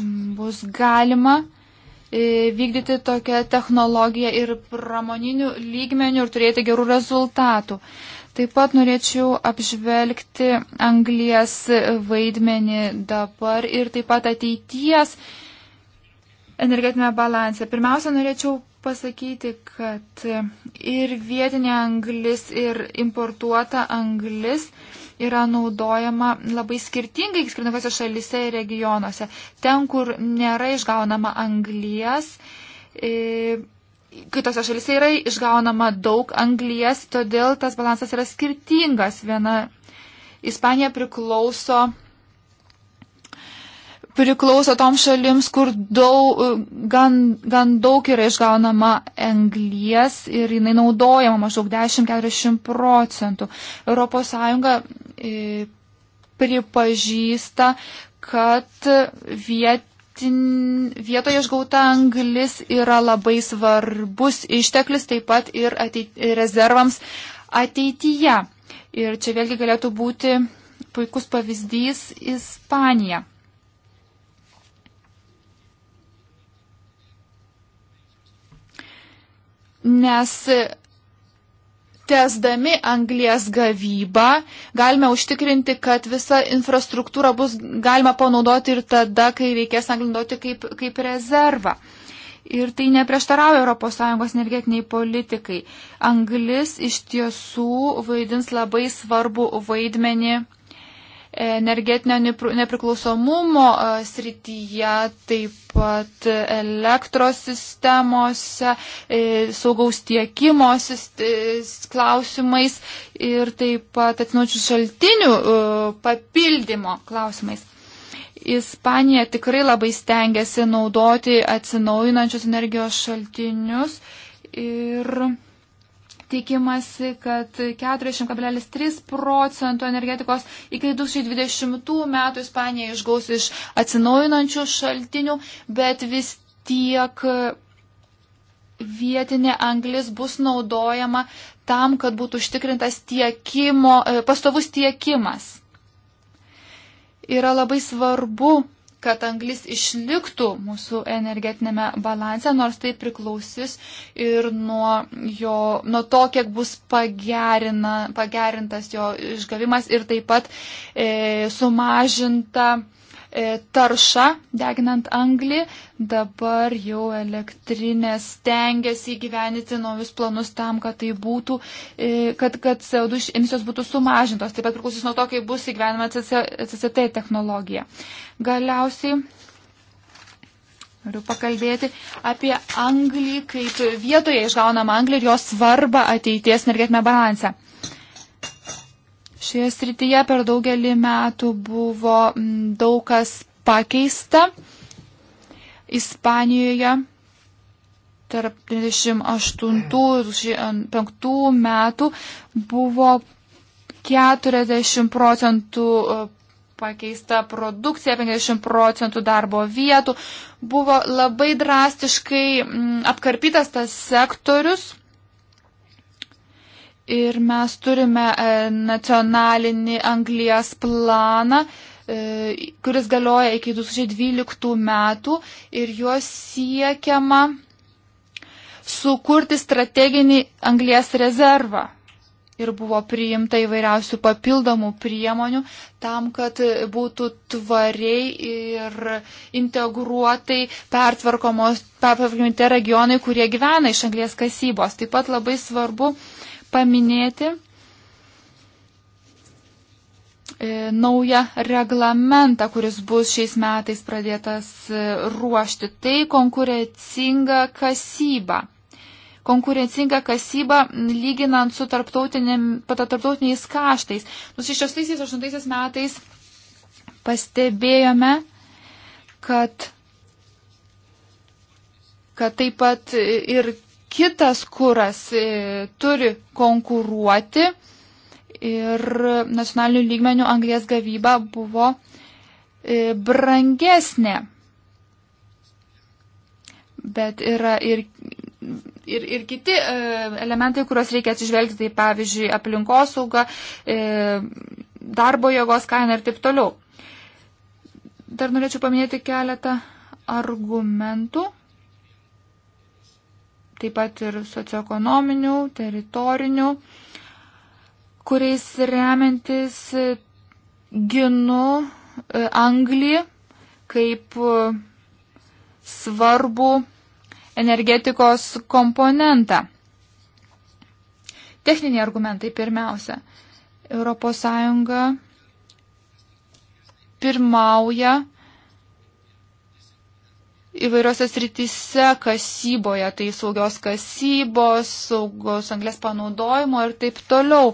bus galima e, vykdyti tokią technologiją ir pramoninių lygmenių ir turėti gerų rezultatų. Taip pat norėčiau apžvelgti anglijas vaidmenį dabar ir taip pat ateities energetinę balansą. Pirmiausia, norėčiau pasakyti, kad ir vietinė anglis, ir importuota anglis. E, yra naudojama labai skirtingai skirtingose šalise ir regionuose. Ten, kur nėra išgaunama anglijas, e, kitose šalise yra išgaunama daug anglijas, todėl tas balansas yra skirtingas. Viena Ispanija priklauso priklauso tom šalims, kur daug, gan, gan daug yra išgaunama anglies ir jinai naudojama maždaug 10-40 procentų. ES e, pripažįsta, kad vietin, vietoje išgauta anglis yra labai svarbus išteklis taip pat ir ateit, rezervams ateityje. Ir čia vėlgi galėtų būti puikus pavyzdys Ispanija. nes Tesdami anglės gavybą galime užtikrinti, kad visa infrastruktūra bus galima panaudoti ir tada, kai reikės anglindoti kaip, kaip rezervą. Ir tai neprieštarauja ES energetiniai politikai. Anglis iš tiesų vaidins labai svarbu vaidmenį energetinio nepriklausomumo e, srityje, taip pat elektros sistemose, e, saugaus tiekimo e, klausimais ir taip pat atsinaučių šaltinių papildymo klausimais. Ispanija tikrai labai stengiasi naudoti atsinaujinančius energijos šaltinius ir tikimasi, kad 40,3 procento energetikos iki 2020 metų Ispanija išgaus iš atsinaujinančių šaltinių, bet vis tiek vietinė anglis bus naudojama tam, kad būtų užtikrintas tiekimo, e, pastovus tiekimas. Yra labai svarbu kad anglis išliktų mūsų energetinėme balanse, nors tai priklausys ir nuo, jo, nuo to, kiek bus pagerintas jo išgavimas ir taip pat e, sumažinta E, taršą, deginant anglį. Dabar jau elektrinės tengiasi įgyvenyti naujus planus tam, kad, tai būtų, e, kad, kad CO2 emisijos būtų sumažintos. Taip pat priklausys nuo to, kaip bus įgyvenama CCT technologija. Galiausiai Noriu pakalbėti apie anglį, kaip vietoje išgaunamą anglį ir jos svarbą ateities energetinę balansą. Šioje srityje per daugelį metų buvo daug kas pakeista. Ispanijoje tarp 98-2005 metų buvo 40 procentų e, pakeista produkcija, 50 procentų darbo vietų. Buvo labai drastiškai apkarpytas tas sektorius Ir mes turime e, nacionalinį anglijas planą, e, kuris galioja iki 2012 metų ir juos siekiama sukurti strateginį anglijas rezervą. Ir buvo priimta įvairiausių papildomų priemonių tam, kad būtų tvariai ir integruotai pertvarkomos tie regionai, kurie gyvena iš anglės kasybos. Taip pat labai svarbu uh, paminėti e, naują reglamentą, kuris bus šiais metais pradėtas e, ruošti. Tai konkurencinga kasyba. Konkurencinga kasyba lyginant su tarptautiniais kaštais. Nu, 6-8 metais pastebėjome, kad kad taip pat ir kitas kuras e, turi konkuruoti ir nacionalinių lygmenių anglės gavyba buvo e, brangesnė. Bet yra ir, ir, ir kiti e, elementai, kuriuos reikia atsižvelgti, tai pavyzdžiui, aplinkosauga, darbo jėgos kaina ir taip toliau. Dar norėčiau paminėti keletą argumentų taip pat ir socioekonominių, teritorinių, kuriais remiantis ginu e, Anglį kaip e, svarbu energetikos komponentą. Techniniai argumentai pirmiausia. ES pirmauja įvairiose srityse kasyboje, tai saugios kasybos, saugos anglės panaudojimo ir taip toliau.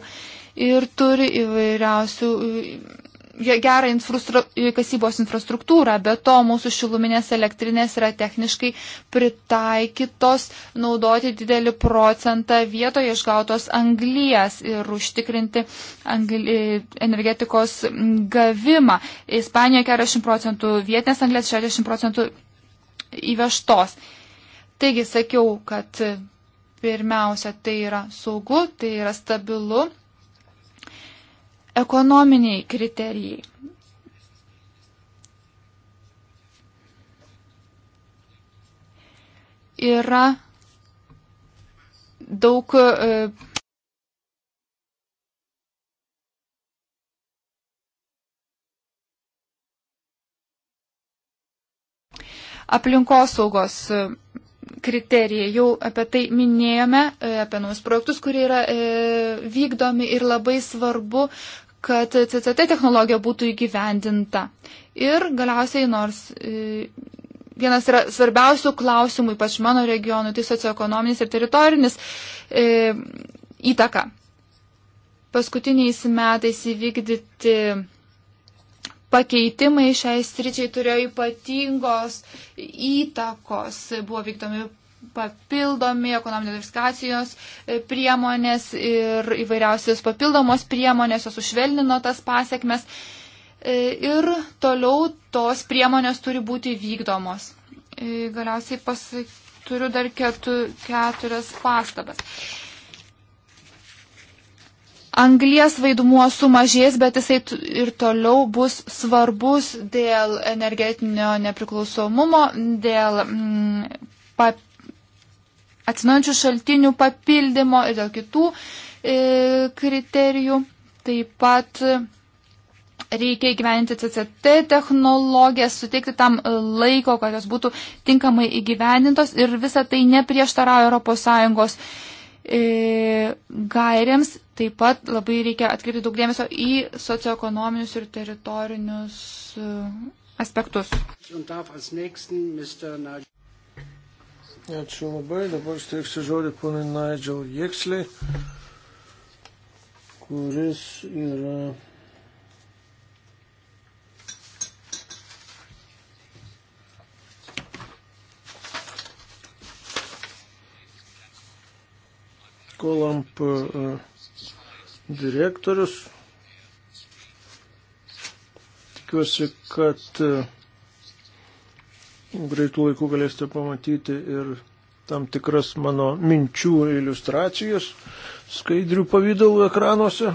Ir turi įvairiausių e, gerą infrastru, e, kasybos infrastruktūrą, bet to mūsų šiluminės elektrinės yra techniškai pritaikytos naudoti didelį procentą vietoje išgautos anglijas ir užtikrinti angli, e, energetikos gavimą. Ispanijoje 40 procentų, vietinės anglės 60 procentų įvežtos. Taigi sakiau, kad pirmiausia tai yra saugu, tai yra stabilu. Ekonominiai kriterijai. Yra daug e, aplinkosaugos e, kriterijai. Jau apie tai minėjome, e, apie naujus projektus, kurie yra e, vykdomi ir labai svarbu, kad CCT technologija būtų įgyvendinta. Ir galiausiai, nors vienas yra svarbiausių klausimų, ypač mano regionui, tai socioekonominis ir teritorinis įtaka. Paskutiniais metais įvykdyti pakeitimai šiai sričiai turėjo ypatingos įtakos, buvo vykdomi papildomi ekonominio diversifikacijos e, priemonės ir įvairiausios papildomos priemonės, jos užvelnino tas pasiekmes e, ir toliau tos priemonės turi būti vykdomos. E, galiausiai pasak, turiu dar ketu, keturias pastabas. Anglies vaidmuo sumažės, bet jisai ir toliau bus svarbus dėl energetinio nepriklausomumo, dėl mm, pap, atsinaujančių šaltinių papildymo ir dėl kitų e, kriterijų. Taip pat reikia įgyveninti CCT technologijas, suteikti tam laiko, kad jos būtų tinkamai įgyvendintos ir visa tai neprieštarauja ES E, gairiams taip pat labai reikia atkreipti daug dėmesio į socioekonominius ir teritorinius e, aspektus. Ačiū labai, dabar steiksiu žodį ponui Nigel Jeksliai, kuris yra Kolamp e, direktorius. Tikiuosi, kad e, greitų laikų galėsite pamatyti ir tam tikras mano minčių iliustracijas skaidrių pavydalų ekranuose.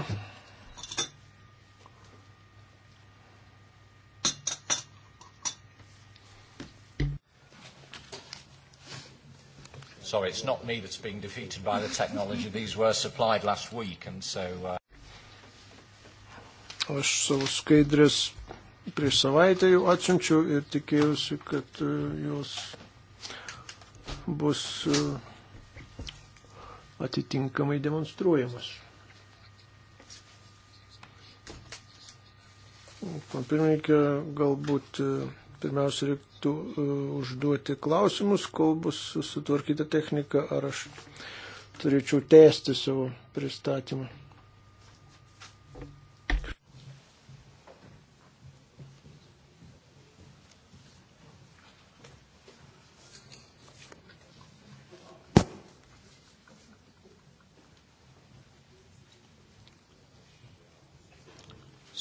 Sorry, it's not me that's being defeated by the technology. These were supplied last week, and so. Uh... Aš savo skaidrės prieš savaitę jau atsiunčiau ir tikėjausi, kad uh, jos bus uh, atitinkamai demonstruojamas. Pirmininkė, galbūt uh, pirmiausia galėtų e, užduoti klausimus, kol bus sutvarkyta technika, ar aš turėčiau tęsti savo pristatymą.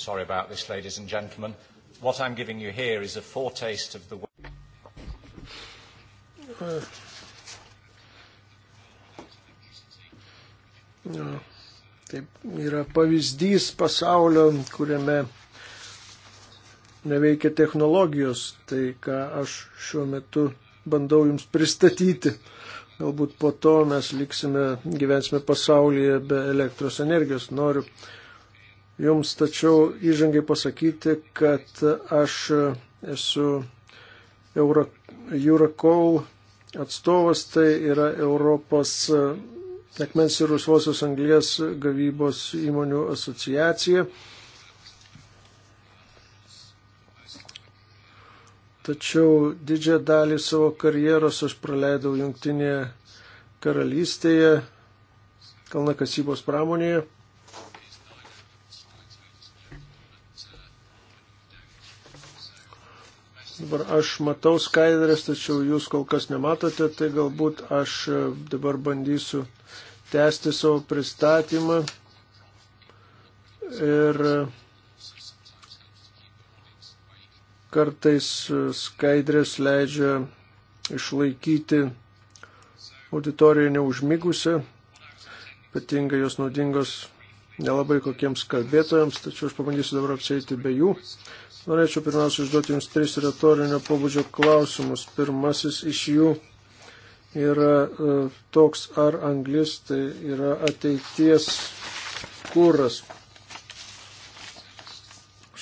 Sorry about this, ladies and gentlemen. What I'm giving you here is a foretaste of the tiesiog ja, taip, yra pavyzdys pasaulio, kuriame neveikia technologijos, tai ką aš šiuo metu bandau jums pristatyti. Galbūt po to mes liksime, gyvensime pasaulyje be elektros energijos. Noriu jums tačiau įžangai pasakyti, kad aš esu Eurocall atstovas, tai yra Europos akmens e, ir rusvosios anglės gavybos įmonių asociacija. Tačiau didžiąją dalį savo karjeros aš praleidau Junktinėje karalystėje, kalnakasybos pramonėje. Dabar aš matau skaidrės, tačiau jūs kol kas nematote, tai galbūt aš e, dabar bandysiu tęsti savo pristatymą. Ir e, kartais e, skaidrės leidžia išlaikyti auditoriją neužmigusią, ypatingai jos naudingos nelabai kokiems kalbėtojams, tačiau aš pabandysiu dabar apsėti be jų. Norėčiau pirmiausia užduoti Jums tris retorinio pobūdžio klausimus. Pirmasis iš jų yra e, toks, ar anglis tai yra ateities kūras.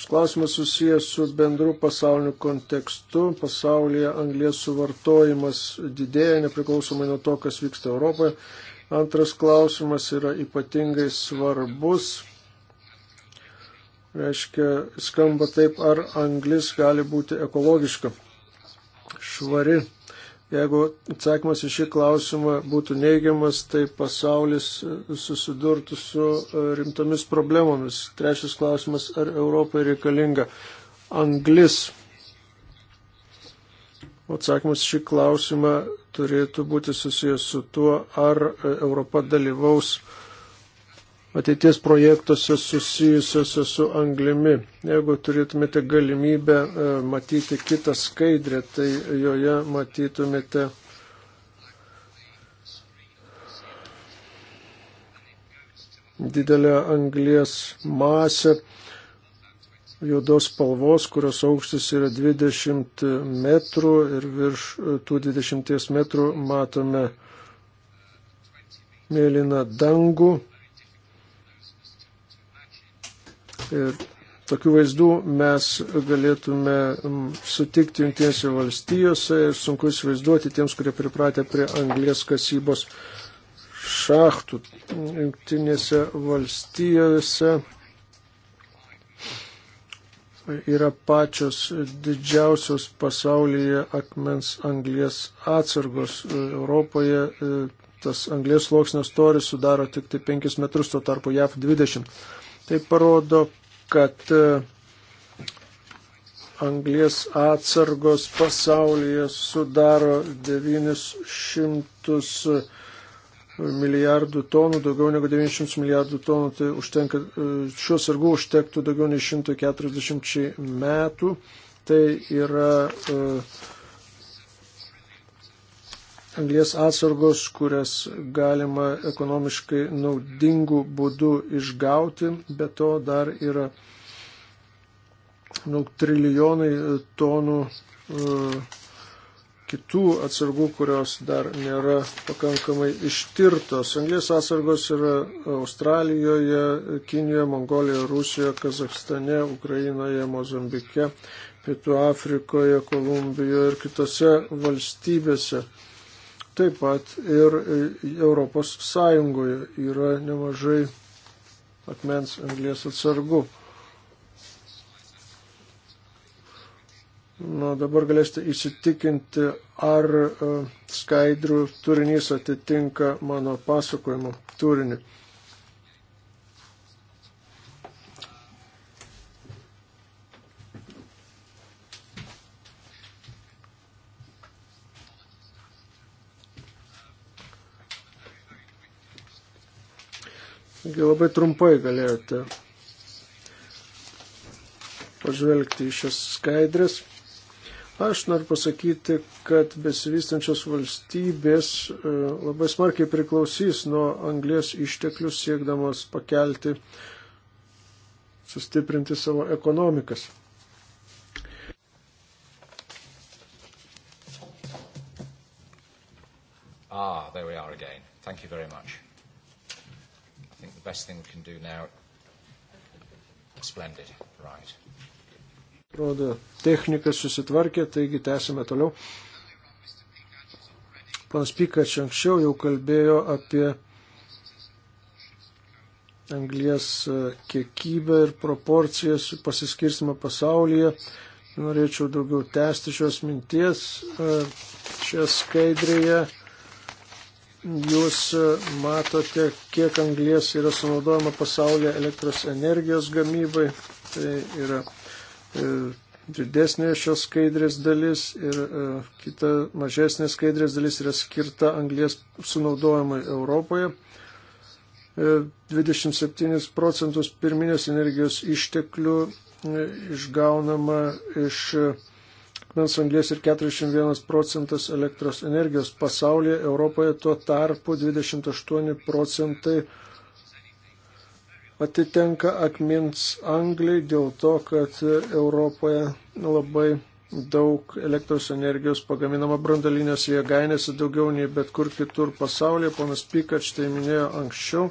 Klausimas susijęs su bendru pasauliniu kontekstu. Pasaulyje anglės suvartojimas didėja nepriklausomai nuo to, kas vyksta Europoje. Antras klausimas yra ypatingai svarbus reiškia, skamba taip, ar anglis gali būti ekologiška, švari. Jeigu atsakymas į šį klausimą būtų neigiamas, tai pasaulis susidurtų su e, rimtomis problemomis. Trečias klausimas, ar Europai reikalinga anglis. Atsakymas šį klausimą turėtų būti susijęs su tuo, ar Europa dalyvaus uh, ateities projektuose susijusiuose su anglimi. Jeigu turėtumėte galimybę e, matyti kitą skaidrę, tai joje matytumėte didelę anglies masę juodos spalvos, kurios aukštis yra 20 metrų ir virš tų 20 metrų matome mėlyną dangų Ir tokių vaizdų mes galėtume mm, sutikti jungtinėse valstijose ir sunku įsivaizduoti tiems, kurie pripratę prie anglės kasybos šachtų. Jungtinėse valstijose yra pačios didžiausios pasaulyje akmens anglės atsargos. Europoje e, tas anglės sluoksnio storis sudaro tik tai 5 metrus, tuo tarpu JAV 20 Tai parodo, kad e, anglės atsargos pasaulyje sudaro 900 e, milijardų tonų, daugiau negu 900 milijardų tonų, tai užtenka, e, šiuo sargu užtektų daugiau nei 140 metų. Tai yra uh, anglės atsargos, kurias galima ekonomiškai naudingų būdų išgauti, bet to dar yra nu, trilijonai tonų uh, kitų atsargų, kurios dar nėra pakankamai ištirtos. Anglės atsargos yra Australijoje, Kinijoje, Mongolijoje, Rusijoje, Kazakstane, Ukrainoje, Mozambike, Pietų Afrikoje, Kolumbijoje ir kitose valstybėse. Taip pat ir e, Europos Sąjungoje yra nemažai akmens anglės atsargų. Nu, dabar galėsite įsitikinti, ar uh, skaidrų turinys atitinka mano pasakojimo turinį. Taigi labai trumpai galėjote pažvelgti į šias skaidrės. Aš noriu pasakyti, kad besivystančios valstybės e, labai smarkiai priklausys nuo anglės išteklių siekdamos pakelti, sustiprinti savo ekonomikas. Ah, there we are again. Thank you very much best thing we can do now. Splendid. Right. Rodo, technika susitvarkė, taigi tęsime toliau. Panas Pikač anksčiau jau kalbėjo apie anglies e, kiekybę ir proporcijas pasiskirstimą pasaulyje. Norėčiau daugiau tęsti šios minties. E, čia skaidrėje jūs e, matote, kiek anglies yra sunaudojama pasaulyje elektros energijos gamybai. Tai yra e, didesnė šios skaidrės dalis ir e, kita mažesnė skaidrės dalis yra skirta anglies sunaudojimui Europoje. E, 27 procentus pirminės energijos išteklių e, išgaunama iš e, akmens anglės ir 41 procentas elektros energijos. Pasaulyje, Europoje tuo tarpu 28 procentai atitenka akmens angliai dėl to, kad Europoje labai daug elektros energijos pagaminama brandalinės jėgainėse daugiau nei bet kur kitur pasaulyje. Ponas Pikač tai minėjo anksčiau.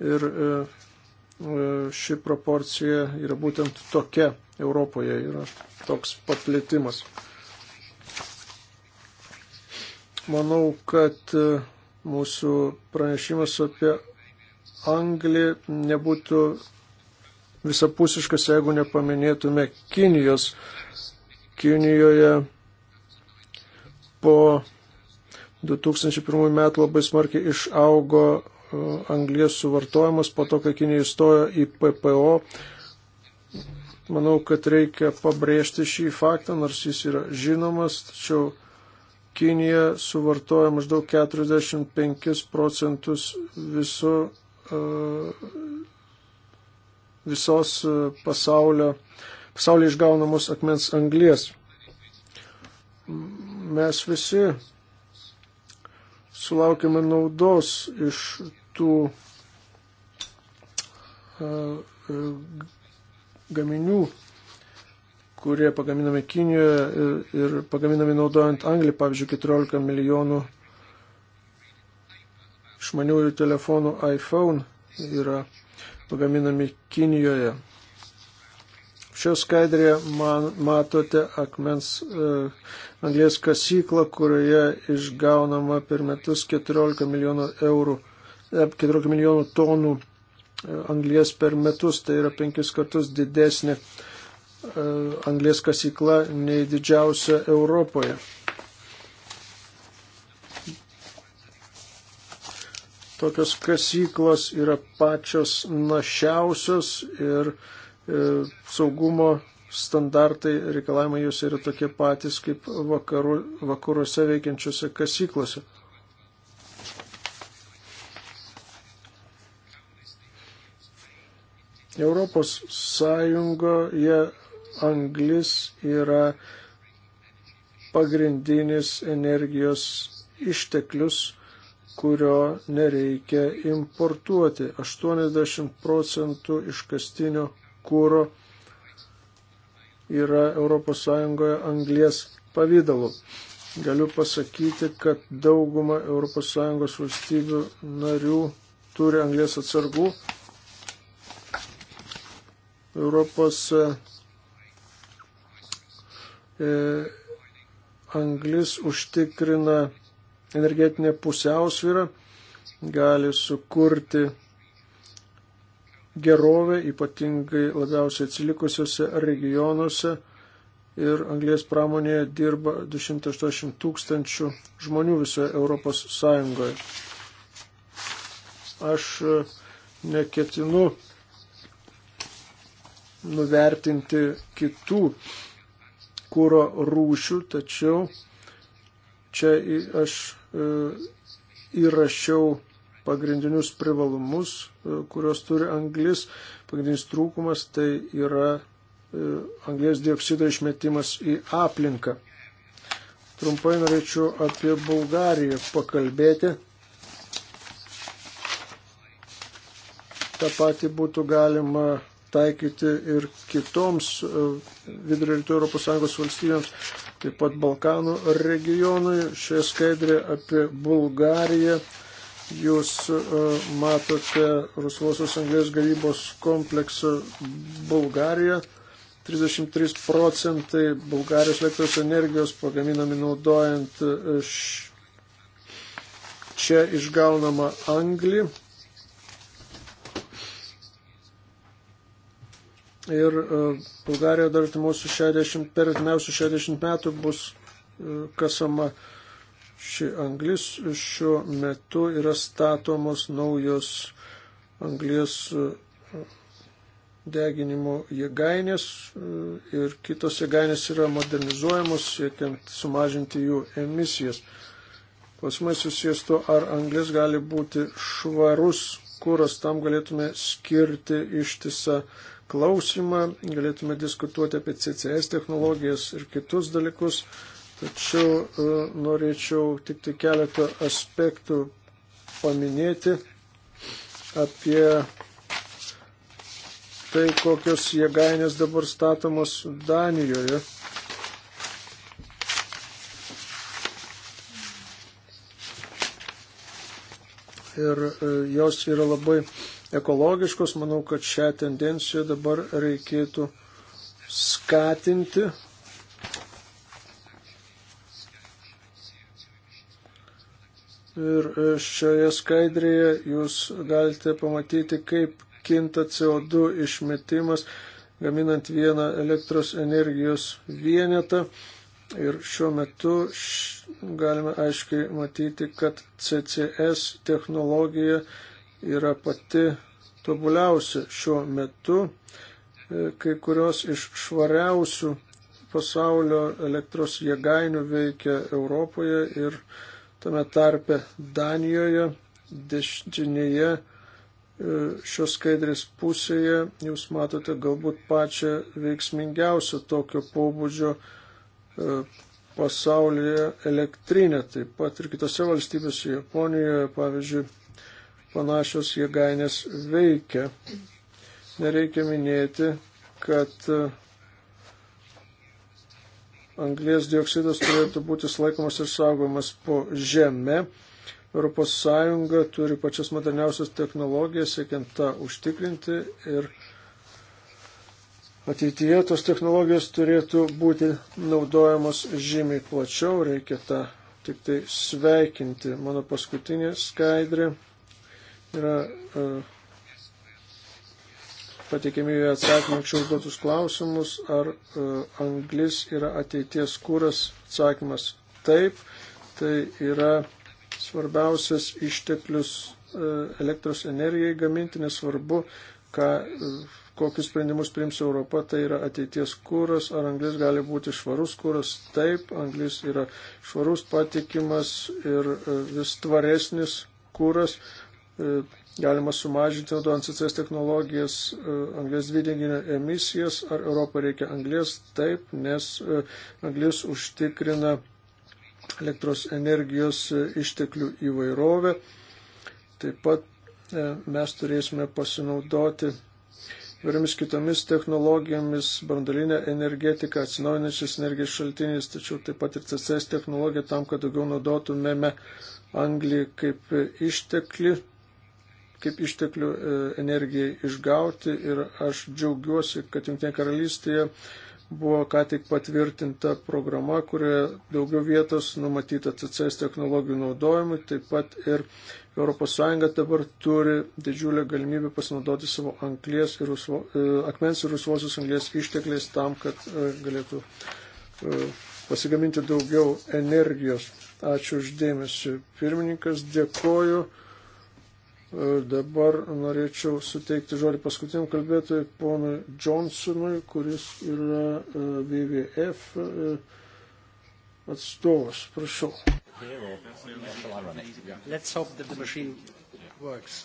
Ir e, e, ši proporcija yra būtent tokia. Europoje yra toks paplitimas. Manau, kad e, mūsų pranešimas apie Anglį nebūtų visapusiškas, jeigu nepaminėtume Kinijos. Kinijoje po 2001 metų labai smarkiai išaugo e, anglies suvartojimas, po to, kai Kinija įstojo į PPO, Manau, kad reikia pabrėžti šį faktą, nors jis yra žinomas, tačiau Kinija suvartoja maždaug 45 procentus viso, e, visos e, pasaulio, pasaulio išgaunamos akmens anglies. Mes visi sulaukime naudos iš tų e, gaminių, kurie pagaminami Kinijoje ir, ir pagaminami naudojant Anglį, pavyzdžiui, 14 milijonų išmaniųjų telefonų iPhone yra pagaminami Kinijoje. Šioje skaidrėje man, matote akmens e, anglės kasyklą, kurioje išgaunama per metus 14 milijonų eurų, e, 14 milijonų tonų anglės per metus, tai yra penkis kartus didesnė e, anglės kasykla nei didžiausia Europoje. Tokios kasyklos yra pačios našiausios ir e, saugumo standartai, reikalavimai jūs yra tokie patys kaip vakarų, vakaruose veikiančiose kasyklose. Europos Sąjungoje anglis yra pagrindinis energijos išteklius, kurio nereikia importuoti. 80 procentų iškastinio kūro yra ES anglies pavydalu. Galiu pasakyti, kad dauguma ES valstybių narių turi anglės atsargų Europos e, anglis užtikrina energetinę pusiausvyrą, gali sukurti gerovę, ypatingai labiausiai atsilikusiuose regionuose ir anglės pramonėje dirba 280 tūkstančių žmonių visoje Europos Sąjungoje. Aš e, neketinu nuvertinti kitų kūro rūšių, tačiau čia aš e, įrašiau pagrindinius privalumus, e, kuriuos turi anglis. Pagrindinis trūkumas tai yra e, anglės dioksido išmetimas į aplinką. Trumpai norėčiau apie Bulgariją pakalbėti. Ta pati būtų galima taikyti ir kitoms e, vidurio rytų ES valstybėms, taip pat Balkanų regionui. Šioje skaidrė apie Bulgariją jūs e, matote Rusvosios anglės gavybos kompleksą Bulgariją. 33 procentai Bulgarijos elektros energijos pagaminami naudojant e, š... čia išgaunamą anglį. ir e, Bulgarija dar artimiausių 60, per artimiausių 60 metų bus e, kasama ši anglis. Šiuo metu yra statomos naujos anglies e, deginimo jėgainės ir kitos jėgainės yra modernizuojamos, siekiant sumažinti jų emisijas. Klausimai susijęs to, ar anglis gali būti švarus kuras, tam galėtume skirti ištisą klausimą, galėtume diskutuoti apie CCS technologijas ir kitus dalykus, tačiau e, norėčiau tik tai keletą aspektų paminėti apie tai, kokios jėgainės dabar statomos Danijoje. Ir e, jos yra labai ekologiškos. Manau, kad šią tendenciją dabar reikėtų skatinti. Ir e, šioje skaidrėje jūs galite pamatyti, kaip kinta CO2 išmetimas, gaminant vieną elektros energijos vienetą. Ir šiuo metu š, galime aiškiai matyti, kad CCS technologija yra pati tobuliausia šiuo metu. E, kai kurios iš švariausių pasaulio elektros jėgainių veikia Europoje ir tame tarpe Danijoje, dešinėje e, šios skaidrės pusėje jūs matote galbūt pačią veiksmingiausią tokio pobūdžio e, pasaulyje elektrinę, taip pat ir kitose valstybėse, Japonijoje, pavyzdžiui, panašios jėgainės veikia. Nereikia minėti, kad uh, anglės dioksidas turėtų būti slaikomas ir saugomas po žemę. Europos Sąjunga turi pačias moderniausias technologijas, siekiant tą užtikrinti ir ateityje tos technologijos turėtų būti naudojamos žymiai plačiau, reikia tą tik tai sveikinti. Mano paskutinė skaidrė yra e, pateikiami atsakymai anksčiau užduotus klausimus, ar e, anglis yra ateities kūras, atsakymas taip, tai yra svarbiausias išteklius e, elektros energijai gaminti, nesvarbu, ką, kokius sprendimus priims Europa, tai yra ateities kūras, ar anglis gali būti švarus kūras, taip, anglis yra švarus, patikimas ir vis tvaresnis kūras. E, galima sumažinti, naudojant CCS technologijas, e, anglės dvideginio emisijas, ar Europą reikia anglės? Taip, nes e, anglės užtikrina elektros energijos išteklių įvairovę. Taip pat mes turėsime pasinaudoti įvairiomis kitomis technologijomis, brandalinė energetika, atsinaujinančiais energijos šaltiniais, tačiau taip pat ir CCS technologija tam, kad daugiau naudotumėme anglį kaip išteklį kaip išteklių e, energijai išgauti ir aš džiaugiuosi, kad Junktinė karalystėje buvo ką tik patvirtinta programa, kurioje daugiau vietos numatyta CCS technologijų naudojimui, taip pat ir ES dabar turi didžiulę galimybę pasinaudoti savo anglies ir rusvo, e, akmens ir rusvosios anglies ištekliais tam, kad e, galėtų pasigaminti daugiau energijos. Ačiū uždėmesi. Pirmininkas, dėkoju. Dabar norėčiau suteikti žodį paskutiniam kalbėtojui, ponui Johnsonui, kuris yra WWF e, e, atstovas. Prašau. Let's hope that the machine works.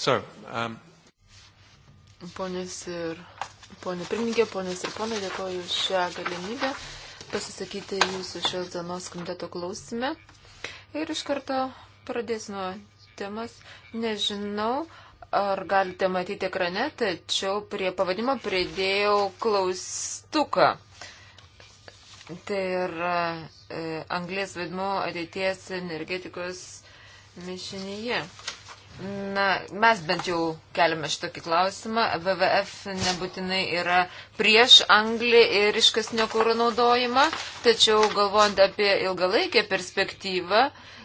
So, um... Ponės ir ponė pirmininkė, ponės ir ponai, dėkoju už šią galimybę pasisakyti jūsų šios dienos komiteto klausime. Ir iš karto pradėsiu nuo temas. Nežinau, ar galite matyti ekrane, tačiau prie pavadimo pridėjau klaustuką. Tai yra e, anglės vaidmo ateities energetikos mišinyje. Na, mes bent jau keliame šitokį klausimą. WWF nebūtinai yra prieš anglį ir iškasnio kūro naudojimą, tačiau galvojant apie ilgalaikę perspektyvą,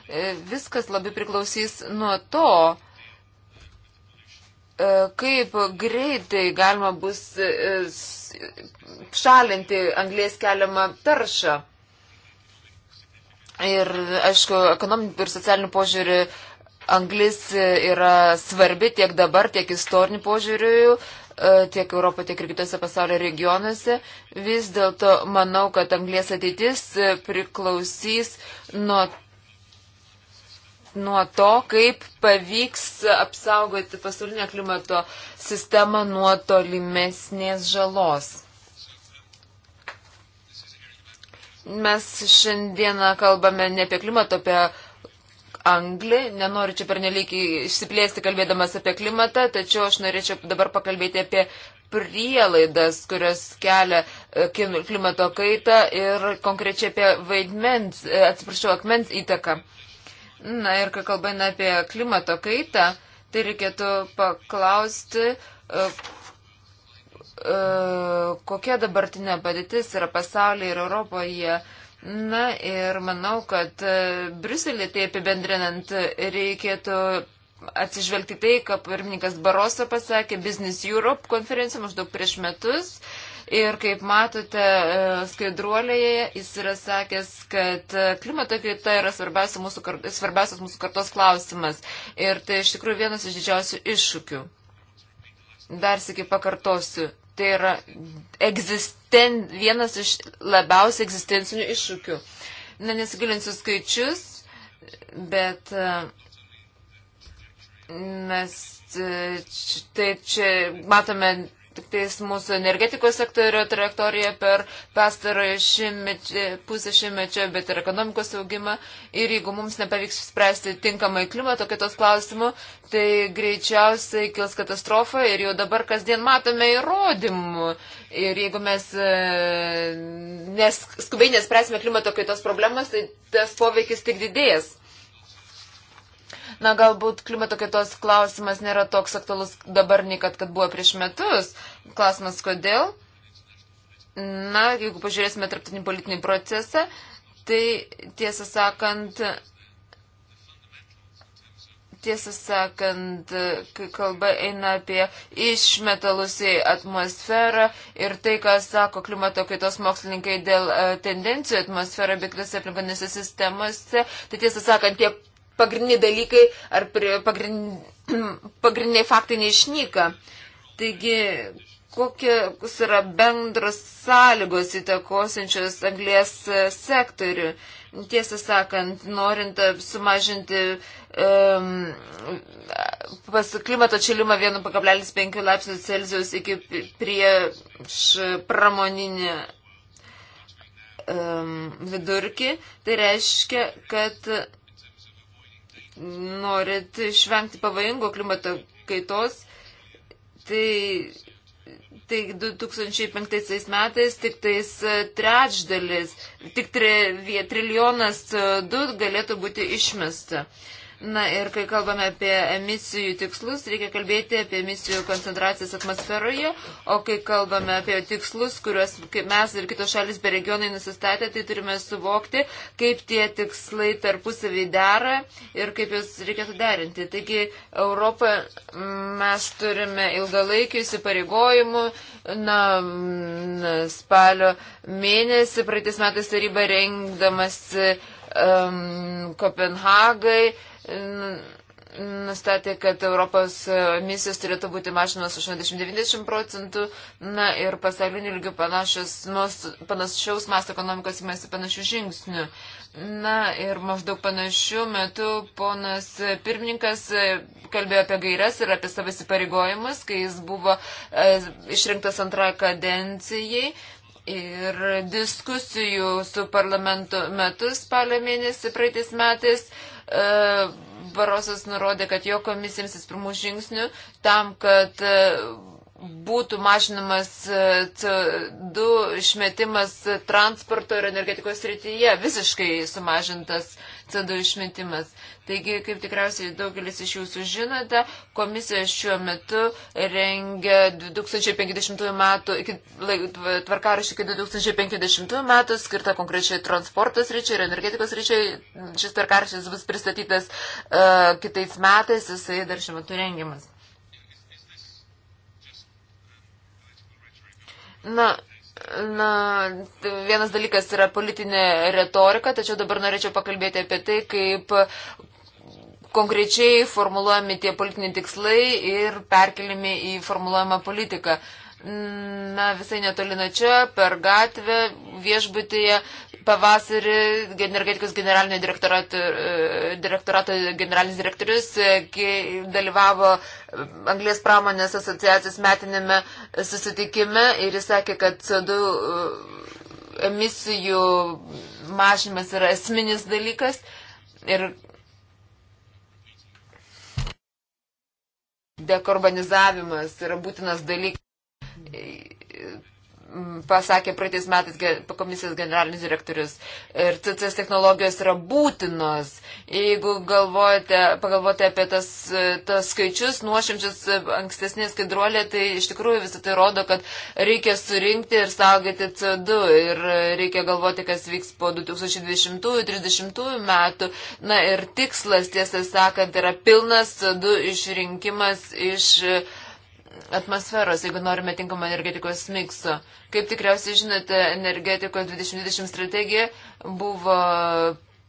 e, viskas labai priklausys nuo to, e, kaip greitai galima bus e, šalinti anglės keliamą taršą. Ir, aišku, ekonominių ir socialinių požiūrių Anglis e, yra svarbi tiek dabar, tiek istorinių požiūrių, e, tiek Europoje, tiek ir kitose pasaulio regionuose. Vis dėlto manau, kad anglės ateitis e, priklausys nuo, nuo to, kaip pavyks apsaugoti pasaulinę klimato sistemą nuo tolimesnės žalos. Mes šiandieną kalbame ne apie klimato, apie anglį. Nenoriu čia pernelyg išsiplėsti kalbėdamas apie klimatą, tačiau aš norėčiau dabar pakalbėti apie prielaidas, kurios kelia e, klimato kaitą ir konkrečiai apie vaidmens, e, atsiprašau, akmens įtaką. Na ir kai kalbame apie klimato kaitą, tai reikėtų paklausti, e, kokia dabartinė padėtis yra pasaulyje ir Europoje. Uh, Na ir manau, kad e, Briuselį tai apibendrinant reikėtų atsižvelgti tai, ką pirmininkas Baroso pasakė Business Europe konferencija maždaug prieš metus. Ir kaip matote, e, skaidruolėje jis yra sakęs, kad e, klimato kaita yra svarbiausias mūsų, kart, svarbiausias mūsų kartos klausimas. Ir tai iš tikrųjų vienas iš didžiausių iššūkių. Dar sėki pakartosiu, Tai yra egzisten, vienas iš labiausiai egzistencinių iššūkių. Na, nesigilinsiu skaičius, bet e, mes e, tai čia matome tik tais mūsų energetikos sektorio trajektoriją per pastarąją šimmečio, pusę šimmečio, bet ir ekonomikos augimą. Ir jeigu mums nepavyks spręsti tinkamai klimato kitos klausimų, tai greičiausiai kils katastrofa ir jau dabar kasdien matome įrodymų. Ir jeigu mes e, nes, skubiai nespręsime klimato kaitos problemas, tai tas poveikis tik didės. Na, galbūt klimato kaitos klausimas nėra toks aktualus dabar, nei kad, kad buvo prieš metus. Klausimas, kodėl? Na, jeigu pažiūrėsime tarptautinį politinį procesą, tai tiesą sakant, tiesą sakant, kai kalba eina apie išmetalus į atmosferą ir tai, ką sako klimato kaitos mokslininkai dėl e, tendencijų atmosferą bei kitose aplinkonėse sistemose, tai tiesą sakant, tie pagrindiniai dalykai ar pagrind, pagrindiniai faktai neišnyka. Taigi, kokios yra bendros sąlygos įtakosinčios anglės sektorių. Tiesą sakant, norint sumažinti um, klimato atšilimą 1,5 laipsnių Celsius iki prieš pramoninį um, vidurkį, tai reiškia, kad norit išvengti pavojingo klimato kaitos, tai, tai 2005 metais tik tais e, trečdalis, tik tri, trilijonas e, du galėtų būti išmesta. Uh, Na ir kai kalbame apie emisijų tikslus, reikia kalbėti apie emisijų koncentracijas atmosferoje, o kai kalbame apie tikslus, kuriuos mes ir kitos šalis bei regionai nusistatė, tai turime suvokti, kaip tie tikslai tarpusavį dera ir kaip juos reikėtų derinti. Taigi Europoje mm, mes turime ilgalaikį įsipareigojimų. Na, mm, spalio mėnesį praeitais metais taryba rengdamas um, Kopenhagai nustatė, kad Europos misijos turėtų būti mažinamas 80-90 procentų, na ir pasaulinių lygių panašiaus masto ekonomikos įmasi panašių žingsnių. Na ir maždaug panašių metų ponas pirmininkas kalbėjo apie gairias ir apie savo įsipareigojimus, kai jis buvo e, išrinktas antrą kadencijai. Ir diskusijų su parlamentu metus spalio mėnesį praeitais metais uh, E, Barosas nurodė, kad jo komisija imsis pirmų žingsnių tam, kad e, būtų mažinamas e, CO2 išmetimas transporto ir energetikos srityje, visiškai sumažintas CO2 išmetimas. Taigi, kaip tikriausiai daugelis iš jūsų žinote, komisija šiuo metu rengia 2050 metų, iki, tvarkarašį iki 2050 metų, skirtą konkrečiai transportos ryčiai ir energetikos ryčiai. Šis tvarkarašis bus pristatytas uh, kitais metais, jisai dar šiuo metu rengiamas. Na, Na, vienas dalykas yra politinė retorika, tačiau dabar norėčiau pakalbėti apie tai, kaip konkrečiai formuluojami tie politiniai tikslai ir perkeliami į formuluojamą politiką. Na, visai netoli nuo čia, per gatvę, viešbutyje, pavasarį energetikos generalinio direktorato, e, direktorato generalinis direktorius e, dalyvavo Anglės pramonės asociacijos metinėme susitikime ir jis sakė, kad CO2 e, emisijų mažinimas yra esminis dalykas ir dekarbonizavimas yra būtinas dalykas pasakė praeitais metais komisijos generalinis direktorius. Ir CCS technologijos yra būtinos. Jeigu galvojate, pagalvojate apie tas, tas skaičius, nuošimčius ankstesnės skaidruolė, tai iš tikrųjų visą tai rodo, kad reikia surinkti ir saugoti CO2 ir reikia galvoti, kas vyks po 2020-2030 metų. Na ir tikslas, tiesą sakant, yra pilnas CO2 išrinkimas iš. Uh, atmosferos, jeigu norime tinkamą energetikos mikso. Kaip tikriausiai žinote, energetikos 2020 strategija buvo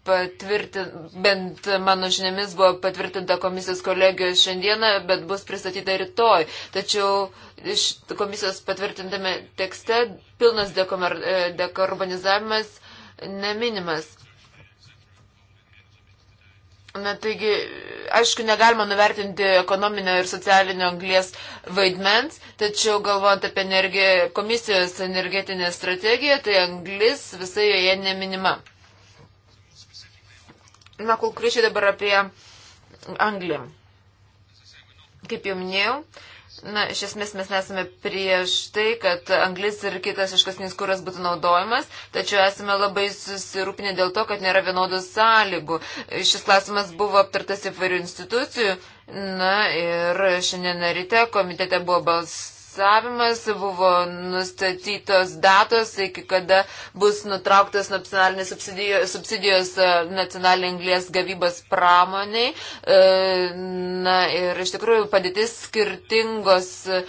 patvirtinta, bent mano žiniomis buvo patvirtinta komisijos kolegijos šiandieną, bet bus pristatyta rytoj. Tačiau iš komisijos patvirtintame tekste pilnas e, dekarbonizavimas neminimas. Na taigi aišku, negalima nuvertinti ekonominio ir socialinio anglės vaidmens, tačiau galvojant apie energiją, komisijos energetinę strategiją, tai anglis visai joje neminima. Na, kulkrišiai dabar apie anglį. Kaip jau minėjau, uh, Na, iš esmės mes nesame prieš tai, kad anglis ir kitas iškasnis kuras būtų naudojamas, tačiau esame labai susirūpinę dėl to, kad nėra vienodų sąlygų. Šis klausimas buvo aptartas įvairių institucijų. Na ir šiandien ryte komitete buvo balsas balsavimas, buvo nustatytos datos, iki kada bus nutrauktas nacionalinės subsidijos, subsidijos e, nacionalinė anglės gavybos pramoniai. E, na ir iš tikrųjų padėtis skirtingos e,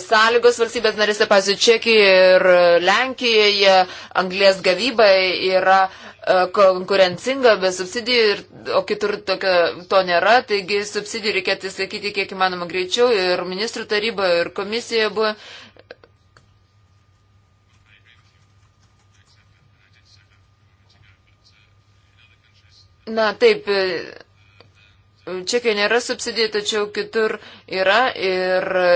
sąlygos valstybės narėse, pavyzdžiui, Čekijoje ir Lenkijoje anglės gavyba yra E, konkurencinga be subsidijų, ir, o kitur tokio, to nėra, taigi subsidijų reikėtų sakyti kiek įmanoma greičiau ir ministrų taryba, ir komisija buvo. Na taip, Čekijoje nėra subsidijų, tačiau kitur yra ir e,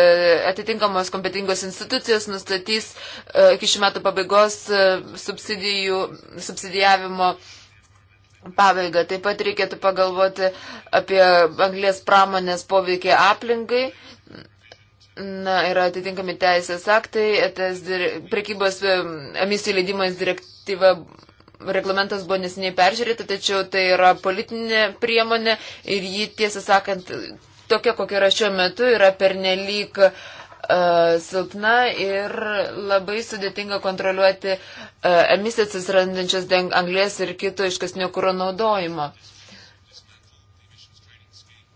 atitinkamos kompetingos institucijos nustatys e, iki šių metų pabaigos e, subsidijų, subsidijavimo pabaigą. Taip pat reikėtų pagalvoti apie anglės pramonės poveikį aplinkai. Na, yra atitinkami teisės aktai, prekybos emisijų leidimais direktyva reglamentas buvo nesiniai peržiūrėta, tačiau tai yra politinė priemonė ir ji, tiesą sakant, tokia, kokia yra šiuo metu, yra pernelyg uh, silpna ir labai sudėtinga kontroliuoti uh, emisijas atsirandančias anglės ir kito iškasnio kūro naudojimo.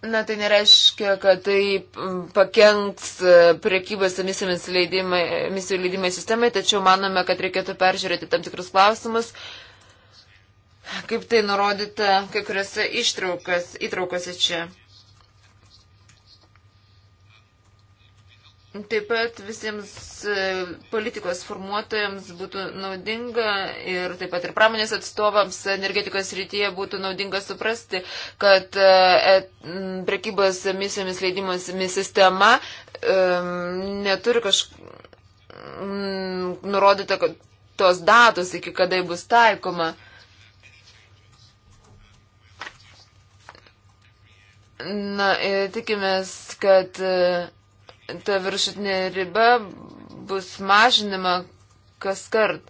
Na, tai nereiškia, kad tai pakenks e, priekybos emisijomis leidimai, emisijų leidimai sistemai, tačiau manome, kad reikėtų peržiūrėti tam tikrus klausimus, uh, kaip tai nurodyta kai kuriuose įtraukose čia. Taip pat visiems e, politikos formuotojams būtų naudinga ir taip pat ir pramonės atstovams energetikos rytyje būtų naudinga suprasti, kad e, prekybos emisijomis leidimomis sistema e, neturi kažkokią nurodyta tos datos, iki kada bus taikoma. Na, e, tikimės, kad e, ta viršutinė riba bus mažinama kas kart.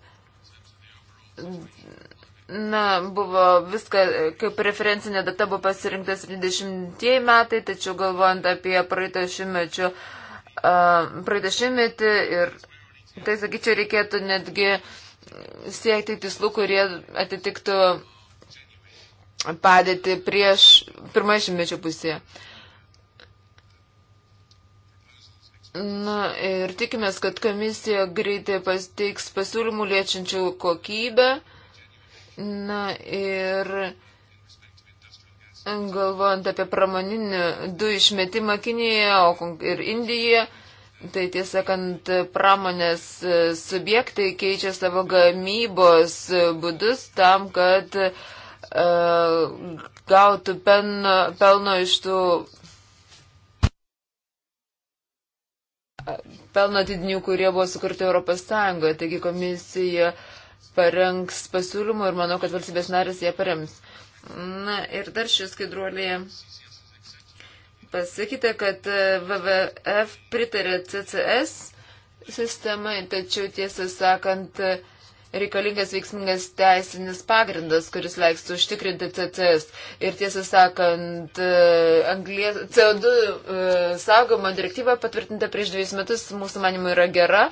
Na, buvo viską, kaip referencinė data buvo pasirinktas 20-ieji metai, tačiau galvojant apie praeitą šimtmečio, uh, praeitą šimtmetį ir tai, sakyčiau, reikėtų netgi siekti tikslų, kurie atitiktų padėtį prieš pirmąjį šimtmečio pusėje. Na ir tikimės, kad komisija greitai pasteiks pasiūlymų liečiančių kokybę. Na ir galvojant apie pramoninį dujų išmetimą Kinijoje ir Indijoje, tai tiesąkant pramonės e, subjektai keičia savo gamybos e, būdus tam, kad uh, E, gautų pelno, pelno iš tų pelno didinių, kurie buvo sukurti Europos Sąjungoje. Taigi komisija parengs pasiūlymų ir manau, kad valstybės narės jie parems. Na ir dar šis skaidruolėje pasakyta, kad WWF e, pritarė CCS sistemai, tačiau tiesą sakant, reikalingas veiksmingas teisinis pagrindas, kuris leistų užtikrinti CCS. Ir tiesą sakant, e, anglės, CO2 e, saugomo direktyva patvirtinta prieš dviejus metus mūsų manimų yra gera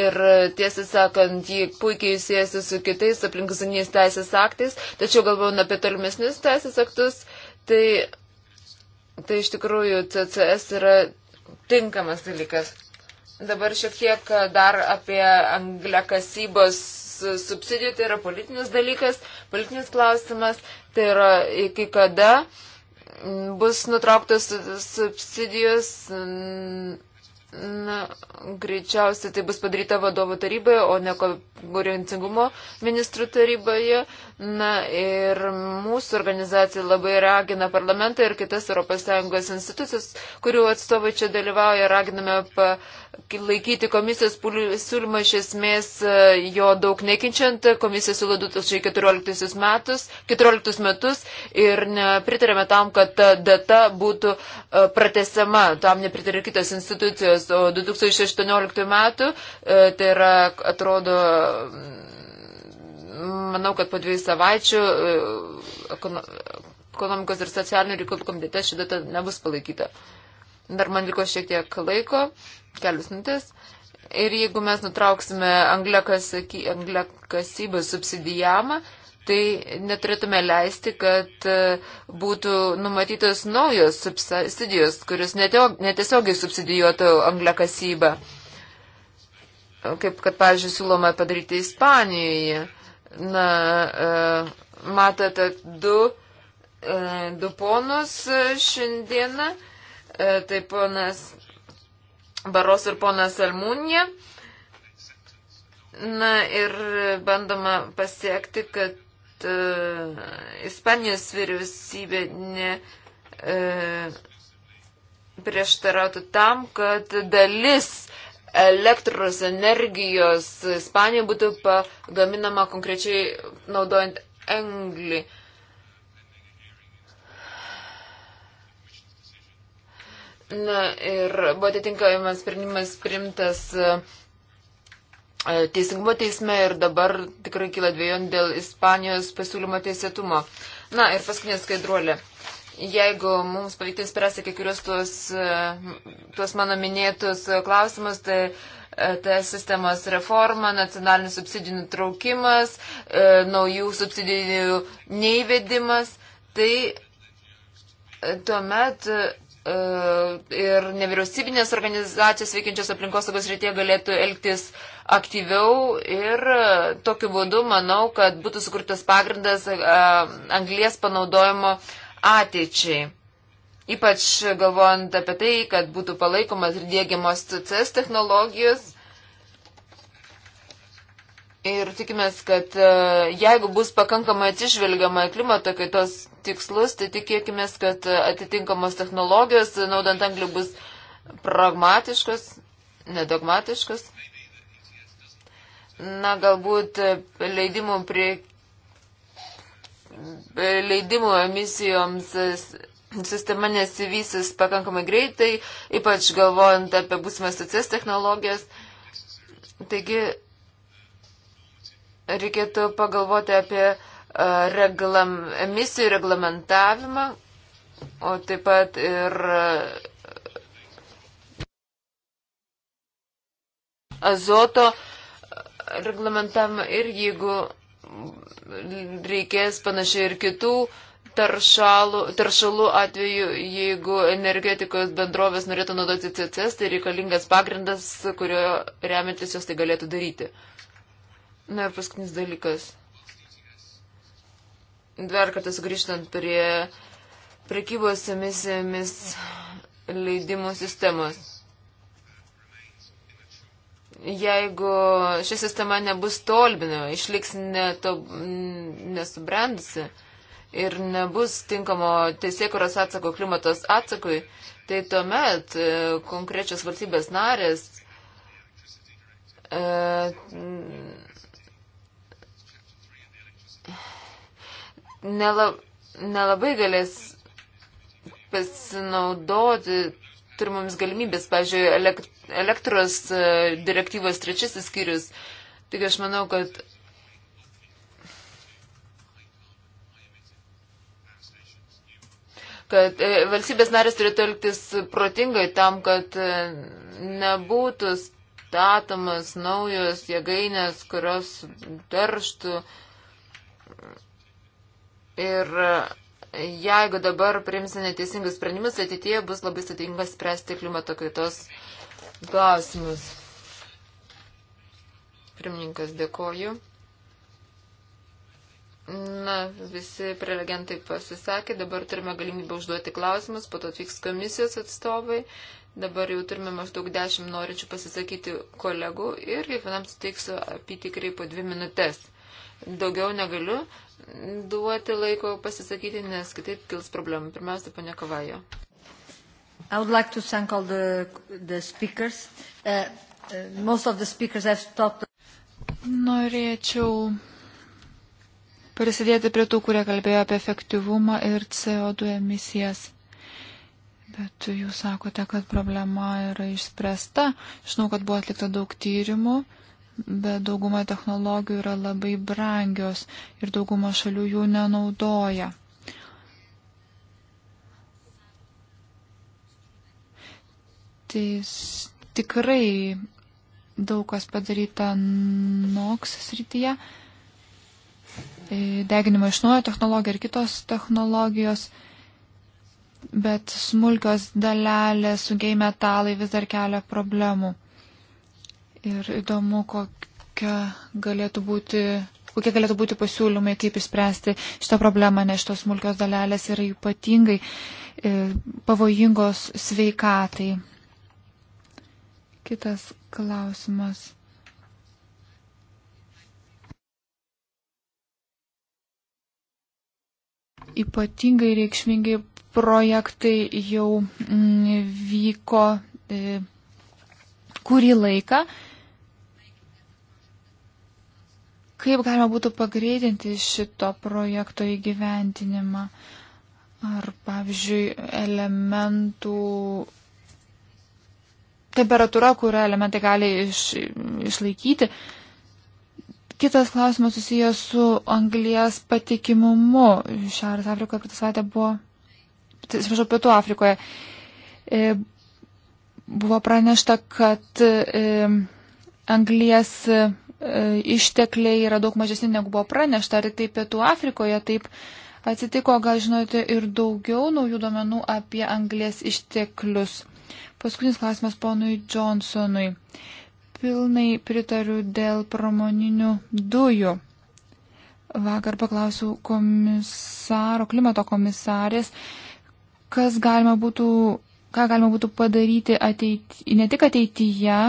ir e, tiesą sakant, ji puikiai siejasi su kitais aplinkosauginiais teisės aktais, tačiau galvojant apie tolimesnius teisės aktus, tai, tai iš tikrųjų CCS yra tinkamas dalykas. Dabar šiek tiek dar apie angliakasybos subsidijų tai yra politinis dalykas, politinis klausimas, tai yra iki kada bus nutrauktos subsidijos. Na, greičiausiai tai bus padaryta vadovų taryboje, o ne konkurencingumo ministrų taryboje. Na ir mūsų organizacija labai ragina parlamentą ir kitas ES institucijas, kurių atstovai čia dalyvauja, raginame pa, uh, laikyti komisijos siūlymą iš esmės e, jo daug nekinčiant. Komisija siūlo 2014 metus, 14 metus ir pritarėme tam, kad ta data būtų e, pratesama. Tam nepritarė kitos institucijos. O 2018 metų, e, tai yra, atrodo, mm, manau, kad po dviejų savaičių ekonomikos ir socialinių reikalų komitete ši data nebus palaikyta. Dar man liko šiek tiek laiko. Uh, kelius mintis. Ir jeigu mes nutrauksime angliakasybą subsidijamą, tai neturėtume leisti, kad e, būtų numatytos naujos subsidijos, kuris netiesiogiai subsidijuotų angliakasybą. Kaip kad, pavyzdžiui, siūloma padaryti Ispanijoje. Na, e, matote, du, e, du ponus šiandieną. Tai ponas Baros ir ponas Almūnė. Na ir bandoma pasiekti, kad uh, Ispanijos vyriausybė ne uh, prieštarautų tam, kad dalis elektros energijos Ispanijoje būtų pagaminama konkrečiai naudojant anglį. Uh, Na ir buvo atitinkamas sprendimas primtas e, e, teisingumo teisme ir dabar tikrai kyla dviejon dėl Ispanijos pasiūlymo teisėtumo. Na ir paskutinė skaidruolė. Jeigu mums pavyktų spręsti kiekvienus tuos, e, tuos mano minėtus klausimus, tai TS sistemos reforma, nacionalinių subsidijų nutraukimas, naujų subsidijų neįvedimas, tai tuomet E, ir nevyriausybinės organizacijos veikiančios aplinkosaugos rytie galėtų elgtis aktyviau ir e, tokiu būdu manau, kad būtų sukurtas pagrindas e, anglies panaudojimo ateičiai. Ypač galvojant apie tai, kad būtų palaikomas ir dėgiamos CCS technologijos Ir tikimės, kad e, jeigu bus pakankamai atsižvelgiama į klimato kaitos tikslus, tai tikėkime, kad atitinkamos technologijos, naudant anglį, bus pragmatiškas, nedogmatiškas. Na, galbūt leidimų prie leidimų emisijoms sistema nesivysis pakankamai greitai, ypač galvojant apie būsimas socias technologijas. Taigi, reikėtų pagalvoti apie e, reglam, emisijų reglamentavimą, o taip pat ir e, azoto reglamentavimą ir jeigu reikės panašiai ir kitų taršalų, taršalų atveju, jeigu energetikos bendrovės norėtų naudoti CCS, tai reikalingas pagrindas, kurio remiantis jos tai galėtų daryti. Na ir paskutinis dalykas. Dar kartą sugrįžtant prie prekybos emisijomis leidimo sistemos. Jeigu ši sistema nebus tolbinama, išliks neto, nesubrendusi ir nebus tinkamo teisėkuros atsako klimatos atsakui, tai tuomet e, konkrečios valstybės narės e, nelabai galės pasinaudoti turimomis galimybės, pavyzdžiui, elektros e, direktyvos trečiasis skyrius. Tik aš manau, kad kad e, valstybės narės turėtų elgtis protingai tam, kad e, nebūtų statomas naujos jėgainės, kurios terštų uh, Ir e, jeigu dabar priimsime neteisingus sprendimus, ateityje bus labai sudėtinga spręsti klimato kaitos klausimus. Pirmininkas, dėkoju. Na, visi prelegentai pasisakė, dabar turime galimybę užduoti klausimus, po to atvyks komisijos atstovai. Dabar jau turime maždaug dešimt norinčių pasisakyti kolegų ir kiekvienam suteiksiu apitikrai po dvi minutės. Daugiau negaliu duoti laiko pasisakyti, nes kitaip kils problemų. Pirmiausia, ponia Kovajo. I would like to thank all the, the speakers. Uh, uh, most of the speakers have stopped. Norėčiau prisidėti prie tų, kurie kalbėjo apie efektyvumą ir CO2 emisijas. Bet jūs sakote, kad problema yra išspręsta. Žinau, kad buvo atlikta daug tyrimų. Uh, bet dauguma technologijų yra labai brangios ir dauguma šalių jų nenaudoja. Tai tikrai daug kas padaryta NOX srityje. E, deginimo iš naujo technologija ir kitos technologijos, bet smulkios dalelės, sunkiai metalai vis dar kelia problemų. Ir įdomu, kokia galėtų būti kokie galėtų būti pasiūlymai, kaip įspręsti šitą problemą, nes šitos smulkios dalelės yra ypatingai e, pavojingos sveikatai. Kitas klausimas. Ypatingai reikšmingi projektai jau m, mm, vyko e, kurį laiką. E, Kaip galima būtų pagreitinti šito projekto įgyventinimą? Ar, pavyzdžiui, elementų temperatūra, kurią elementai gali iš, išlaikyti. Kitas klausimas susijęs su anglijas patikimumu. Šiaurės Afrikoje praeitą savaitę buvo, atsiprašau, Pietų Afrikoje e, buvo pranešta, kad e, anglijas E, ištekliai yra daug mažesni negu buvo pranešta, ar tai Pietų Afrikoje taip atsitiko, gal žinote ir daugiau naujų duomenų apie anglės išteklius. Paskutinis klausimas ponui Johnsonui. Pilnai pritariu dėl pramoninių dujų. Vakar paklausiau komisaro, klimato komisarės, kas galima būtų, ką galima būtų padaryti ateity, ne tik ateityje,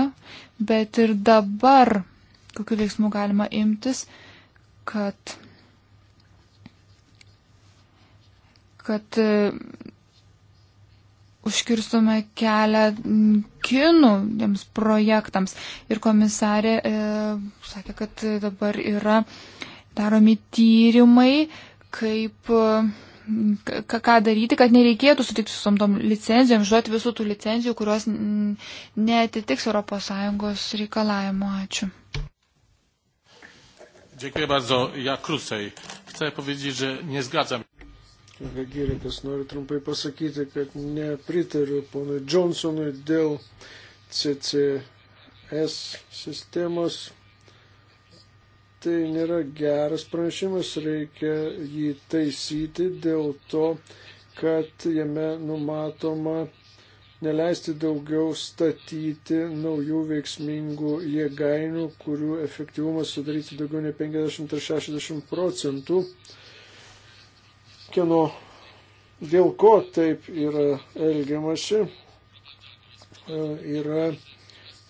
bet ir dabar kokiu veiksmu galima imtis, kad, kad e, užkirstume kelią kinų tiems projektams. Ir komisarė e, sakė, kad dabar yra daromi tyrimai, kaip, e, ka, ką daryti, kad nereikėtų sutikti su tom licenzijom, žuoti visų tų licenzijų, kurios netitiks ES reikalavimo. Ačiū. Dziękuję bardzo. Ja krócej. Chcę powiedzieć, że nie zgadzam. Vegirikas nori trumpai pasakyti, kad nepritariu ponui Johnsonui dėl CCS sistemos. Tai nėra geras pranešimas, reikia jį taisyti dėl to, kad jame numatoma neleisti daugiau statyti naujų veiksmingų jėgainių, kurių efektyvumas sudarytų daugiau nei 50 ar 60 procentų. Kieno dėl ko taip yra elgiamasi, e, yra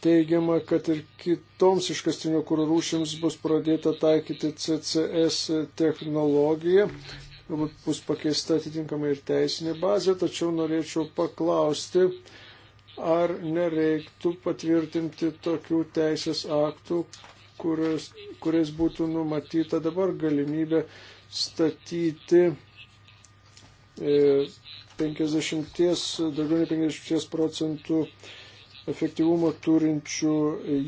teigiama, kad ir kitoms iškastinio kūro rūšims bus pradėta taikyti CCS technologiją galbūt bus pakeista atitinkamai ir teisinė bazė, tačiau norėčiau paklausti, ar nereiktų patvirtinti tokių teisės aktų, kurios, kuriais būtų numatyta dabar galimybė statyti e, 50, daugiau nei 50 procentų efektyvumo turinčių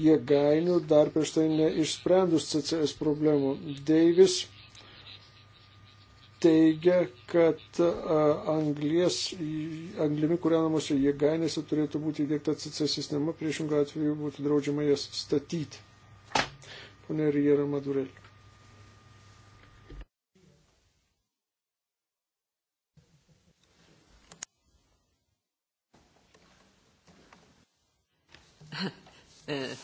jėgainių, dar prieš tai neišsprendus CCS problemų. Deivis teigia, kad anglies, anglimi kūrenamosi jėgainėse turėtų būti įdėkta CC sistema, priešingą atveju būtų draudžiama jas statyti. Pone Riera Madurel. Eh,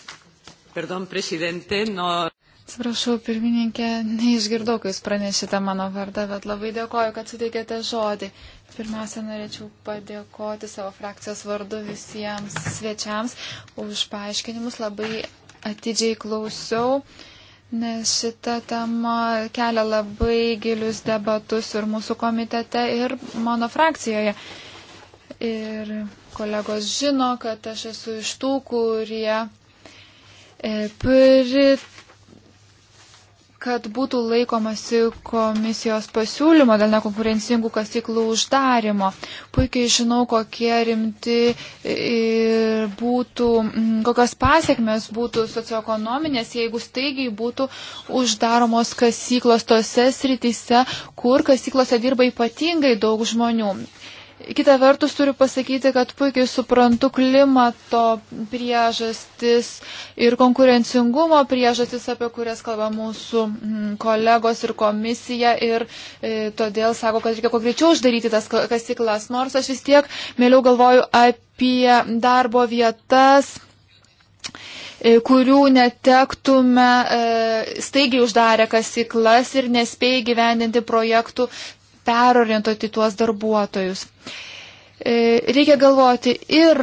perdón, presidente, no. Atsiprašau, pirmininkė, neišgirdau, kai jūs pranešite mano vardą, bet labai dėkoju, kad suteikėte žodį. Pirmiausia, norėčiau padėkoti savo frakcijos vardu visiems svečiams už paaiškinimus. Labai atidžiai klausiau, nes šita tema kelia labai gilius debatus ir mūsų komitete, ir mano frakcijoje. Ir kolegos žino, kad aš esu iš tų, kurie e, prit kad būtų laikomasi komisijos pasiūlymo dėl nekonkurencingų kasyklų uždarimo. Puikiai žinau, kokie rimti būtų, mm, kokios pasiekmes būtų socioekonominės, jeigu staigiai būtų uždaromos kasyklos tose srityse, kur kasyklose dirba ypatingai daug žmonių. Kita vertus turiu pasakyti, kad puikiai suprantu klimato priežastis ir konkurencingumo priežastis, apie kurias kalba mūsų mm, kolegos ir komisija ir e, todėl sako, kad reikia kuo greičiau uždaryti tas kasyklas, nors aš vis tiek mėliau galvoju apie darbo vietas e, kurių netektume e, staigiai uždarę kasyklas ir nespėjai gyvendinti projektų perorientuoti tuos darbuotojus. E, reikia galvoti ir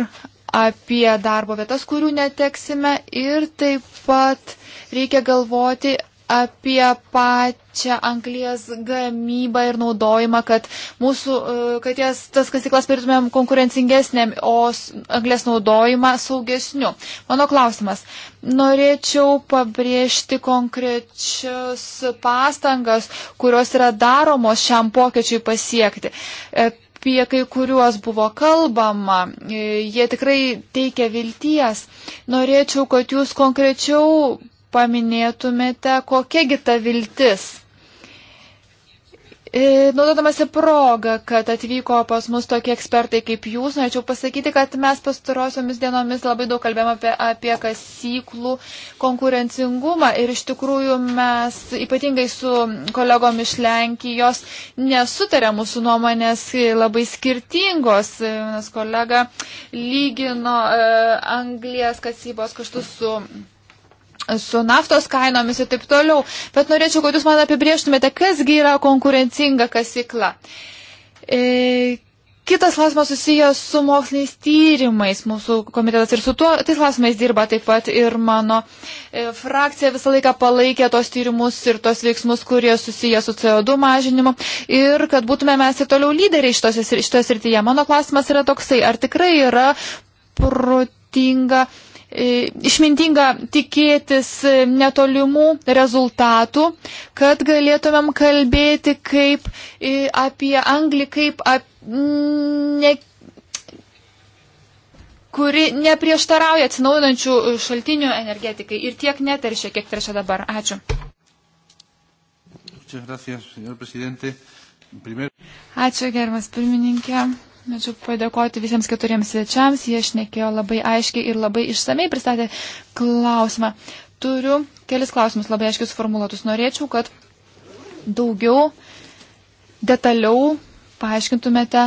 apie darbo vietas, kurių neteksime, ir taip pat reikia galvoti apie pačią anglijas gamybą ir naudojimą, kad mūsų, e, kad jas, tas kasyklas paritumėm konkurencingesnėm, o anglės naudojimą saugesniu. Mano klausimas. Norėčiau pabrėžti konkrečius pastangas, kurios yra daromos šiam pokyčiui pasiekti apie kai kuriuos buvo kalbama, e, jie tikrai teikia vilties. Norėčiau, kad jūs konkrečiau paminėtumėte, kokiagi ta viltis. E, naudodamasi progą, kad atvyko pas mus tokie ekspertai kaip jūs, norėčiau pasakyti, kad mes pastarosiomis dienomis labai daug kalbėjome apie, apie kasyklų konkurencingumą ir iš tikrųjų mes ypatingai su kolegom iš Lenkijos nesutarė mūsų nuomonės labai skirtingos. Nes kolega lygino e, anglijas kasybos kaštus su su naftos kainomis ir taip toliau. Bet norėčiau, kad jūs man apibrieštumėte, kasgi yra konkurencinga kasykla. E, kitas klausimas susijęs su moksliniais tyrimais. Mūsų komitetas ir su tuo, tais klausimais dirba taip pat ir mano e, frakcija visą laiką palaikė tos tyrimus ir tos veiksmus, kurie susiję su CO2 mažinimu. Ir kad būtume mes ir toliau lyderiai šitoje srityje. Mano klausimas yra toksai, ar tikrai yra protinga E, išmintinga tikėtis e, netolimų rezultatų, kad galėtumėm kalbėti kaip e, apie Anglį, kaip apie, mm, ne, kuri neprieštarauja atsinaujančių šaltinių energetikai ir tiek neteršia, kiek teršia dabar. Ačiū. Ačiū, gerbiamas pirmininkė. Norėčiau padėkoti visiems keturiems svečiams, jie šnekėjo labai aiškiai ir labai išsamei pristatė klausimą. Turiu kelis klausimus labai aiškiai suformuoluotus. Norėčiau, kad daugiau detaliau paaiškintumėte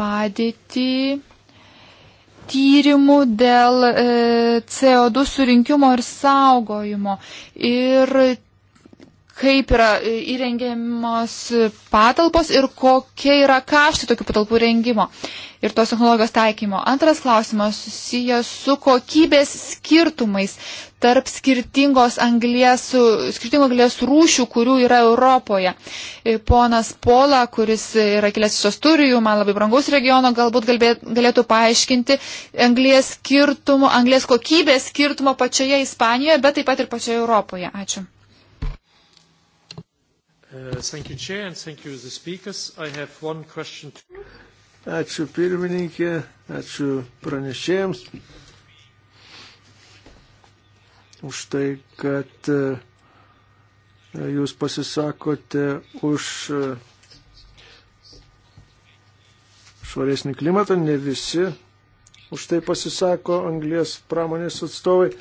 padėtį tyrimų dėl e, CO2 surinkimo ir saugojimo ir kaip yra e, įrengiamos e, patalpos ir kokie yra kaštai tokių patalpų rengimo ir tos technologijos taikymo. Antras klausimas susijęs su kokybės skirtumais tarp skirtingos anglės, skirtingų anglės rūšių, kurių yra Europoje. E, ponas Pola, kuris yra kilęs iš Asturijų, man labai brangus regiono, galbūt galėtų paaiškinti anglės skirtumo, anglės kokybės skirtumo pačioje Ispanijoje, bet taip pat ir pačioje Europoje. Ačiū. Uh, thank you, Chair, and thank you, the speakers. I have one question. To... Ačiū pirmininkė, ačiū pranešėjams už tai, kad uh, jūs pasisakote už uh, švaresnį klimatą, ne visi už tai pasisako anglės pramonės atstovai.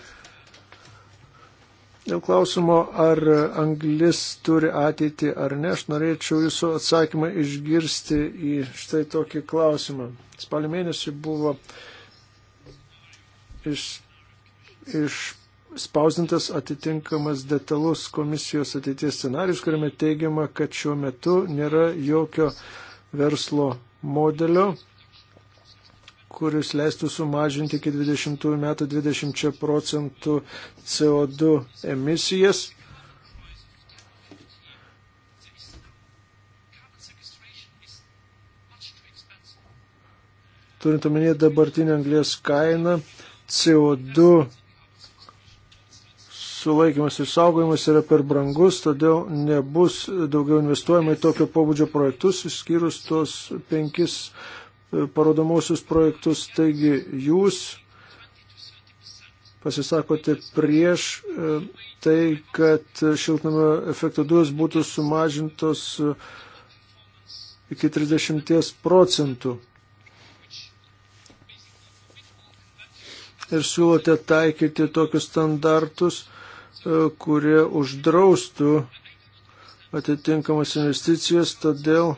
Dėl klausimo, ar anglis turi ateitį ar ne, aš norėčiau jūsų atsakymą išgirsti į štai tokį klausimą. Spalio mėnesį buvo iš, išspausdintas atitinkamas detalus komisijos ateities scenarius, kuriame teigiama, kad šiuo metu nėra jokio verslo modelio, kuris leistų sumažinti iki 20 metų 20 procentų CO2 emisijas. Turint omenyje dabartinę anglės kainą, CO2 sulaikymas ir saugojimas yra per brangus, todėl nebus daugiau investuojama į tokio pobūdžio projektus, išskyrus tuos penkis parodomosius projektus, taigi jūs pasisakote prieš e, tai, kad šiltnamio efekto dujos būtų sumažintos e, iki 30 procentų. Ir siūlote taikyti tokius standartus, e, kurie uždraustų atitinkamas investicijas, todėl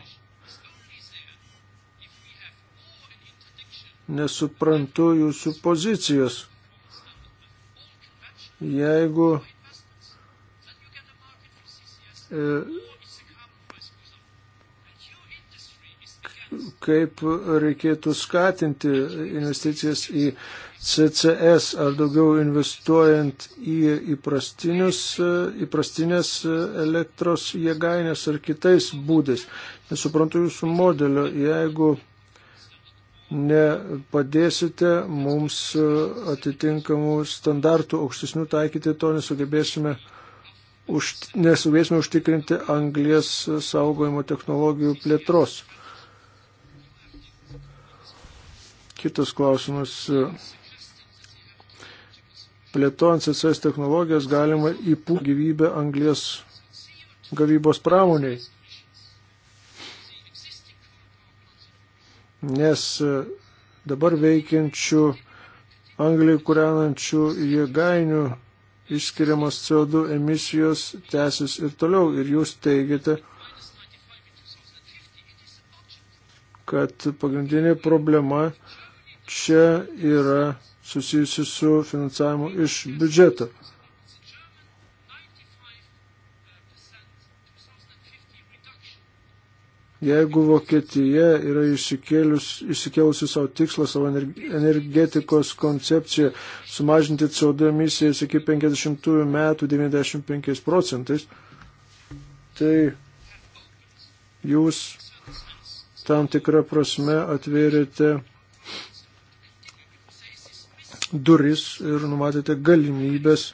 nesuprantu jūsų pozicijos. Jeigu e, kaip reikėtų skatinti investicijas į CCS ar daugiau investuojant į e, įprastinės elektros jėgainės ar kitais būdais. Nesuprantu jūsų modelio, jeigu nepadėsite mums e, atitinkamų standartų aukštesnių taikyti, to nesugebėsime, už, nesugebėsime užtikrinti anglės saugojimo technologijų plėtros. Kitas klausimas. E, plėtojant CCS technologijas galima įpū gyvybę anglės gavybos pramoniai. nes e, dabar veikiančių angliai kūrenančių jėgainių išskiriamos CO2 emisijos tęsis ir toliau. Ir jūs teigiate, kad pagrindinė problema čia yra susijusi su finansavimu iš biudžeto. Jeigu Vokietija yra išsikėlusi savo tikslą, savo energetikos koncepciją sumažinti CO2 emisijas iki 50 metų 95 procentais, tai jūs tam tikrą prasme atvėrėte duris ir numatėte galimybės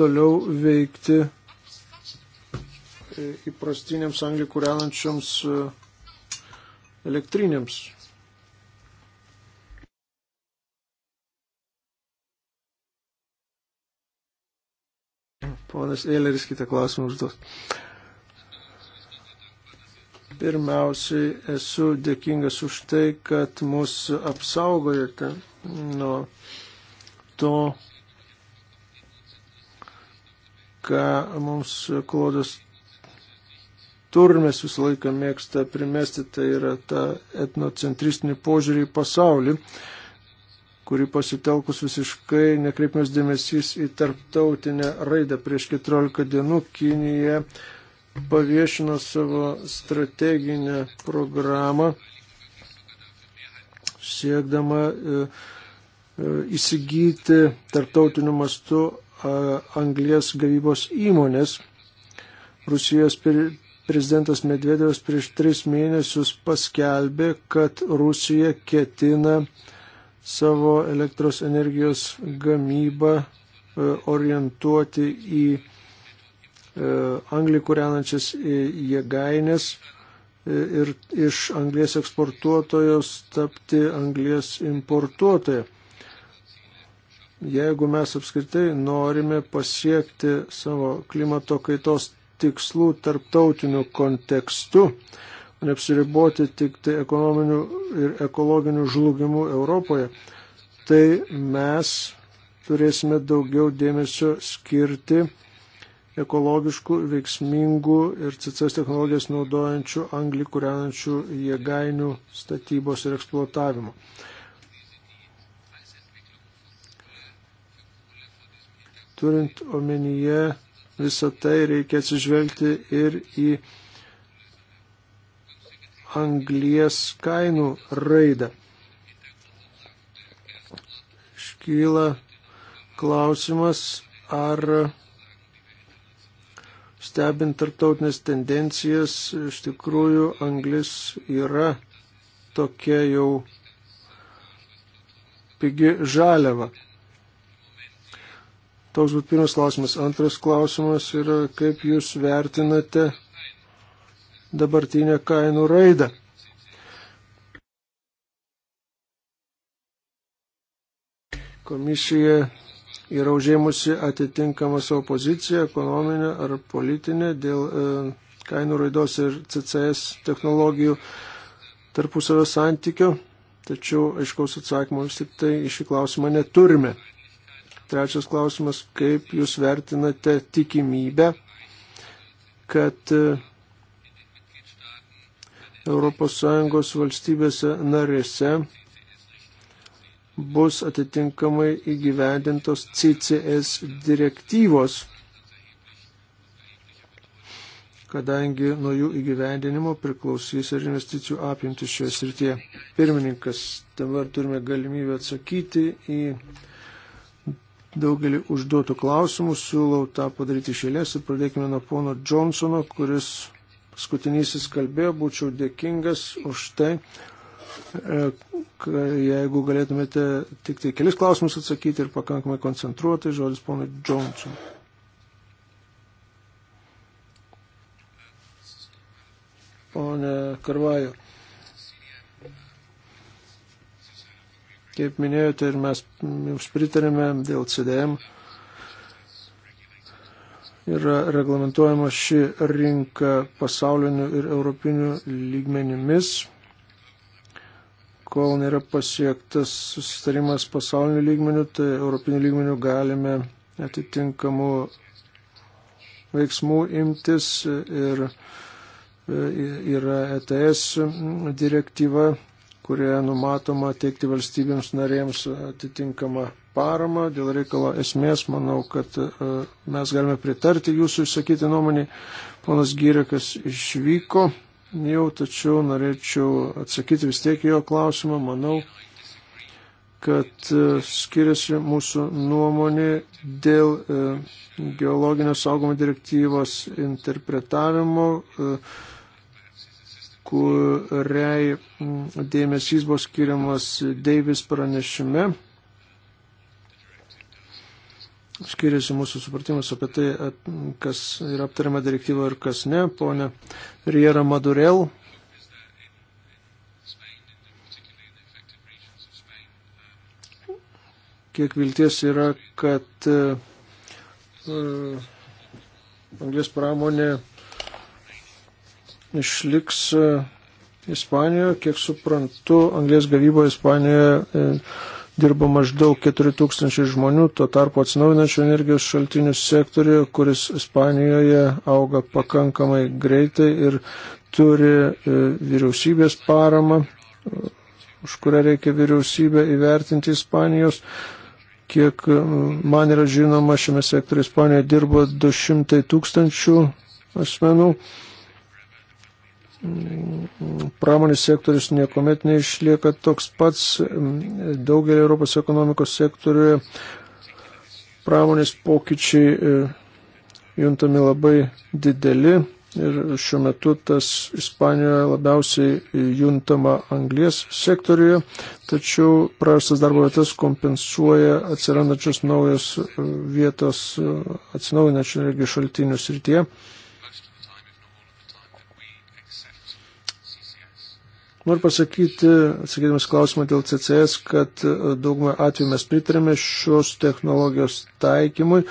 toliau veikti įprastinėms anglį kūrenančioms e, elektrinėms. Ponas Eileris kitą klausimą užduos. Pirmiausiai esu dėkingas už tai, kad mus apsaugojate nuo to, ką mums Klodas Turmes visą laiką mėgsta primesti, tai yra ta etnocentristinį požiūrį į pasaulį, kuri pasitelkus visiškai nekreipimas dėmesys į tarptautinę raidą. Prieš 14 dienų Kinija paviešino savo strateginę programą siekdama e, e, įsigyti tarptautiniu mastu anglės gavybos įmonės. Rusijos prezidentas Medvedevas prieš tris mėnesius paskelbė, kad Rusija ketina savo elektros energijos gamybą e, orientuoti į e, anglį kūrenančias e, jėgainės ir iš anglės eksportuotojos tapti anglės importuotoje. Jeigu mes apskritai norime pasiekti savo klimato kaitos tikslų tarptautiniu kontekstu, neapsiriboti tik tai ekonominių ir ekologinių žlugimų Europoje, tai mes turėsime daugiau dėmesio skirti ekologiškų, veiksmingų ir CCS technologijas naudojančių anglį kūrenančių jėgainių statybos ir eksploatavimo. Turint omenyje visą tai reikia atsižvelgti ir į anglies kainų raidą. Iškyla klausimas, ar stebint tarptautinės tendencijas, iš tikrųjų anglis yra tokia jau pigi žaliava. Toks būtų pirmas klausimas. Antras klausimas yra, kaip jūs vertinate dabartinę kainų raidą? Komisija yra užėmusi atitinkamą savo poziciją, ekonominę ar politinę, dėl e, kainų raidos ir CCS technologijų tarpusavio santykio, tačiau aiškaus atsakymo vis tik tai iš šį klausimą neturime. Trečias klausimas, kaip jūs vertinate tikimybę, kad ES valstybėse narėse bus atitinkamai įgyvendintos CCS direktyvos, kadangi nuo jų įgyvendinimo priklausys ir investicijų apimtis šioje srityje. Pirmininkas, dabar turime galimybę atsakyti į daugelį užduotų klausimų. Siūlau tą padaryti iš eilės ir pradėkime nuo pono Johnsono, kuris paskutinysis kalbėjo. Būčiau dėkingas už tai, e, jeigu galėtumėte tik tai kelis klausimus atsakyti ir pakankamai koncentruotai, žodis pono Johnsonui. Pone Karvajo. kaip minėjote, ir mes jums pritarėme dėl CDM. Yra reglamentuojama ši rinka pasauliniu ir europiniu lygmenimis, kol nėra pasiektas susitarimas pasauliniu lygmeniu, tai europiniu lygmeniu galime atitinkamų veiksmų imtis ir e, yra ETS direktyva kurioje numatoma teikti valstybėms narėms atitinkamą paramą. Dėl reikalo esmės manau, kad e, mes galime pritarti jūsų išsakyti nuomonį. Ponas Gyrekas išvyko jau, tačiau norėčiau atsakyti vis tiek jo klausimą. Manau, kad e, skiriasi mūsų nuomonė dėl e, geologinio saugomo direktyvos interpretavimo. E, kuriai mm, dėmesys buvo skiriamas Deivis pranešime. Skiriasi mūsų supratimas apie tai, kas yra aptariama direktyva ir kas ne. Pone Riera Madurel. Kiek vilties yra, kad uh, anglės pramonė uh, išliks e, Ispanijoje. Kiek suprantu, anglės gavyba Ispanijoje e, dirba maždaug 4000 žmonių, tuo tarpu atsinaujinančių energijos šaltinių sektoriuje, kuris Ispanijoje auga pakankamai greitai ir turi e, vyriausybės paramą, už kurią reikia vyriausybę įvertinti Ispanijos. Kiek man yra žinoma, šiame sektoriu Ispanijoje dirba 200 tūkstančių asmenų pramonės sektorius niekuomet neišlieka toks pats. Daugelį Europos ekonomikos sektoriuje pramonės pokyčiai e, juntami labai dideli ir šiuo metu tas Ispanijoje labiausiai juntama anglies sektoriuje, tačiau prarastas darbo vietas kompensuoja atsirandančius naujos e, vietos e, atsinaujinančių energijos šaltinių srityje. Ir Noriu pasakyti, atsakydamas klausimą dėl CCS, kad e, daugumą atveju mes pritarėme šios technologijos taikymui.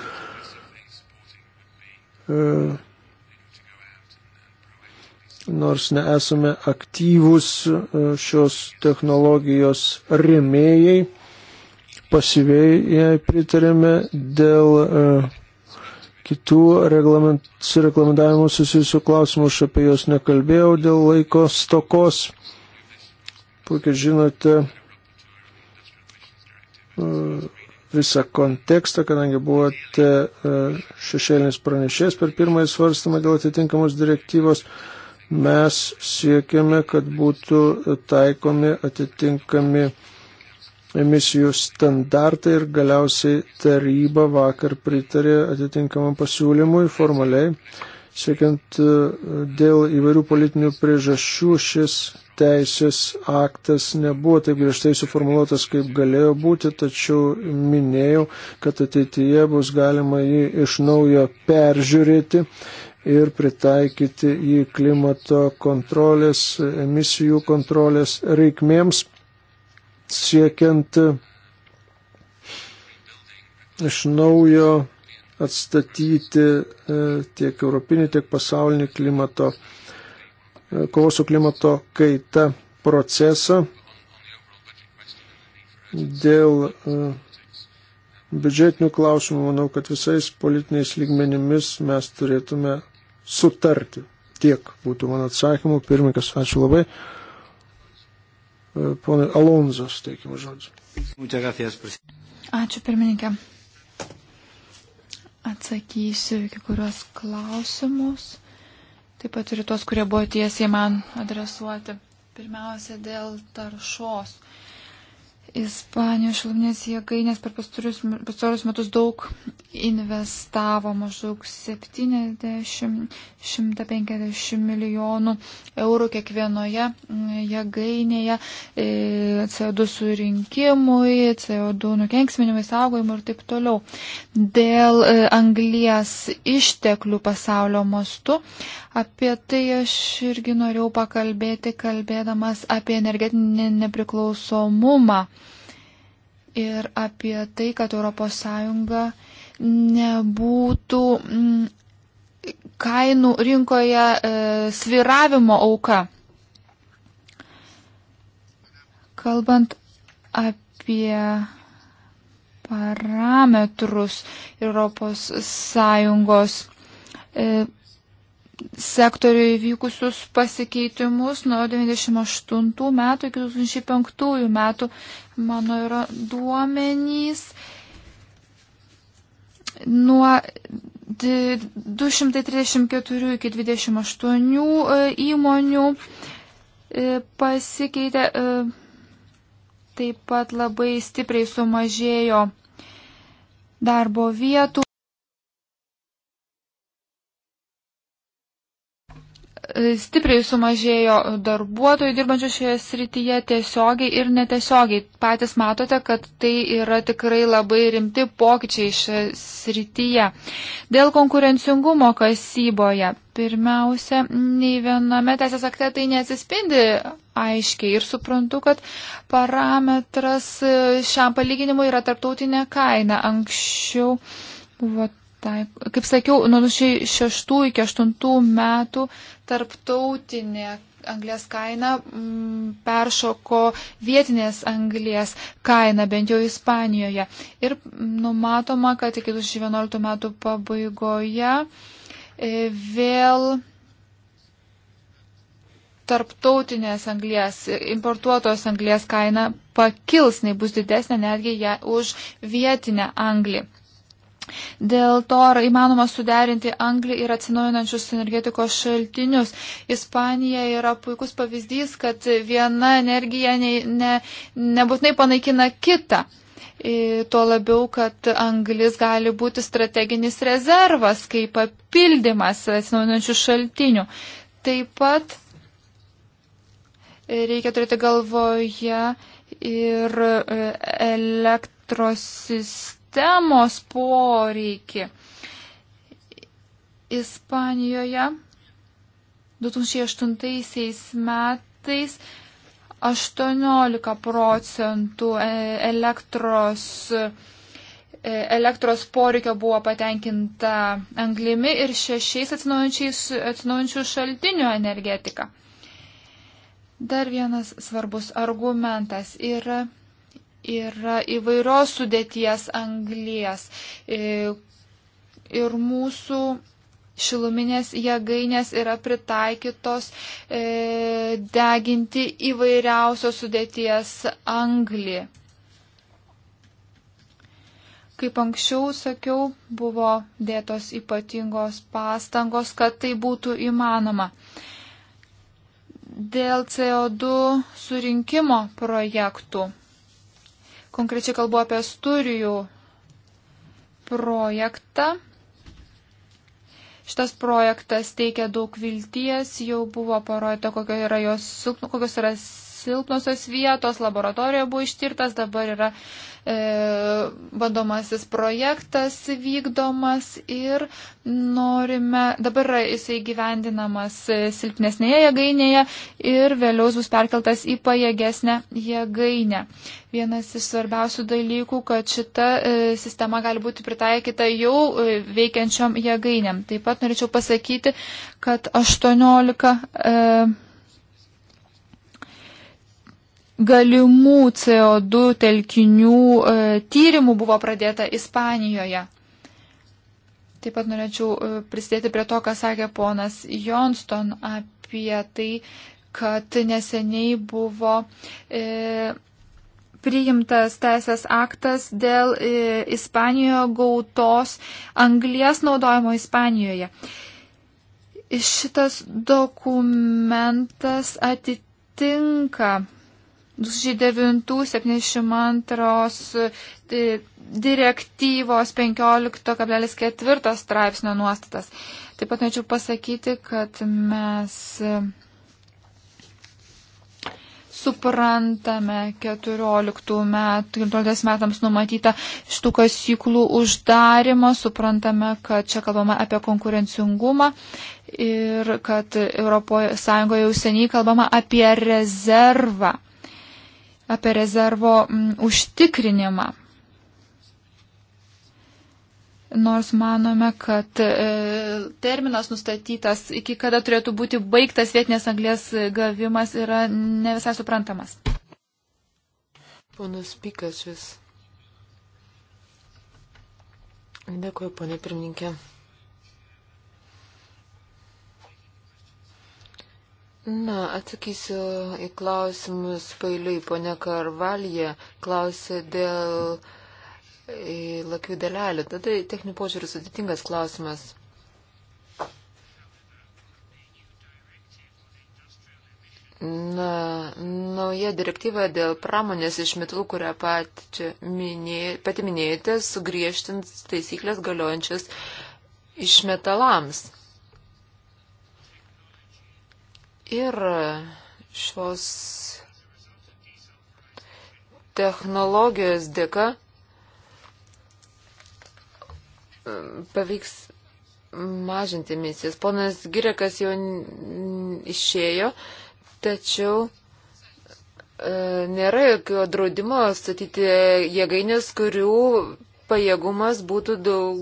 E, nors nesame aktyvus e, šios technologijos remėjai, pasyviai jai pritarėme dėl kitų reglament, su reglamentavimu susijusių klausimų, aš apie juos nekalbėjau dėl laiko stokos puikiai žinote e, visą kontekstą, kadangi buvote e, šešėlinis pranešės per pirmąjį svarstymą dėl atitinkamos direktyvos, mes siekiame, kad būtų taikomi atitinkami emisijų standartai ir galiausiai taryba vakar pritarė atitinkamam pasiūlymui formaliai. Siekiant e, dėl įvairių politinių priežasčių šis teisės aktas nebuvo taip griežtai suformuoluotas, kaip galėjo būti, tačiau minėjau, kad ateityje bus galima jį iš naujo peržiūrėti ir pritaikyti jį klimato kontrolės, emisijų kontrolės reikmėms, siekiant iš naujo atstatyti e, tiek europinį, tiek pasaulinį klimato kontrolę kovos su klimato kaita procesą dėl e, biudžetinių klausimų. Manau, kad visais politiniais lygmenimis mes turėtume sutarti. Tiek būtų mano atsakymų. Pirmininkas, ačiū labai. E, Pone Alonzas, teikimo žodžiu. Ačiū pirmininkė. Atsakysiu į kiekvienos klausimus. Taip pat ir tuos, kurie buvo tiesiai man adresuoti. Pirmiausia, dėl taršos. Ispanijos šilumės jėgainės per pastarus metus daug investavo maždaug 70-150 milijonų eurų kiekvienoje jėgainėje e, CO2 surinkimui, CO2 nukenksminimui, saugojimui ir taip toliau. Dėl e, anglijas išteklių pasaulio mastu, apie tai aš irgi norėjau pakalbėti, kalbėdamas apie energetinį nepriklausomumą ir apie tai, kad ES nebūtų mm, kainų rinkoje e, sviravimo auka. Kalbant apie parametrus ES sektoriui vykusius pasikeitimus nuo 98 metų iki 2005 metų. Mano yra duomenys nuo 234 iki 28 e, įmonių e, pasikeitė. E, taip pat labai stipriai sumažėjo darbo vietų. stipriai sumažėjo darbuotojų dirbančių šioje srityje tiesiogiai ir netiesiogiai. Patys matote, kad tai yra tikrai labai rimti pokyčiai šioje srityje. Dėl konkurencingumo kasyboje. Pirmiausia, nei viename teisės akte tai neatsispindi aiškiai ir suprantu, kad parametras šiam palyginimui yra tarptautinė kaina. Anksčiau buvo Taip, kaip sakiau, nuo 2006 iki 2008 metų tarptautinė anglės kaina m, mm, peršoko vietinės anglės kainą, bent jau Ispanijoje. Ir numatoma, kad iki 2011 metų pabaigoje e, vėl tarptautinės anglės, importuotos anglės kaina pakils, nei bus didesnė netgi ją už vietinę anglį. Dėl to ar įmanoma suderinti anglį ir atsinaujinančius energetikos šaltinius. Ispanija yra puikus pavyzdys, kad viena energija ne, ne, nebūtinai panaikina kitą. E, tuo labiau, kad anglis gali būti strateginis rezervas kaip papildymas atsinaujinančių šaltinių. Taip pat e, reikia turėti galvoje ir e, elektros sistemos poreikį. Ispanijoje 2008 metais 18 procentų e, elektros, e, elektros poreikio buvo patenkinta anglimi ir šešiais atsinaujančių šaltinių energetika. Dar vienas svarbus argumentas yra yra įvairios sudėties anglies. E, ir mūsų šiluminės jėgainės yra pritaikytos e, deginti įvairiausios sudėties anglį. Kaip anksčiau sakiau, buvo dėtos ypatingos pastangos, kad tai būtų įmanoma dėl CO2 surinkimo projektų. Konkrečiai kalbu apie studijų projektą. Šitas projektas teikia daug vilties, jau buvo parodyta, kokios yra, jos silpnu, kokios yra silpnosios vietos, laboratorija buvo ištirtas, dabar yra e, bandomasis projektas vykdomas ir norime, dabar yra jisai gyvendinamas e, silpnesnėje jėgainėje ir vėliau bus perkeltas į pajėgesnę jėgainę. Vienas iš svarbiausių dalykų, kad šita e, sistema gali būti pritaikyta jau e, veikiančiom jėgainėm. Taip pat norėčiau pasakyti, kad 18 e, galimų CO2 telkinių e, tyrimų buvo pradėta Ispanijoje. Taip pat norėčiau e, prisidėti prie to, ką sakė ponas Jonston apie tai, kad neseniai buvo e, priimtas teisės aktas dėl e, Ispanijoje gautos anglies naudojimo Ispanijoje. Šitas dokumentas atitinka 2009-72 e, direktyvos 15,4 straipsnio nuostatas. Taip pat norėčiau pasakyti, kad mes e, suprantame 14 metų, 14 metams numatytą šitų kasyklų uždarimą, suprantame, kad čia kalbama apie konkurencingumą ir kad ES jau seniai kalbama apie rezervą apie rezervo užtikrinimą. Nors manome, kad e, terminas nustatytas, iki kada turėtų būti baigtas vietinės anglės gavimas, yra ne visai suprantamas. Ponas Pikačius. Dėkuoju, ponė pirmininkė. Na, atsakysiu į klausimus pailiui. Pone Karvalija klausė dėl e, lakių dalelių. Tada techninių požiūrių sudėtingas klausimas. Na, nauja direktyva dėl pramonės išmetlų, kurią pat minė, pati minėjote, sugriežtins taisyklės galiojančias išmetalams. metalams. Ir šios technologijos dėka um, pavyks mažinti emisijas. Ponas Girekas jau išėjo, tačiau e, nėra jokio draudimo statyti jėgainės, kurių pajėgumas būtų daug,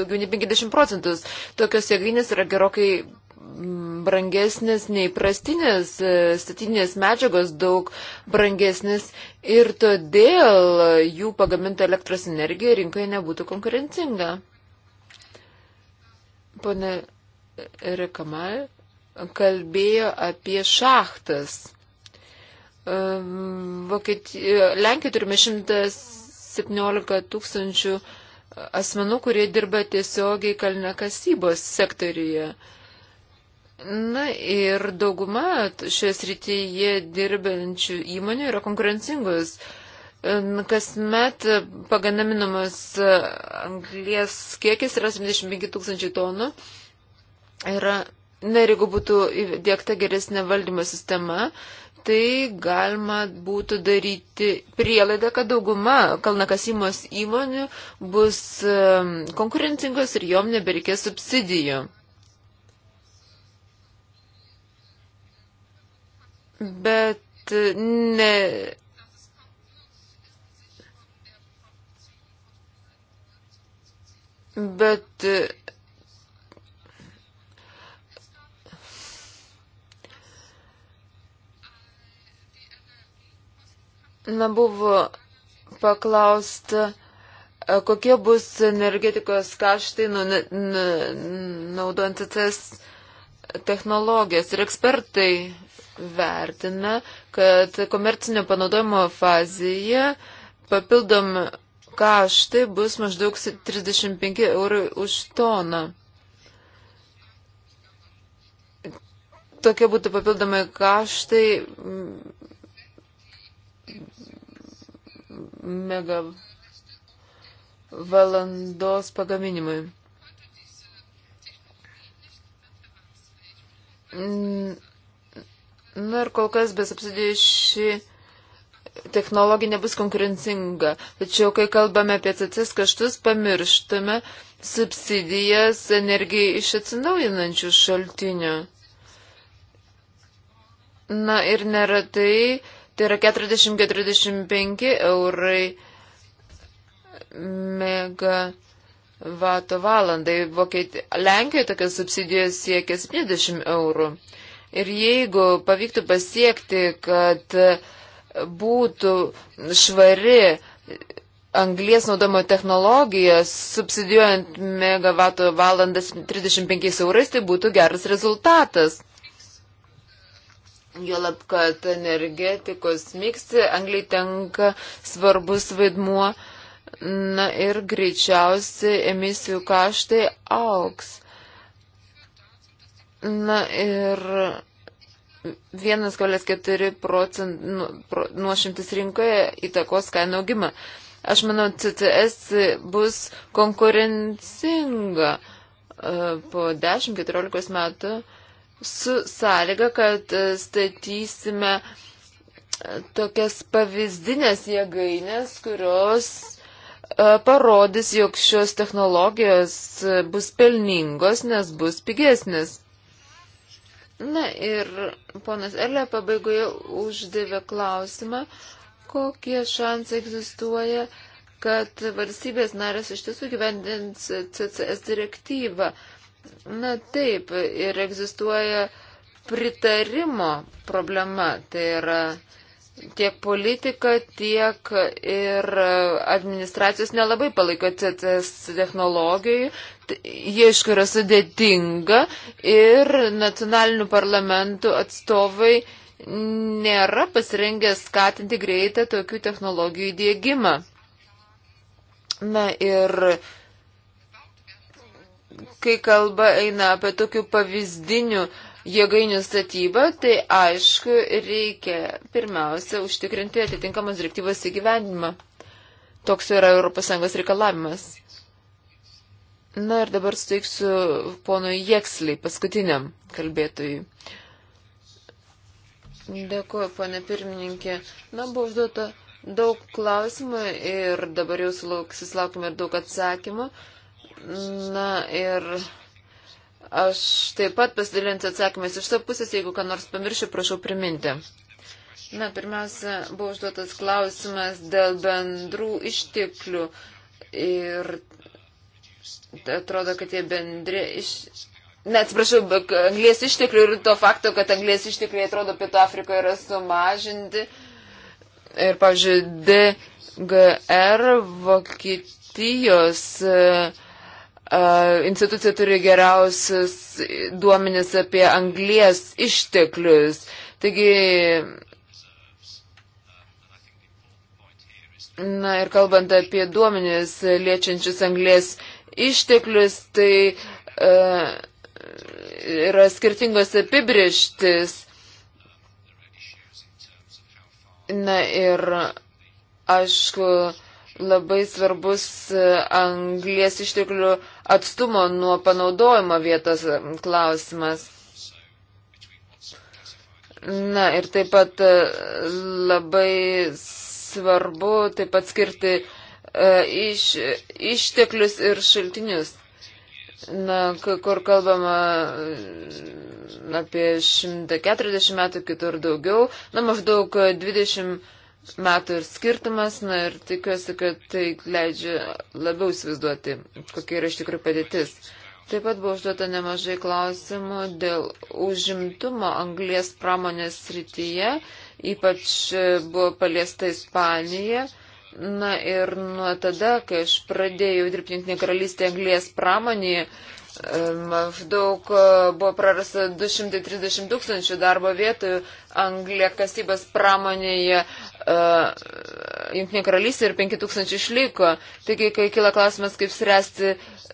daugiau nei 50 procentus. Tokios jėgainės yra gerokai brangesnis nei prastinės e, statinės medžiagos, daug brangesnis ir todėl jų pagaminta elektros energija rinkoje nebūtų konkurencinga. Pone Rekamal kalbėjo apie šachtas. E, Vokietijoje, Lenkijoje turime 117 tūkstančių asmenų, kurie dirba tiesiogiai kalnakasybos sektorijoje. Na ir dauguma šioje srityje dirbančių įmonių yra konkurencingos. Kasmet pagaminamas anglies kiekis yra 75 tūkstančiai tonų. Yra, na ir jeigu būtų dėkta geresnė valdymo sistema, tai galima būtų daryti prielaidą, kad dauguma kalnakasimos įmonių bus konkurencingos ir jom nebereikės subsidijų. bet ne. Bet Na, buvo paklausta, kokie bus energetikos kaštai nu, naudojant tas technologijas. Ir ekspertai vertina, kad komercinio panaudojimo fazėje papildomi kaštai bus maždaug 35 eurų už toną. Tokie būtų papildomai kaštai mega valandos pagaminimui. Na ir kol kas be subsidijų ši technologija nebus konkurencinga. Tačiau, kai kalbame apie atsatsis kaštus, pamirštame subsidijas energijai iš atsinaujinančių šaltinių. Na ir neretai, tai yra 40-45 eurai megavato valandai. Vokieti... Lenkijoje tokios subsidijos siekia 70 eurų. Ir jeigu pavyktų pasiekti, kad būtų švari anglies naudojimo technologija, subsidijuojant megavatų valandas 35 eurais, tai būtų geras rezultatas. Jolab, kad energetikos miksti angliai tenka svarbus vaidmuo. Na ir greičiausiai emisijų kaštai auks. Na ir 1,4 procentų nu, pro, nuošimtis rinkoje įtakos kainų augimą. Aš manau, CCS bus konkurencinga e, po 10-14 metų su sąlyga, kad e, statysime e, tokias pavyzdinės jėgainės, kurios parodys, jog šios technologijos bus pelningos, nes bus pigesnės. Na ir ponas Elė pabaigoje uždavė klausimą, kokie šansai egzistuoja, kad valstybės narės iš tiesų gyvendins CCS direktyvą. Na taip, ir egzistuoja pritarimo problema, tai yra tiek politika, tiek ir administracijos nelabai palaiko CCS technologijų. Jie iš kur yra sudėtinga ir nacionalinių parlamentų atstovai nėra pasirengę skatinti greitą tokių technologijų įdėgymą. Na ir kai kalba eina apie tokių pavyzdinių uh, jėgainių statybą, tai aišku, reikia pirmiausia užtikrinti atitinkamos direktyvos įgyvendimą. Toks yra ES reikalavimas. Na ir dabar suteiksiu ponui Jeksliai, paskutiniam kalbėtojui. Dėkuoju, ponė pirmininkė. Na, buvo užduota daug klausimų ir dabar jau susilaukime daug atsakymų. Na ir Aš taip pat pasidalinti atsakymais iš savo pusės, jeigu ką nors pamiršiu, prašau priminti. Na, pirmiausia, buvo užduotas klausimas dėl bendrų išteklių ir atrodo, kad tie bendri iš... Neatsiprašau, anglės išteklių ir to fakto, kad anglės ištekliai atrodo Pietų Afrikoje yra sumažinti. Ir, pavyzdžiui, DGR Vokietijos uh, institucija turi geriausius duomenis apie anglies išteklius. Taigi, na ir kalbant apie duomenis liečiančius anglies išteklius, tai uh, yra skirtingos apibrieštis. Na ir, aišku, labai svarbus anglies išteklių uh, atstumo nuo panaudojimo vietos e, klausimas. Na ir taip pat e, labai svarbu taip pat skirti e, iš, išteklius ir šaltinius. Na, kur kalbama apie 140 metų, kitur daugiau, na maždaug 20 metų ir skirtumas, na ir tikiuosi, kad tai leidžia labiau įsivaizduoti, kokia yra iš tikrųjų padėtis. Taip pat buvo užduota nemažai klausimų dėl užimtumo anglės pramonės srityje, ypač buvo paliesta Ispanija. Na ir nuo tada, kai aš pradėjau dirbti Junktinė karalystė anglės pramonėje, Maždaug e, buvo prarasta 230 tūkstančių darbo vietų anglė kasybos pramonėje, uh, e, jungtinė karalystė ir 5 tūkstančių išliko. Taigi, kai kila klausimas, kaip spręsti uh,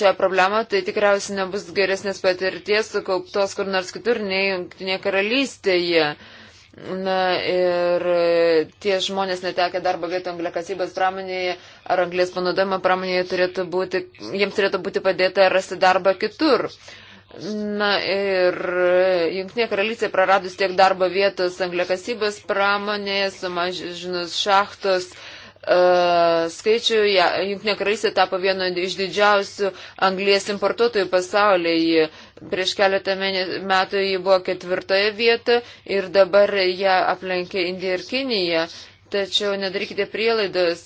šią problemą, tai tikriausiai nebus geresnės patirties sukauptos kur nors kitur nei jungtinė karalystėje. Uh, Na ir tie žmonės netekę darbo vietų angliakasybės pramonėje ar anglės panaudojimo pramonėje turėtų būti, jiems turėtų būti padėta rasti darbą kitur. Na ir Junktinė karalystė praradus tiek darbo vietos angliakasybės pramonėje, sumažinus šachtos, uh, Uh, skaičių, ja, Junktinė karalystė tapo vienu iš didžiausių anglies importuotojų pasaulyje. Prieš keletą metų ji buvo ketvirtoje vietoje ir dabar ją aplenkė Indija ir Kinija. Tačiau nedarykite prielaidos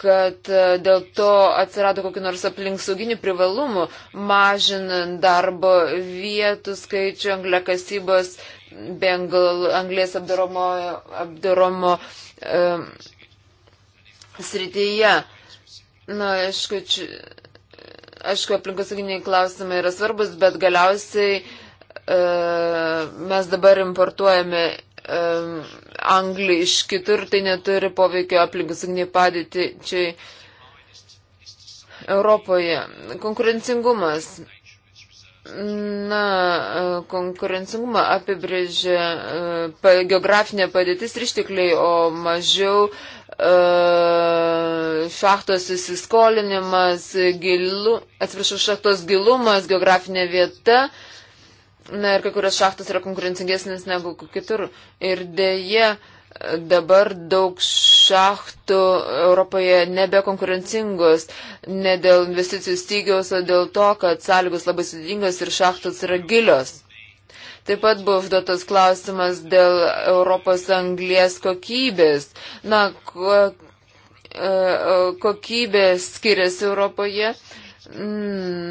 kad uh, dėl to atsirado kokiu nors aplinksuginiu privalumu, mažinant darbo vietų skaičių angliakasybos, bengal, anglės apdaromo, apdaromo um, e, srityje. Na, aišku, či, aišku aplinkosauginiai klausimai yra svarbus, bet galiausiai e, mes dabar importuojame e, anglį iš kitur, tai neturi poveikio aplinkosauginiai padėti čia Europoje. Konkurencingumas. Na, e, konkurencingumą apibrėžia e, geografinė padėtis ir ištikliai, o mažiau e, šachtos įsiskolinimas, gilu, atsiprašau, šachtos gilumas, geografinė vieta. Na ir kai kurios šachtos yra konkurencingesnės negu kitur. Ir dėje dabar daug šachtų Europoje nebekonkurencingos, ne dėl investicijų stygiaus, o dėl to, kad sąlygos labai sudėtingos ir šachtos yra gilios. Taip pat buvo užduotas klausimas dėl Europos anglės kokybės. Na, e, kokybė skiriasi Europoje.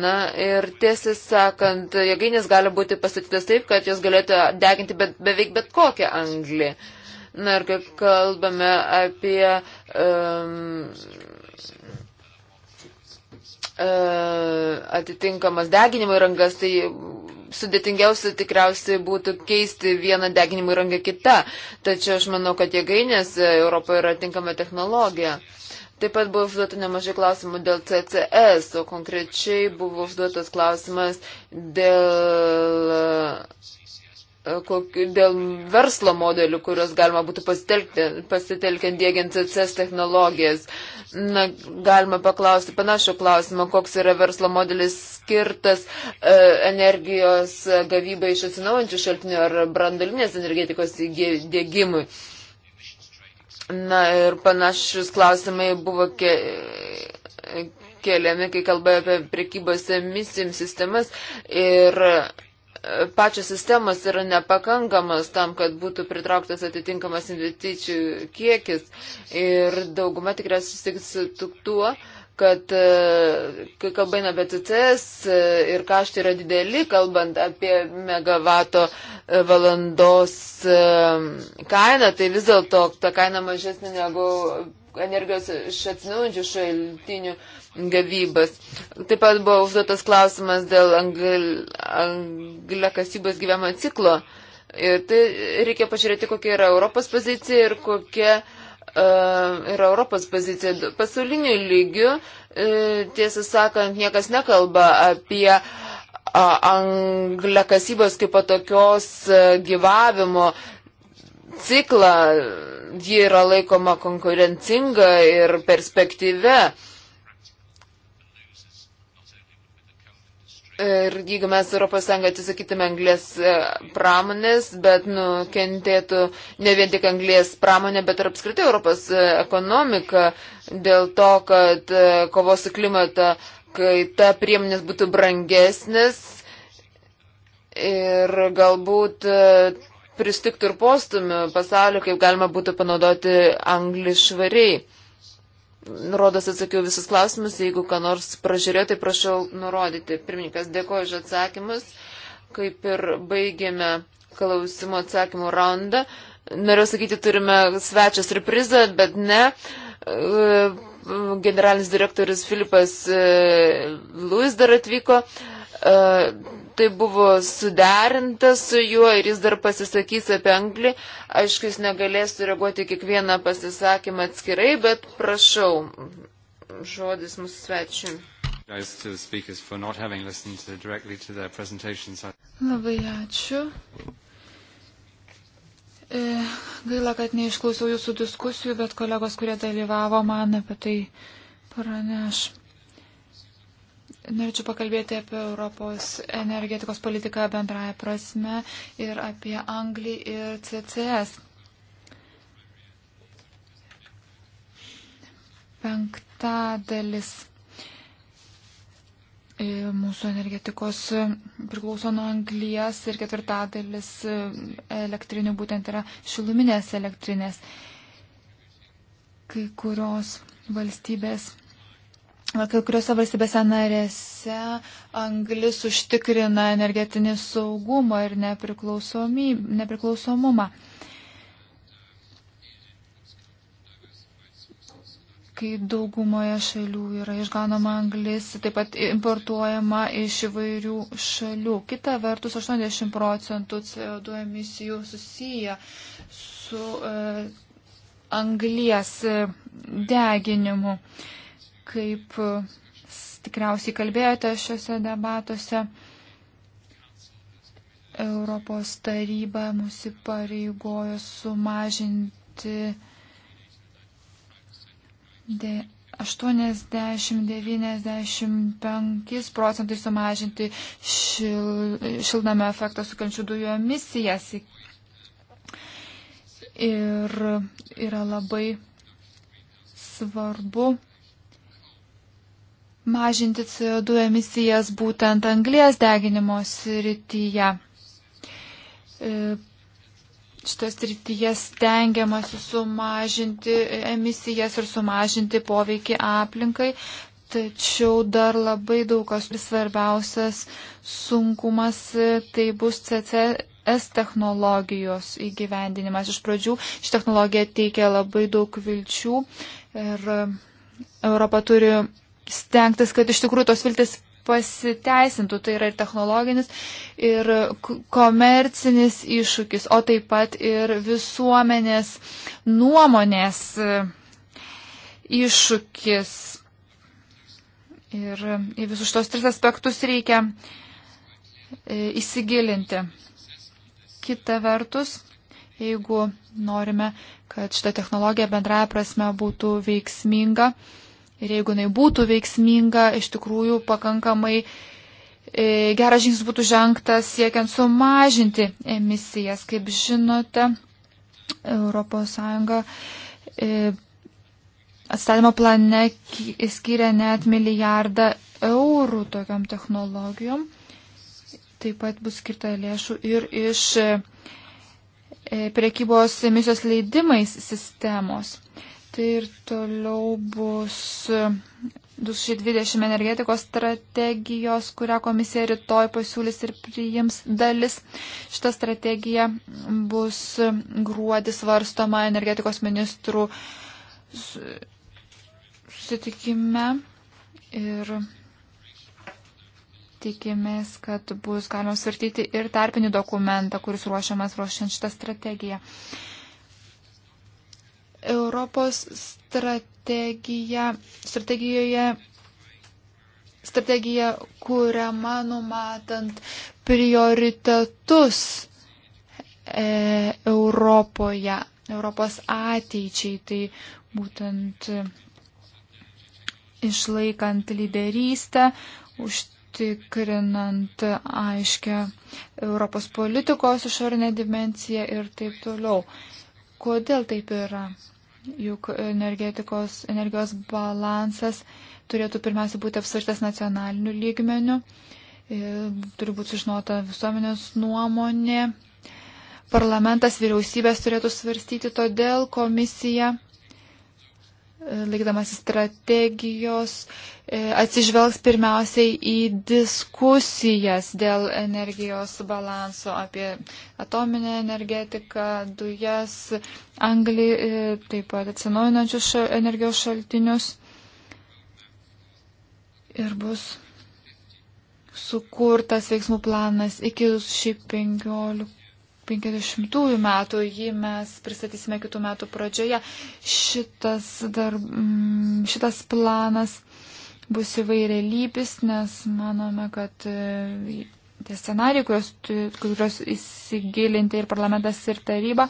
Na ir tiesą sakant, jėgainės gali būti pastatytas taip, kad jos galėtų deginti bet, beveik bet kokią anglį. Uh, Na ir kai kalbame apie um, atitinkamas deginimo įrangas, tai sudėtingiausia tikriausiai būtų keisti vieną deginimo įrangą kitą. Tačiau aš manau, kad jėgainės Europoje yra tinkama technologija. Taip pat buvo užduota nemažai klausimų dėl CCS, o konkrečiai buvo užduotas klausimas dėl kokiu, dėl verslo modelių, kuriuos galima būtų pasitelkiant dėgiant CCS technologijas. Na, galima paklausti panašų klausimą, koks yra verslo modelis skirtas e, energijos gavybai iš atsinaujančių šaltinių ar brandalinės energetikos dėgymui. Na ir panašus klausimai buvo ke, keliami, kai kalbėjo apie prekybos emisijų sistemas ir pačios sistemos yra nepakankamos tam, kad būtų pritrauktas atitinkamas investicijų kiekis. Ir dauguma tikriausiai susitiks su tuo, kad e, kai kalba eina apie CCS e, ir kaštai yra dideli, kalbant apie megavato e, valandos kainą, tai vis dėlto ta kaina mažesnė negu energijos iš atsinaujančių šaltinių gavybas. Taip pat buvo užduotas klausimas dėl angliakasybos gyvenimo ciklo. Ir tai reikia pažiūrėti, kokia yra Europos pozicija ir kokia e, yra Europos pozicija. Pasauliniu lygiu, e, tiesą sakant, niekas nekalba apie angliakasybos kaip patokios e, gyvavimo ciklą ji yra laikoma konkurencinga ir perspektyve. Ir jeigu mes ES atsisakytume anglės e, pramonės, bet nukentėtų ne vien tik anglės pramonė, bet ir apskritai Europos e, ekonomika dėl to, kad e, kovos su klimato kaita priemonės būtų brangesnis ir galbūt pristiktų ir postumių pasaulio, kaip galima būtų panaudoti anglį švariai. Rodos atsakiau visus klausimus, jeigu ką nors pražiūrėjau, tai prašau nurodyti. Pirmininkas, dėkoju už atsakymus. Kaip ir baigėme klausimų atsakymų raundą. Noriu sakyti, turime svečią surprizą, bet ne. Generalinis direktorius Filipas e, Luis dar atvyko. E, tai buvo suderinta su juo ir jis dar pasisakys apie Anglį. Aišku, jis negalės sureaguoti kiekvieną pasisakymą atskirai, bet prašau, žodis mūsų svečiui. Labai ačiū. E, gaila, kad neišklausiau jūsų diskusijų, bet kolegos, kurie dalyvavo, man apie tai praneš. Norėčiau pakalbėti apie Europos energetikos politiką bendrąją prasme ir apie Anglį ir CCS. Penktadalis e, mūsų energetikos priklauso nuo anglijas ir ketvirtadalis elektrinių būtent yra šiluminės elektrinės. Kai kurios valstybės kai kuriuose valstybėse narėse anglis užtikrina energetinį saugumą ir nepriklausomumą. Kai daugumoje šalių yra išganoma anglis, taip pat importuojama iš įvairių šalių. Kita vertus, 80 procentų CO2 emisijų susiję su uh, anglies e, deginimu. Uh, kaip e, tikriausiai kalbėjote šiuose debatuose, Europos taryba mus įpareigojo sumažinti 80-95 procentai sumažinti šil, šildame efektą sukelčių dujų emisijas. Ir yra labai svarbu mažinti CO2 emisijas būtent anglės deginimo srityje. E, Šitas srityje stengiamasi sumažinti emisijas ir sumažinti poveikį aplinkai, tačiau dar labai daug kas svarbiausias sunkumas e, tai bus CC S technologijos įgyvendinimas. Iš pradžių ši technologija teikia labai daug vilčių ir Europa turi stengtis, kad iš tikrųjų tos viltis pasiteisintų. Tai yra ir technologinis, ir komercinis iššūkis, o taip pat ir visuomenės nuomonės e, iššūkis. Ir į visus šitos tris aspektus reikia e, įsigilinti. Kita vertus, jeigu norime, kad šita technologija bendraja prasme būtų veiksminga, Ir jeigu jinai būtų veiksminga, iš tikrųjų pakankamai e, geras žingsnis būtų žengtas siekiant sumažinti emisijas. Kaip žinote, ES e, atstatymo plane skiria net milijardą eurų tokiam technologijom. Taip pat bus skirta lėšų ir iš e, prekybos emisijos leidimais sistemos. Tai ir toliau bus 2020 energetikos strategijos, kurią komisija rytoj pasiūlys ir priims dalis. Šita strategija bus gruodį svarstoma energetikos ministrų susitikime ir tikimės, kad bus galima svartyti ir tarpinį dokumentą, kuris ruošiamas ruošiant šitą strategiją. Uh, Europos strategija, strategijoje strategija kuriama numatant prioritetus e, Europoje, Europos ateičiai, tai būtent išlaikant lyderystę, užtikrinant aiškę Europos politikos išorinę dimenciją ir taip toliau. Kodėl taip yra? juk energijos balansas turėtų pirmiausia būti apsvarstęs nacionaliniu lygmeniu, e, turi būti sužinota visuomenės nuomonė, parlamentas, vyriausybės turėtų svarstyti, todėl komisija laikdamas strategijos, e, atsižvelgs pirmiausiai į diskusijas dėl energijos balanso apie atominę energetiką, dujas, anglį, e, taip pat atsinaujinančius energijos šaltinius. Ir bus sukurtas veiksmų planas iki šį 15 50 metų, jį mes pristatysime kitų metų pradžioje. Šitas, dar, mm, šitas planas bus įvairia lypis, nes manome, kad e, tie scenarijai, kurios, kurios įsigilinti ir parlamentas, ir taryba,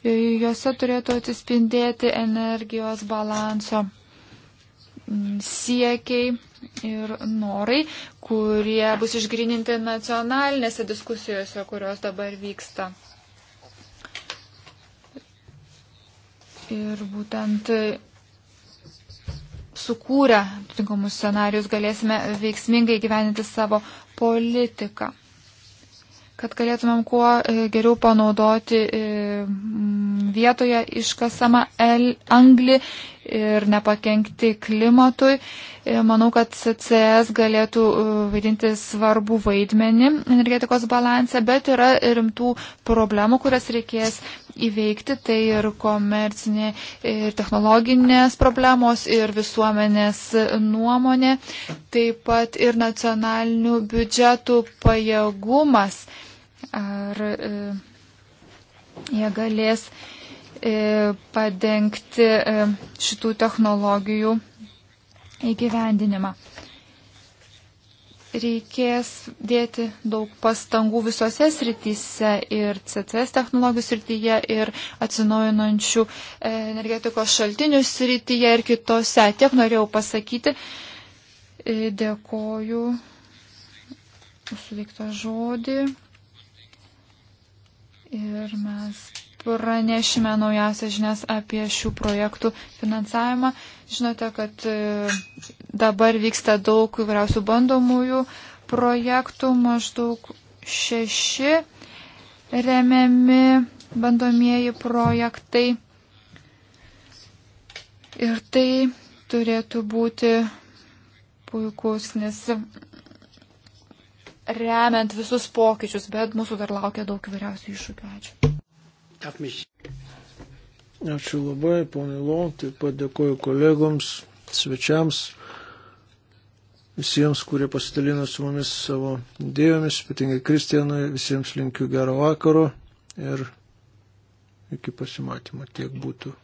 e, juose turėtų atsispindėti energijos balanso siekiai ir norai, kurie bus išgrininti nacionalinėse diskusijose, kurios dabar vyksta. Ir būtent sukūrę tinkamus scenarius galėsime veiksmingai gyveninti savo politiką, kad galėtumėm kuo e, geriau panaudoti e, vietoje iškasamą anglį ir nepakenkti klimatui. Manau, kad CCS galėtų e, vaidinti svarbų vaidmenį energetikos balanse, bet yra rimtų problemų, kurias reikės įveikti. Tai ir komercinė, ir technologinės problemos, ir visuomenės nuomonė, taip pat ir nacionalinių biudžetų pajėgumas. Ar, e, jie galės uh, E, padengti e, šitų technologijų įgyvendinimą. Reikės dėti daug pastangų visose srityse ir CCS technologijų srityje ir atsinaujinančių e, energetikos šaltinių srityje ir kitose. Tiek norėjau pasakyti. Dėkoju suveiktą žodį. Ir mes pranešime naujausias žinias apie šių projektų finansavimą. Žinote, kad e, dabar vyksta daug įvairiausių bandomųjų projektų, maždaug šeši remiami bandomieji projektai. Ir tai turėtų būti puikus, nes remiant visus pokyčius, bet mūsų dar laukia daug įvairiausių iššūkių. Ačiū. Ačiū labai, ponė Lo, taip pat dėkoju kolegoms, svečiams, visiems, kurie pasidalino su mumis savo dėjomis, ypatingai Kristijanui, visiems linkiu gero vakaro ir iki pasimatymo tiek būtų.